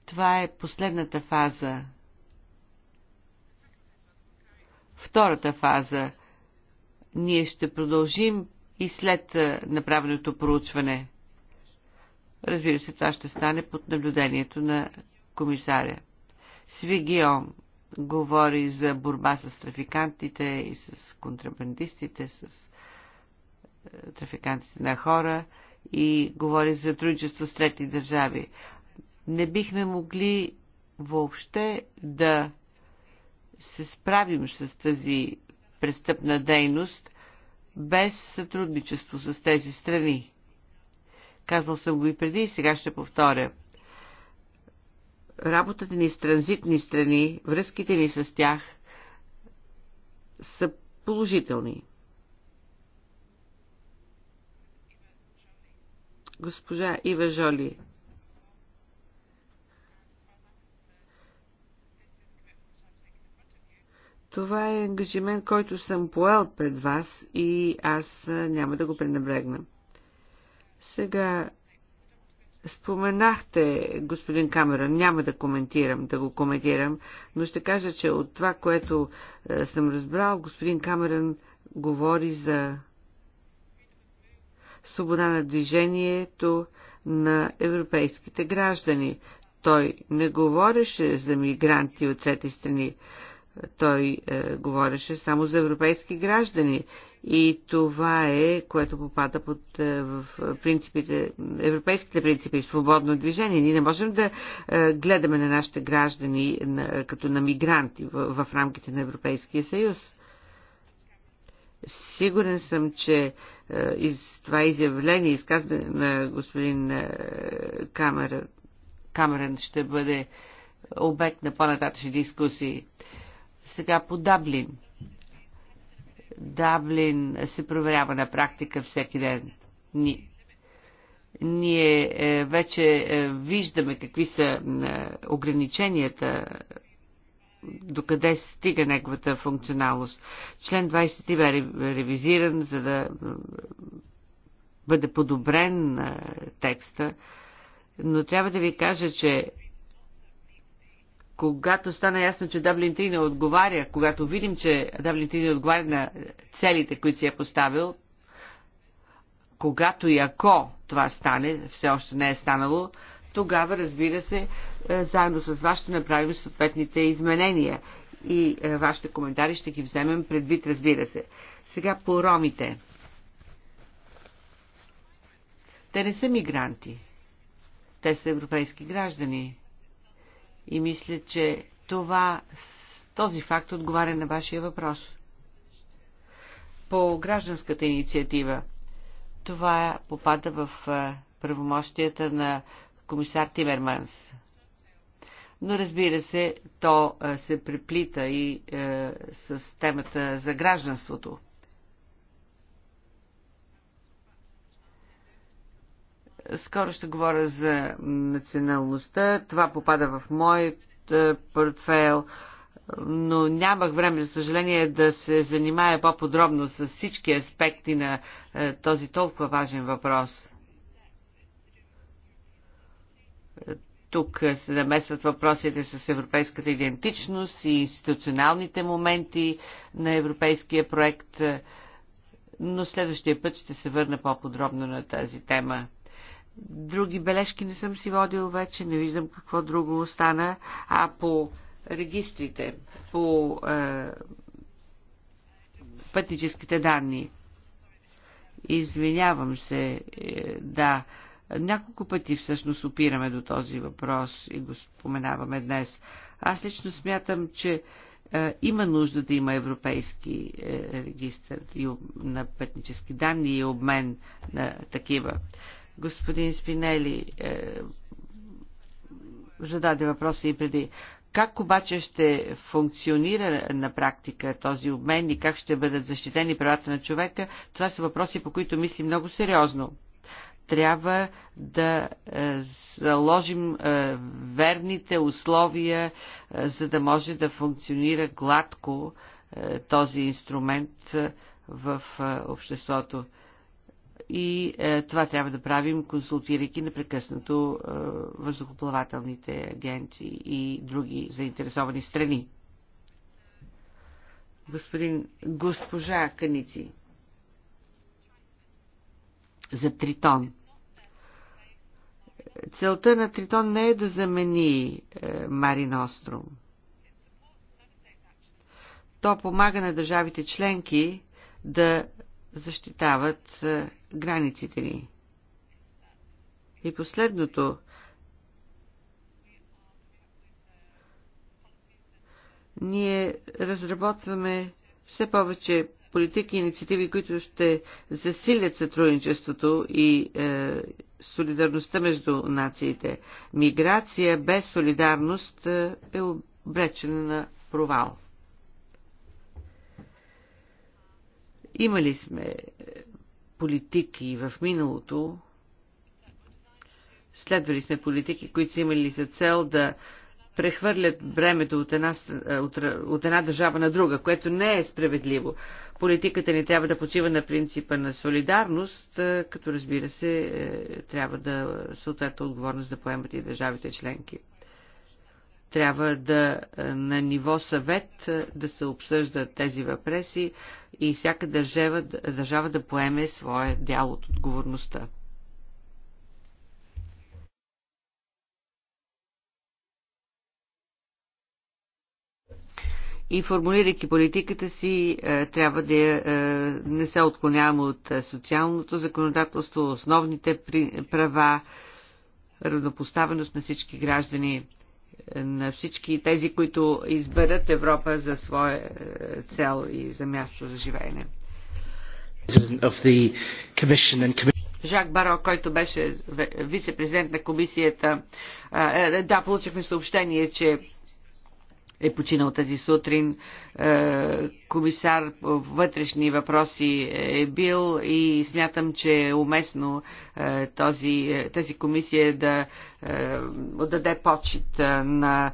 това е последната фаза. Втората фаза. Ние ще продължим и след направеното проучване. Разбира се, това ще стане под наблюдението на комисаря. Свигион говори за борба с трафикантите и с контрабандистите, с трафикантите на хора и говори за сътрудничество с трети държави. Не бихме могли въобще да се справим с тази престъпна дейност без сътрудничество с тези страни. Казал съм го и преди и сега ще повторя. Работата ни с транзитни страни, връзките ни с тях са положителни. Госпожа Ива Жоли. Това е ангажимент, който съм поел пред вас и аз няма да го пренебрегна. Сега Споменахте, господин Камера, няма да коментирам, да го коментирам, но ще кажа, че от това, което съм разбрал, господин Камерън говори за свобода на движението на европейските граждани. Той не говореше за мигранти от трети страни. Той е, говореше само за европейски граждани. И това е, което попада под, е, в принципите, европейските принципи, свободно движение. Ние не можем да е, гледаме на нашите граждани на, като на мигранти в, в рамките на Европейския съюз. Сигурен съм, че е, из това изявление, изказване на господин е, Камер... Камерън ще бъде обект на по-нататъчни дискусии. Сега по Даблин. Даблин се проверява на практика всеки ден. Ни, ние е, вече виждаме какви са ограниченията докъде стига неговата функционалност. Член 20 бе ревизиран, за да бъде подобрен текста, но трябва да ви кажа, че когато стана ясно, че Даблин 3 не отговаря, когато видим, че Даблин 3 не отговаря на целите, които си е поставил, когато и ако това стане, все още не е станало, тогава, разбира се, е, заедно с вас ще направим съответните изменения и е, вашите коментари ще ги вземем предвид, разбира се. Сега по ромите. Те не са мигранти. Те са европейски граждани. И мисля, че това, този факт отговаря на вашия въпрос. По гражданската инициатива. Това попада в е, правомощията на комисар Тимерманс. Но разбира се, то е, се преплита и е, с темата за гражданството. Скоро ще говоря за националността. Това попада в моят е, портфел, но нямах време, за съжаление, да се занимая по-подробно с всички аспекти на е, този толкова важен въпрос – Тук се намесват въпросите с европейската идентичност и институционалните моменти на европейския проект, но следващия път ще се върна по-подробно на тази тема. Други бележки не съм си водил вече, не виждам какво друго остана. А по регистрите, по е, пътническите данни. Извинявам се, е, да. Няколко пъти всъщност опираме до този въпрос и го споменаваме днес. Аз лично смятам, че е, има нужда да има европейски е, регистр и, на пътнически данни и обмен на такива. Господин Спинели е, зададе въпроса и преди. Как обаче ще функционира на практика този обмен и как ще бъдат защитени правата на човека, това са въпроси, по които мисли много сериозно трябва да е, заложим е, верните условия, е, за да може да функционира гладко този инструмент в обществото. И това трябва да правим, консултирайки непрекъснато въздухоплавателните агенти и други заинтересовани страни. Господин, госпожа Каници за Тритон. Целта на Тритон не е да замени е, Марин Остром. То помага на държавите членки да защитават е, границите ни. И последното. Ние разработваме все повече политики и инициативи, които ще засилят сътрудничеството и е, солидарността между нациите. Миграция без солидарност е, е обречена на провал. Имали сме е, политики в миналото, следвали сме политики, които са имали за цел да прехвърлят бремето от една, е, от, от една държава на друга, което не е справедливо. Политиката ни трябва да почива на принципа на солидарност, е, като разбира се, е, трябва да съответно отговорност да поемат и държавите членки. Трябва да на ниво съвет да се обсъждат тези въпроси и всяка държава, държава да поеме своя дял от отговорността. и формулирайки политиката си, е, трябва да е, не се отклоняваме от е, социалното законодателство, основните права, равнопоставеност на всички граждани, на всички тези, които изберат Европа за своя цел и за място за живеене. Жак Баро, който беше вице-президент на комисията, да, получихме съобщение, че е починал тази сутрин. Е, комисар по вътрешни въпроси е бил и смятам, че е уместно е, този, е, тази комисия да отдаде почет на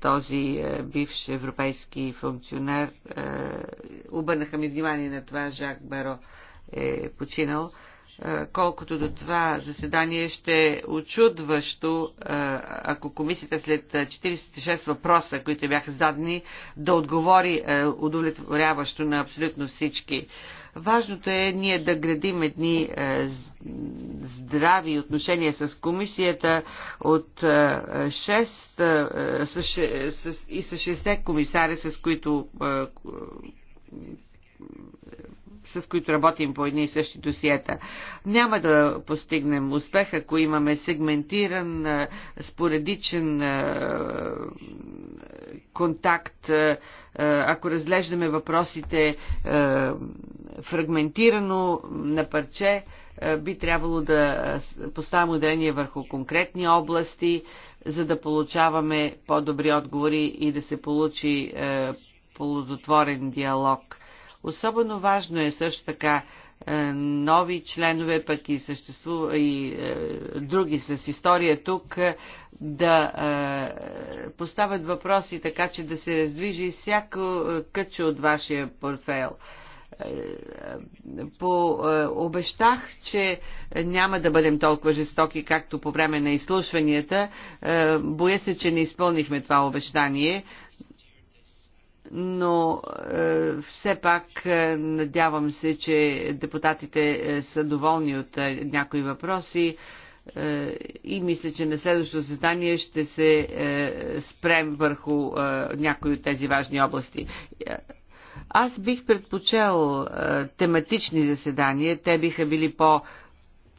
този бивш европейски функционер. Обърнаха ми внимание на това, Жак Беро е починал колкото до това заседание ще е очудващо, ако комисията след 46 въпроса, които бяха зададени, да отговори удовлетворяващо на абсолютно всички. Важното е ние да градим едни здрави отношения с комисията от 6 и с 60 комисари, с които с които работим по едни и същи досиета. Няма да постигнем успех, ако имаме сегментиран, споредичен контакт, ако разглеждаме въпросите фрагментирано на парче, би трябвало да поставим ударение върху конкретни области, за да получаваме по-добри отговори и да се получи е, полудотворен диалог. Особено важно е също така е, нови членове, пък и, съществува, и е, други с история тук, е, да е, поставят въпроси така, че да се раздвижи всяко е, къче от вашия портфел. по, обещах, че няма да бъдем толкова жестоки, както по време на изслушванията. Боя се, че не изпълнихме това обещание, но е, все пак е, надявам се, че депутатите е, са доволни от е, някои въпроси е, и мисля, че на следващото заседание ще се е, спрем върху е, някои от тези важни области. Е, аз бих предпочел е, тематични заседания, те биха били по-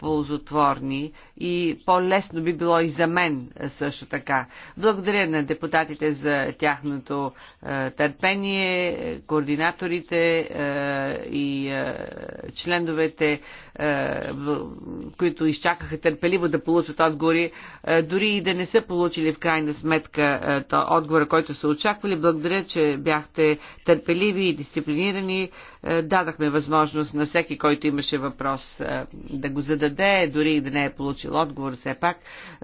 ползотворни и по-лесно би било и за мен е, също така. Благодаря на депутатите за тяхното е, търпение, координаторите е, и е, членовете, е, които изчакаха търпеливо да получат отговори, е, дори и да не са получили в крайна сметка е, то, отговора, който са очаквали. Благодаря, че бяхте търпеливи и дисциплинирани. Е, дадахме възможност на всеки, който имаше въпрос е, да го зададе, дори и да не е получил отговор все пак.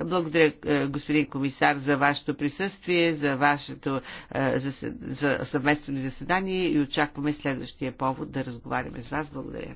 Благодаря, е, господин комисар, за вашето присъствие, за вашето за, за съвместно заседание и очакваме следващия повод да разговаряме с вас. Благодаря.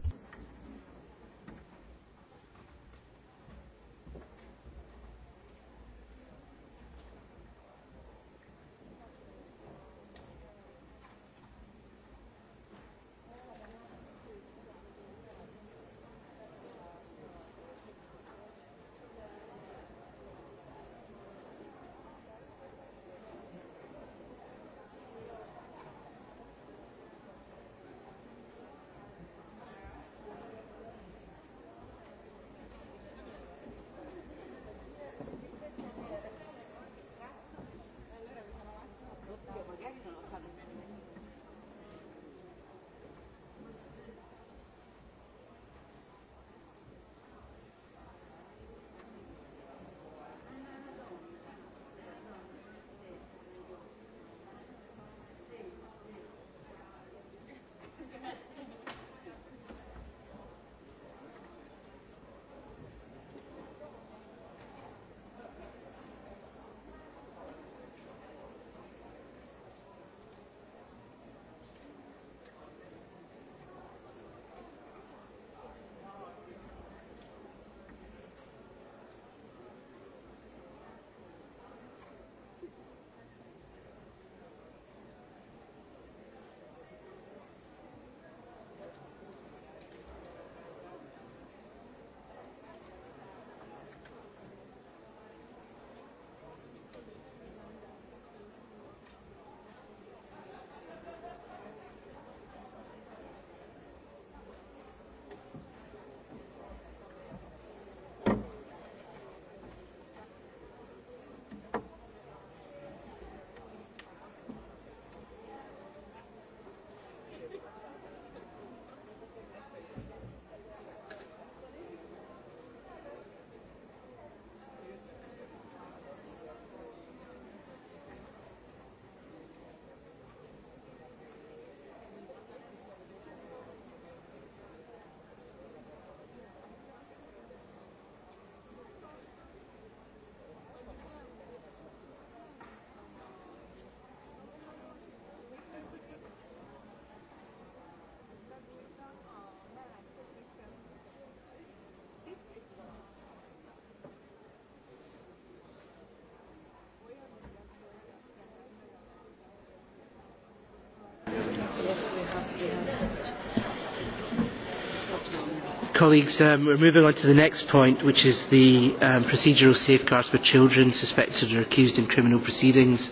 Colleagues, um, we're moving on to the next point, which is the um, procedural safeguards for children suspected or accused in criminal proceedings.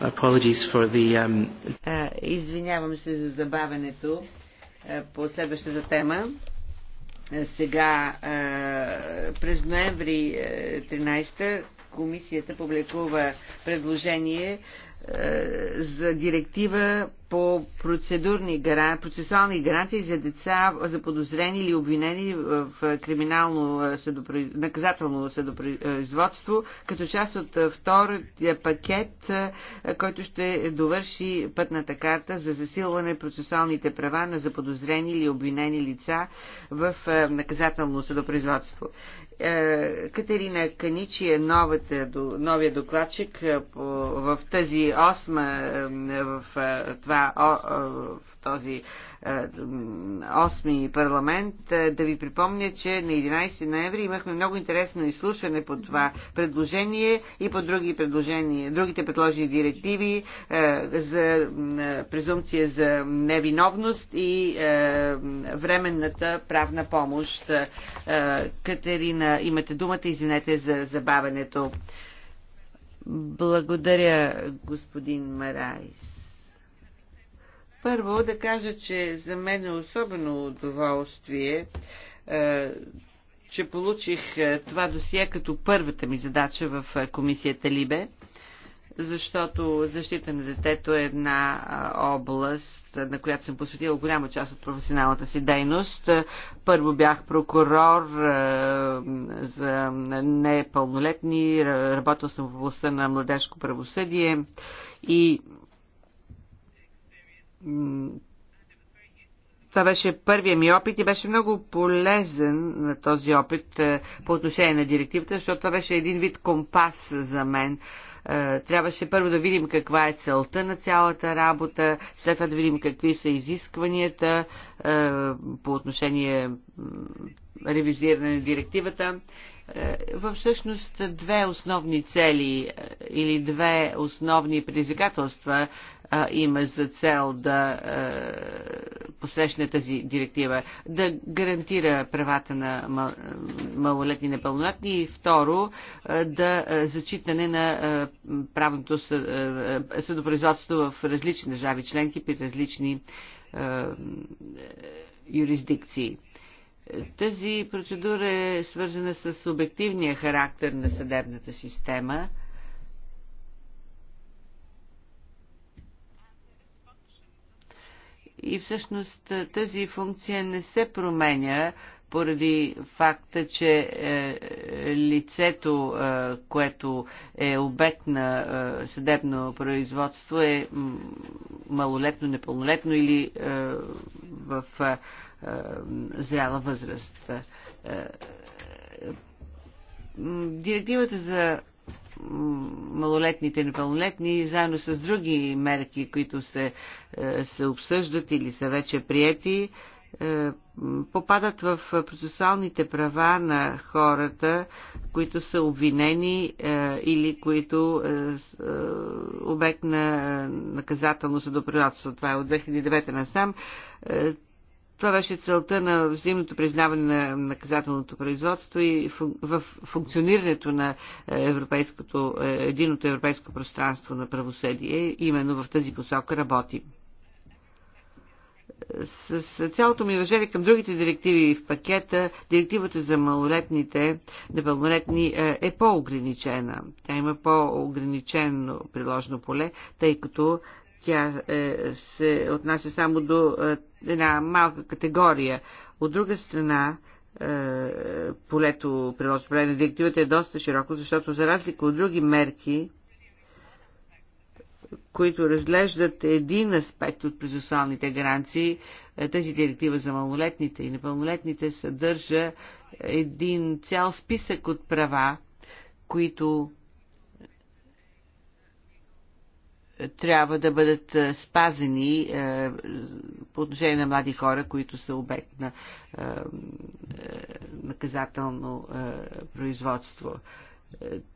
Apologies for the... Um... Uh, извинявам се за забавенето uh, по следващата тема. Uh, сега, uh, през ноември uh, 13 комисията публикува предложение за директива по процедурни процесуални гаранции за деца за подозрени или обвинени в криминално съдопро... наказателно съдопроизводство, като част от втория пакет, който ще довърши пътната карта за засилване процесуалните права на заподозрени или обвинени лица в наказателно съдопроизводство. Е, Катерина Каничи е новата, новия докладчик в тази осма в това о, в този е, осми парламент, е, да ви припомня, че на 11 ноември имахме много интересно изслушване по това предложение и по други предложения, другите предложени директиви е, за презумпция за невиновност и временната правна помощ. Катерина, имате думата, извинете за забавенето. Благодаря, господин Марайс. Първо да кажа, че за мен е особено удоволствие, е, че получих е, това досие като първата ми задача в е, комисията Либе, защото защита на детето е една област, на която съм посветила голяма част от професионалната си дейност. Първо бях прокурор за непълнолетни, работил съм в областта на младежко правосъдие и това беше първия ми опит и беше много полезен на този опит по отношение на директивата, защото това беше един вид компас за мен. Трябваше първо да видим каква е целта на цялата работа, след това да видим какви са изискванията по отношение ревизиране на директивата е, всъщност две основни цели е, или две основни предизвикателства е, има за цел да посрещне тази директива. Да гарантира правата на малолетни непълнолетни и второ да зачитане на правното съдопроизводство в различни държави членки при различни юрисдикции. Тази процедура е свързана с субективния характер на съдебната система. И всъщност тази функция не се променя поради факта, че е, лицето, е, което е обект на е, съдебно производство е малолетно, непълнолетно или в зряла възраст. Директивата за малолетните и непълнолетни, заедно с други мерки, които се, се обсъждат или са вече прияти, е, попадат в процесуалните права на хората, които са обвинени е, или които е, обект на наказателно съдоприятство. Това е от 2009 насам. Това беше целта на взаимното признаване на наказателното производство и в функционирането на европейското, единото европейско пространство на правосъдие. Именно в тази посока работи с, с цялото ми уважение към другите директиви в пакета, директивата за малолетните, непълнолетни е, е по-ограничена. Тя има по-ограничено приложно поле, тъй като тя е, се отнася само до е, една малка категория. От друга страна, е, полето, приложно поле на директивата е доста широко, защото за разлика от други мерки, които разглеждат един аспект от процесуалните гаранции, е, тази директива за малолетните и непълнолетните съдържа един цял списък от права, които трябва да бъдат е, спазени е, по отношение на млади хора, които са обект на наказателно производство.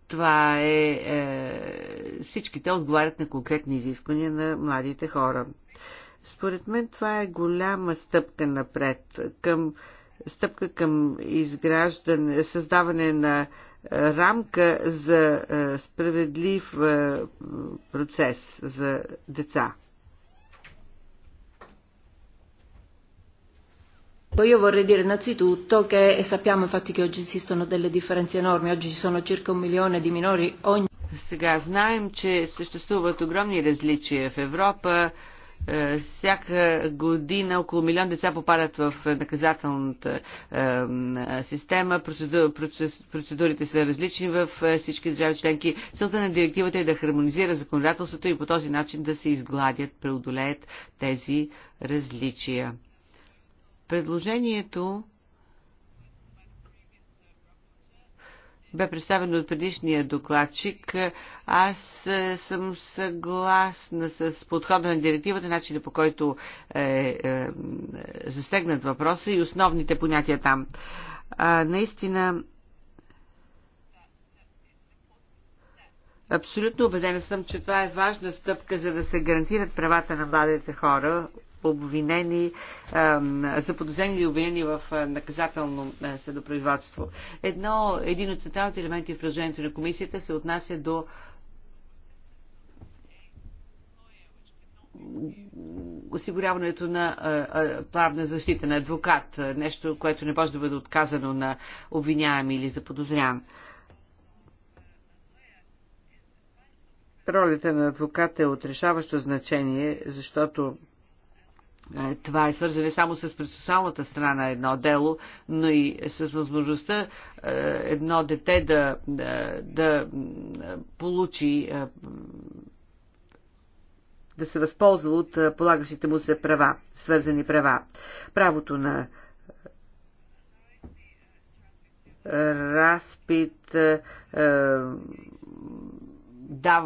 Това е, е... Всички те отговарят на конкретни изисквания на младите хора. Според мен това е голяма стъпка напред към стъпка към изграждане, създаване на рамка за е, справедлив е, процес за деца. Io vorrei dire innanzitutto che e sappiamo infatti che oggi esistono delle differenze enormi, oggi ci sono circa un milione di minori ogni. Сега знаем, че съществуват огромни различия в Европа. Е, всяка година около милион деца попадат в наказателната е, система. Процедурите са различни в е, всички държави членки. Целта на директивата е да хармонизира законодателството и по този начин да се изгладят, преодолеят тези различия. Предложението бе представено от предишния докладчик. Аз е, съм съгласна с подхода на директивата, начина по който е, е застегнат въпроса и основните понятия там. А, наистина, абсолютно убедена съм, че това е важна стъпка, за да се гарантират правата на младите хора обвинени, заподозрени и обвинени в наказателно съдопроизводство. Едно, един от централните елементи в предложението на комисията се отнася до осигуряването на правна защита на адвокат, нещо, което не може да бъде отказано на обвиняем или заподозрян. Ролята на адвоката е отрешаващо значение, защото е, това е свързано не само с процесуалната страна на едно дело, но и с възможността е, едно дете да, да, да е, получи да се възползва от полагащите му се права, свързани права. Правото на разпит, дав,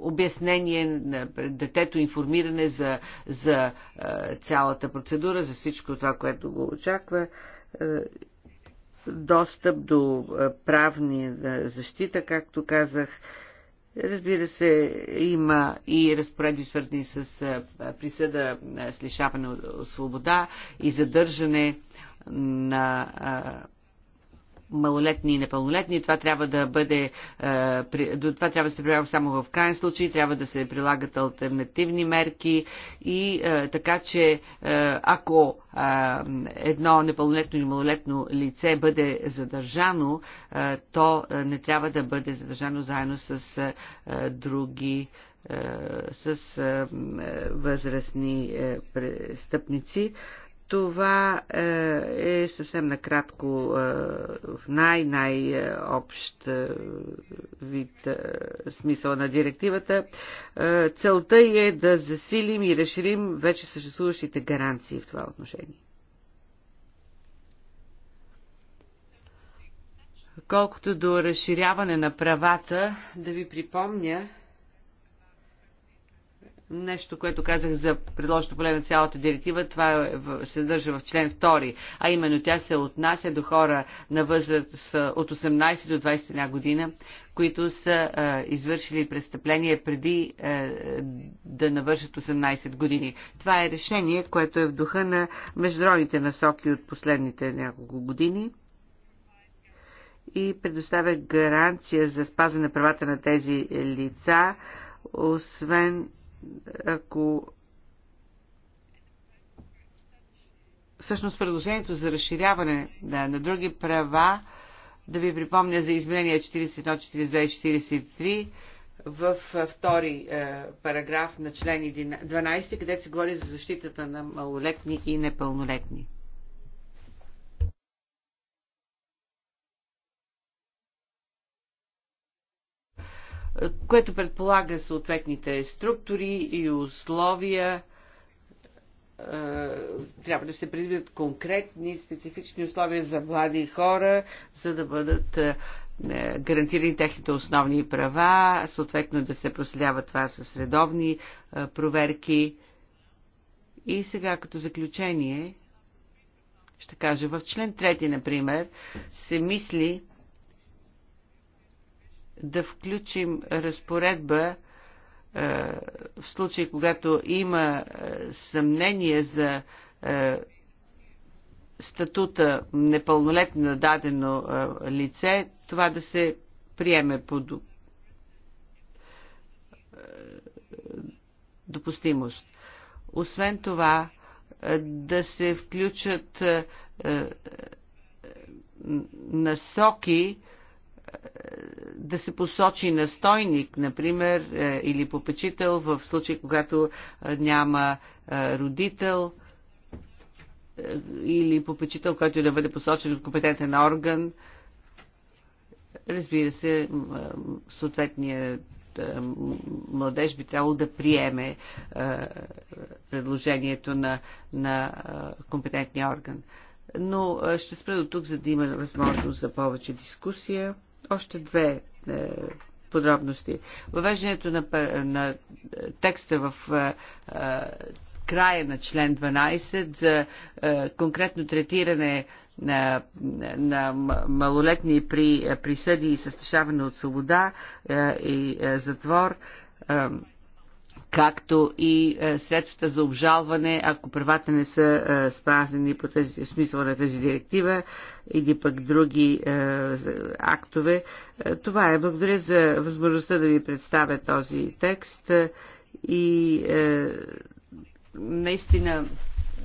обяснение на детето, информиране за, за цялата процедура, за всичко това, което го очаква достъп до правни защита, както казах. Разбира се, има и разпоредби свързани с присъда с лишаване от свобода и задържане на малолетни и непълнолетни. Това трябва да бъде, е, това трябва да се прилага само в крайен случай, трябва да се прилагат альтернативни мерки и е, така, че е, ако едно непълнолетно или малолетно лице бъде задържано, то не трябва да бъде задържано заедно с други с възрастни престъпници. Това е, е съвсем накратко е, в най-най-общ е, вид смисъл на директивата. Целта е да засилим и разширим вече съществуващите гаранции в това отношение. Колкото до разширяване на правата, да ви припомня, нещо, което казах за предложено поле на цялата директива, това е се държа в член 2, а именно тя се отнася до хора на възраст от 18 до 21 година, които са а, извършили престъпление преди а, е, да навършат 18 години. Това е решение, което е в духа на международните насоки от последните няколко години и предоставя гаранция за спазване на правата на тези лица, освен ако всъщност предложението за разширяване на, на други права, да ви припомня за изменения 41, 42 и 43 в втори е, параграф на член 12, където се говори за защитата на малолетни и непълнолетни. което предполага съответните структури и условия. Е, трябва да се предвидят конкретни, специфични условия за млади хора, за да бъдат е, гарантирани техните основни права, съответно да се проследява това с редовни е, проверки. И сега като заключение ще кажа, в член 3, например, се мисли да включим разпоредба е, в случай, когато има е, съмнение за е, статута непълнолетно на дадено лице, това да се приеме под допустимост. Освен това, да се включат насоки, да се посочи настойник, например, е, или попечител в случай, когато е, няма е, родител или попечител, който да бъде посочен от компетентен орган. Разбира се, съответният младеж би трябвало да приеме предложението на, на компетентния орган. Но ще спра до тук, за да има възможност за повече дискусия. Още две е, подробности. Въвеждането на, на текста в е, е края на член 12 за е, конкретно третиране на, на малолетни при присъди и състъшаване от свобода е, и е, затвор. Е, както и е, средствата за обжалване, ако правата не са е, спазени по тези, смисъл на тази директива или пък други е, актове. Това е. Благодаря за възможността да ви представя този текст и наистина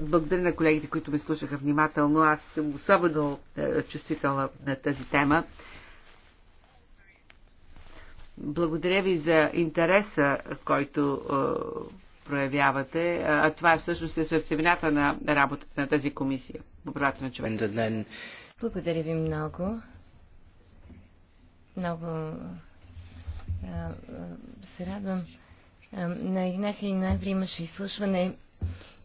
благодаря на колегите, които ме слушаха внимателно. Аз съм особено чувствителна на тази тема. Благодаря ви за интереса, който проявявате, а това е всъщност е сърцевината на работата на тази комисия по правата на човека. Благодаря ви много. Много а, се радвам. А, на 11 ноември имаше изслушване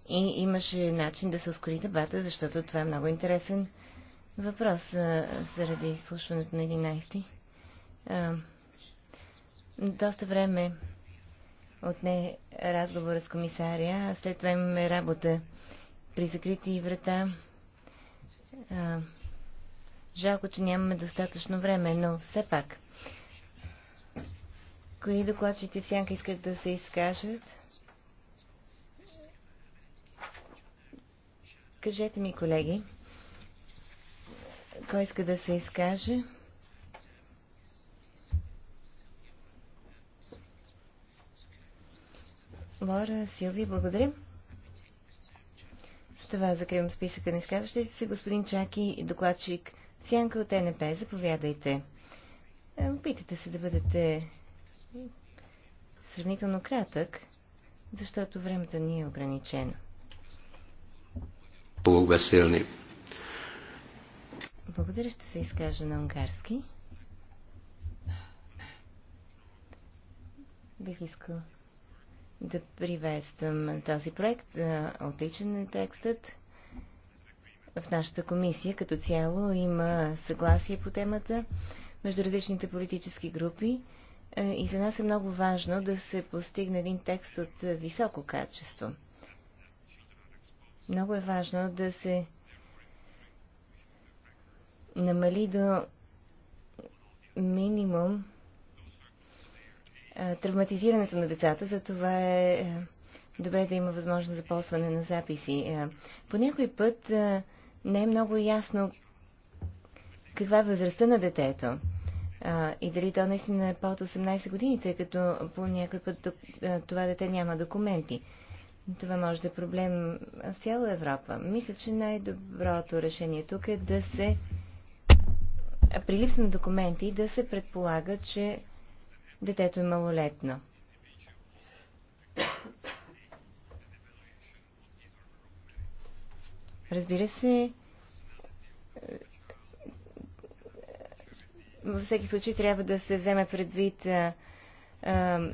и имаше начин да се ускори дебата, защото това е много интересен въпрос а, заради изслушването на 11. Доста време отне разговора с комисаря, след това имаме работа при закрити врата. А, жалко, че нямаме достатъчно време, но все пак. Кои докладчите в сянка искат да се изкажат? Кажете ми, колеги, кой иска да се изкаже? Лора, Силви, благодаря. С това закривам списъка на изказващите се. Господин Чаки, докладчик Сянка от НП, заповядайте. Е, Опитайте се да бъдете сравнително кратък, защото времето ни е ограничено. Благодаря, ще се изкажа на унгарски. Бих искал да приветствам този проект. за е, Отличен е текстът. В нашата комисия като цяло има съгласие по темата между различните политически групи е, и за нас е много важно да се постигне един текст от високо качество. Много е важно да се намали до минимум е, травматизирането на децата, за това е, е добре да има възможност за ползване на записи. Е, по някой път не е много ясно каква е възрастта на детето и дали то наистина е под 18 години, тъй като по някой път това дете няма документи. Това може да е проблем в цяла Европа. Мисля, че най-доброто решение тук е да се при липса на документи да се предполага, че детето е малолетно. Разбира се, във всеки случай трябва да се вземе предвид а, а,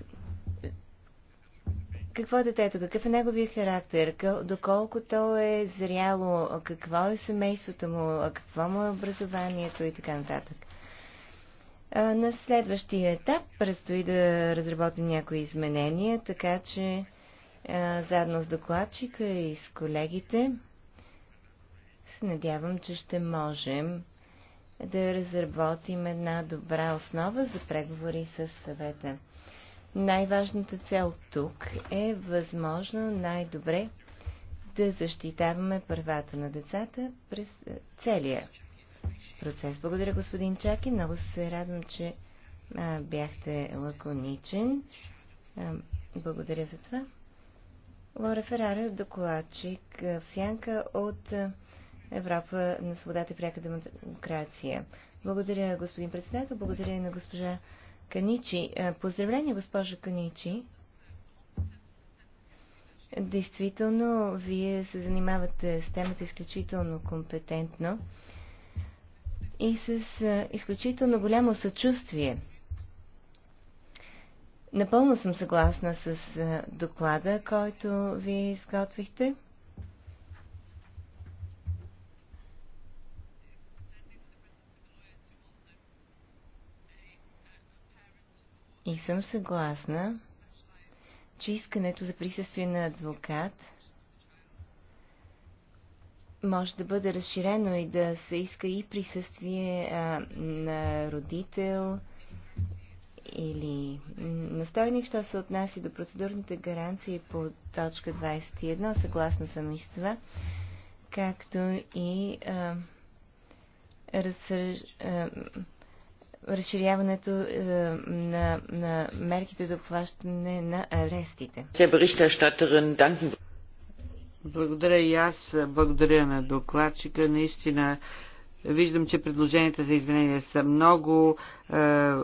какво е детето, какъв е неговия характер, доколко то е зряло, какво е семейството му, какво му е образованието и така нататък. На следващия етап предстои да разработим някои изменения, така че заедно с докладчика и с колегите се надявам, че ще можем да разработим една добра основа за преговори с съвета. Най-важната цел тук е възможно най-добре да защитаваме правата на децата през целия процес. Благодаря, господин Чаки. Много се радвам, че а, бяхте лаконичен. А, благодаря за това. Лора Ферара, докладчик в сянка от Европа на свободата и пряка демокрация. Благодаря, господин председател. Благодаря и на госпожа Каничи. Поздравление, госпожа Каничи. Действително, вие се занимавате с темата изключително компетентно и с изключително голямо съчувствие. Напълно съм съгласна с доклада, който ви изготвихте. И съм съгласна, че искането за присъствие на адвокат – може да бъде разширено и да се иска и присъствие а, на родител или настойник, що се отнася до процедурните гаранции по точка 21. Съгласна съм и с това, както и а, разсър... а, разширяването а, на, на мерките за обхващане на арестите. Благодаря и аз. Благодаря на докладчика. Наистина виждам, че предложенията за изменения са много е,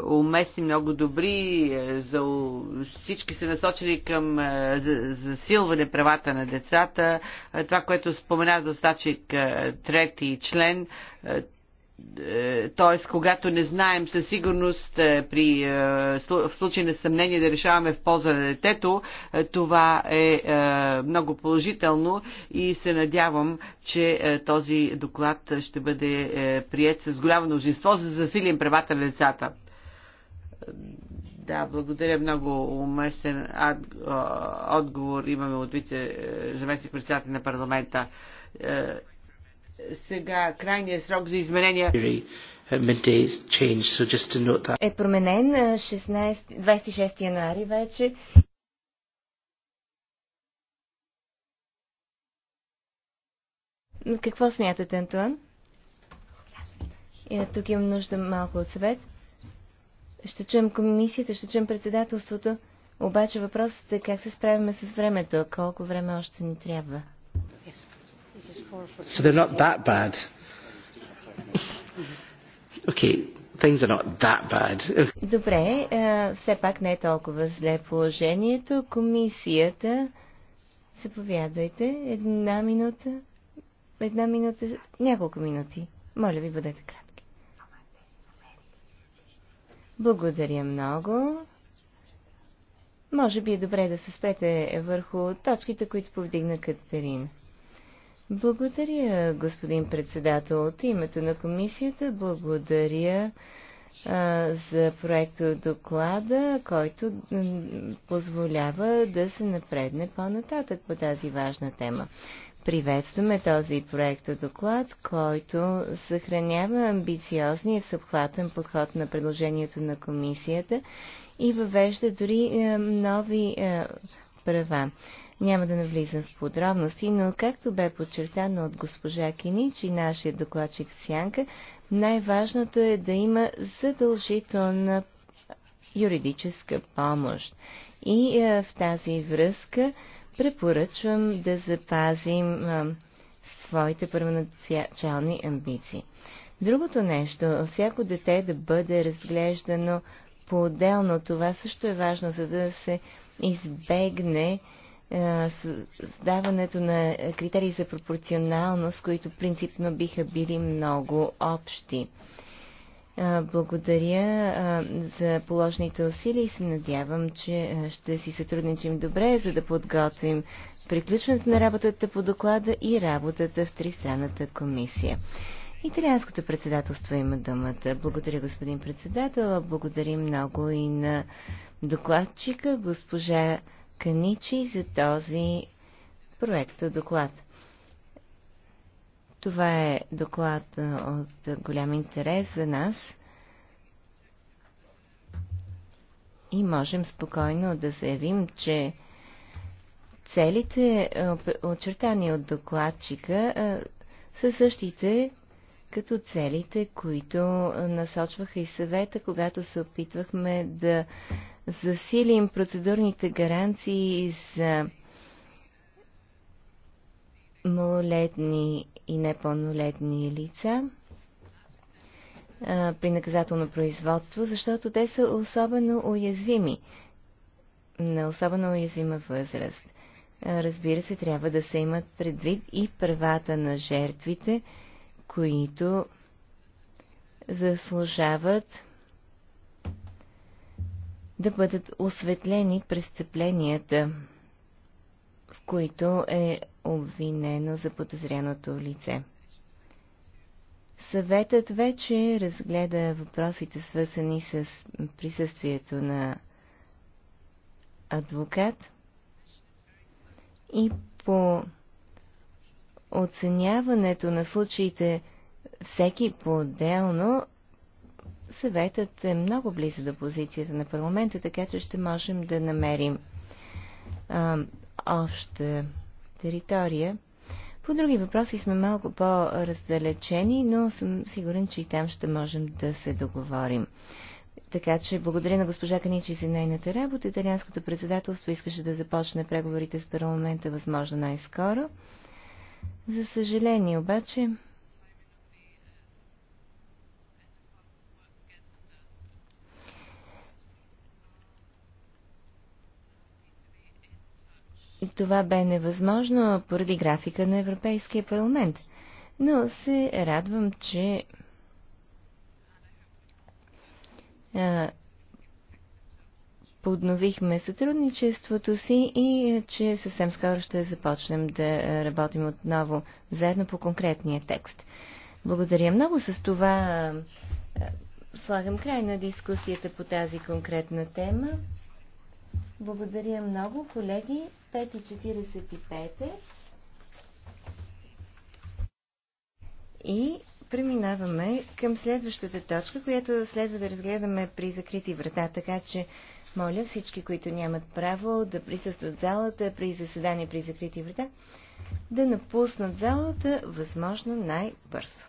уместни, много добри. Е, за, всички са насочени към е, засилване правата на децата. Е, това, което споменах достачик е, трети член, е, т.е. когато не знаем със сигурност е, при, е, в случай на съмнение да решаваме в полза на детето, е, това е много положително и се надявам, че този доклад ще бъде прият с голямо множество, за засилим правата на децата. Да, благодаря много уместен отговор имаме от вице заместник председател на парламента сега крайният срок за изменения uh, е променен 16, uh, 26 януари вече. Какво смятате, Антуан? И тук имам нужда малко от съвет. Ще чуем комисията, ще чуем председателството. Обаче въпросът е как се справяме с времето, колко време още ни трябва. So they're not that bad. Okay, things are not that bad. Добре, е, все пак не е толкова зле положението. Комисията, заповядайте, една минута, една минута, няколко минути. Моля ви, бъдете кратки. Благодаря много. Може би е добре да се спрете върху точките, които повдигна Катерина. Благодаря, господин председател. От името на комисията благодаря а, за проекта доклада, който позволява да се напредне по-нататък по тази важна тема. Приветстваме този проект доклад, който съхранява амбициозния и всъобхватен подход на предложението на комисията и въвежда дори е, нови е, права. Няма да навлизам в подробности, но както бе подчертано от госпожа Кинич и нашия докладчик Сянка, най-важното е да има задължителна юридическа помощ. И а, е, в тази връзка препоръчвам да запазим а, е, своите първоначални амбиции. Другото нещо, всяко дете да бъде разглеждано по-отделно, това също е важно, за да се избегне е, създаването на критерии за пропорционалност, които принципно биха били много общи. Е, благодаря е, за положените усилия и се надявам, че ще си сътрудничим добре, за да подготвим приключването на работата по доклада и работата в Тристранната комисия. Италианското председателство има думата. Благодаря, господин председател. Благодарим много и на докладчика, госпожа Каничи за този проект доклад. Това е доклад от голям интерес за нас и можем спокойно да заявим, че целите, очертани от докладчика, са същите като целите, които насочваха и съвета, когато се опитвахме да засилим процедурните гаранции за малолетни и непълнолетни лица при наказателно производство, защото те са особено уязвими, на особено уязвима възраст. разбира се, трябва да се имат предвид и правата на жертвите, които заслужават да бъдат осветлени престъпленията, в които е обвинено за подозряното лице. Съветът вече разгледа въпросите, свързани с присъствието на адвокат и по оценяването на случаите всеки по-отделно съветът е много близо до позицията на парламента, така че ще можем да намерим а, обща територия. По други въпроси сме малко по-раздалечени, но съм сигурен, че и там ще можем да се договорим. Така че благодаря на госпожа Каничи за нейната работа. Италианското председателство искаше да започне преговорите с парламента възможно най-скоро. За съжаление обаче, това бе невъзможно поради графика на Европейския парламент. Но се радвам, че а, подновихме сътрудничеството си и че съвсем скоро ще започнем да работим отново заедно по конкретния текст. Благодаря много. С това слагам край на дискусията по тази конкретна тема. Благодаря много, колеги. 5.45 е. и преминаваме към следващата точка, която следва да разгледаме при закрити врата, така че моля всички, които нямат право да присъстват в залата при заседание при закрити врата, да напуснат залата възможно най-бързо.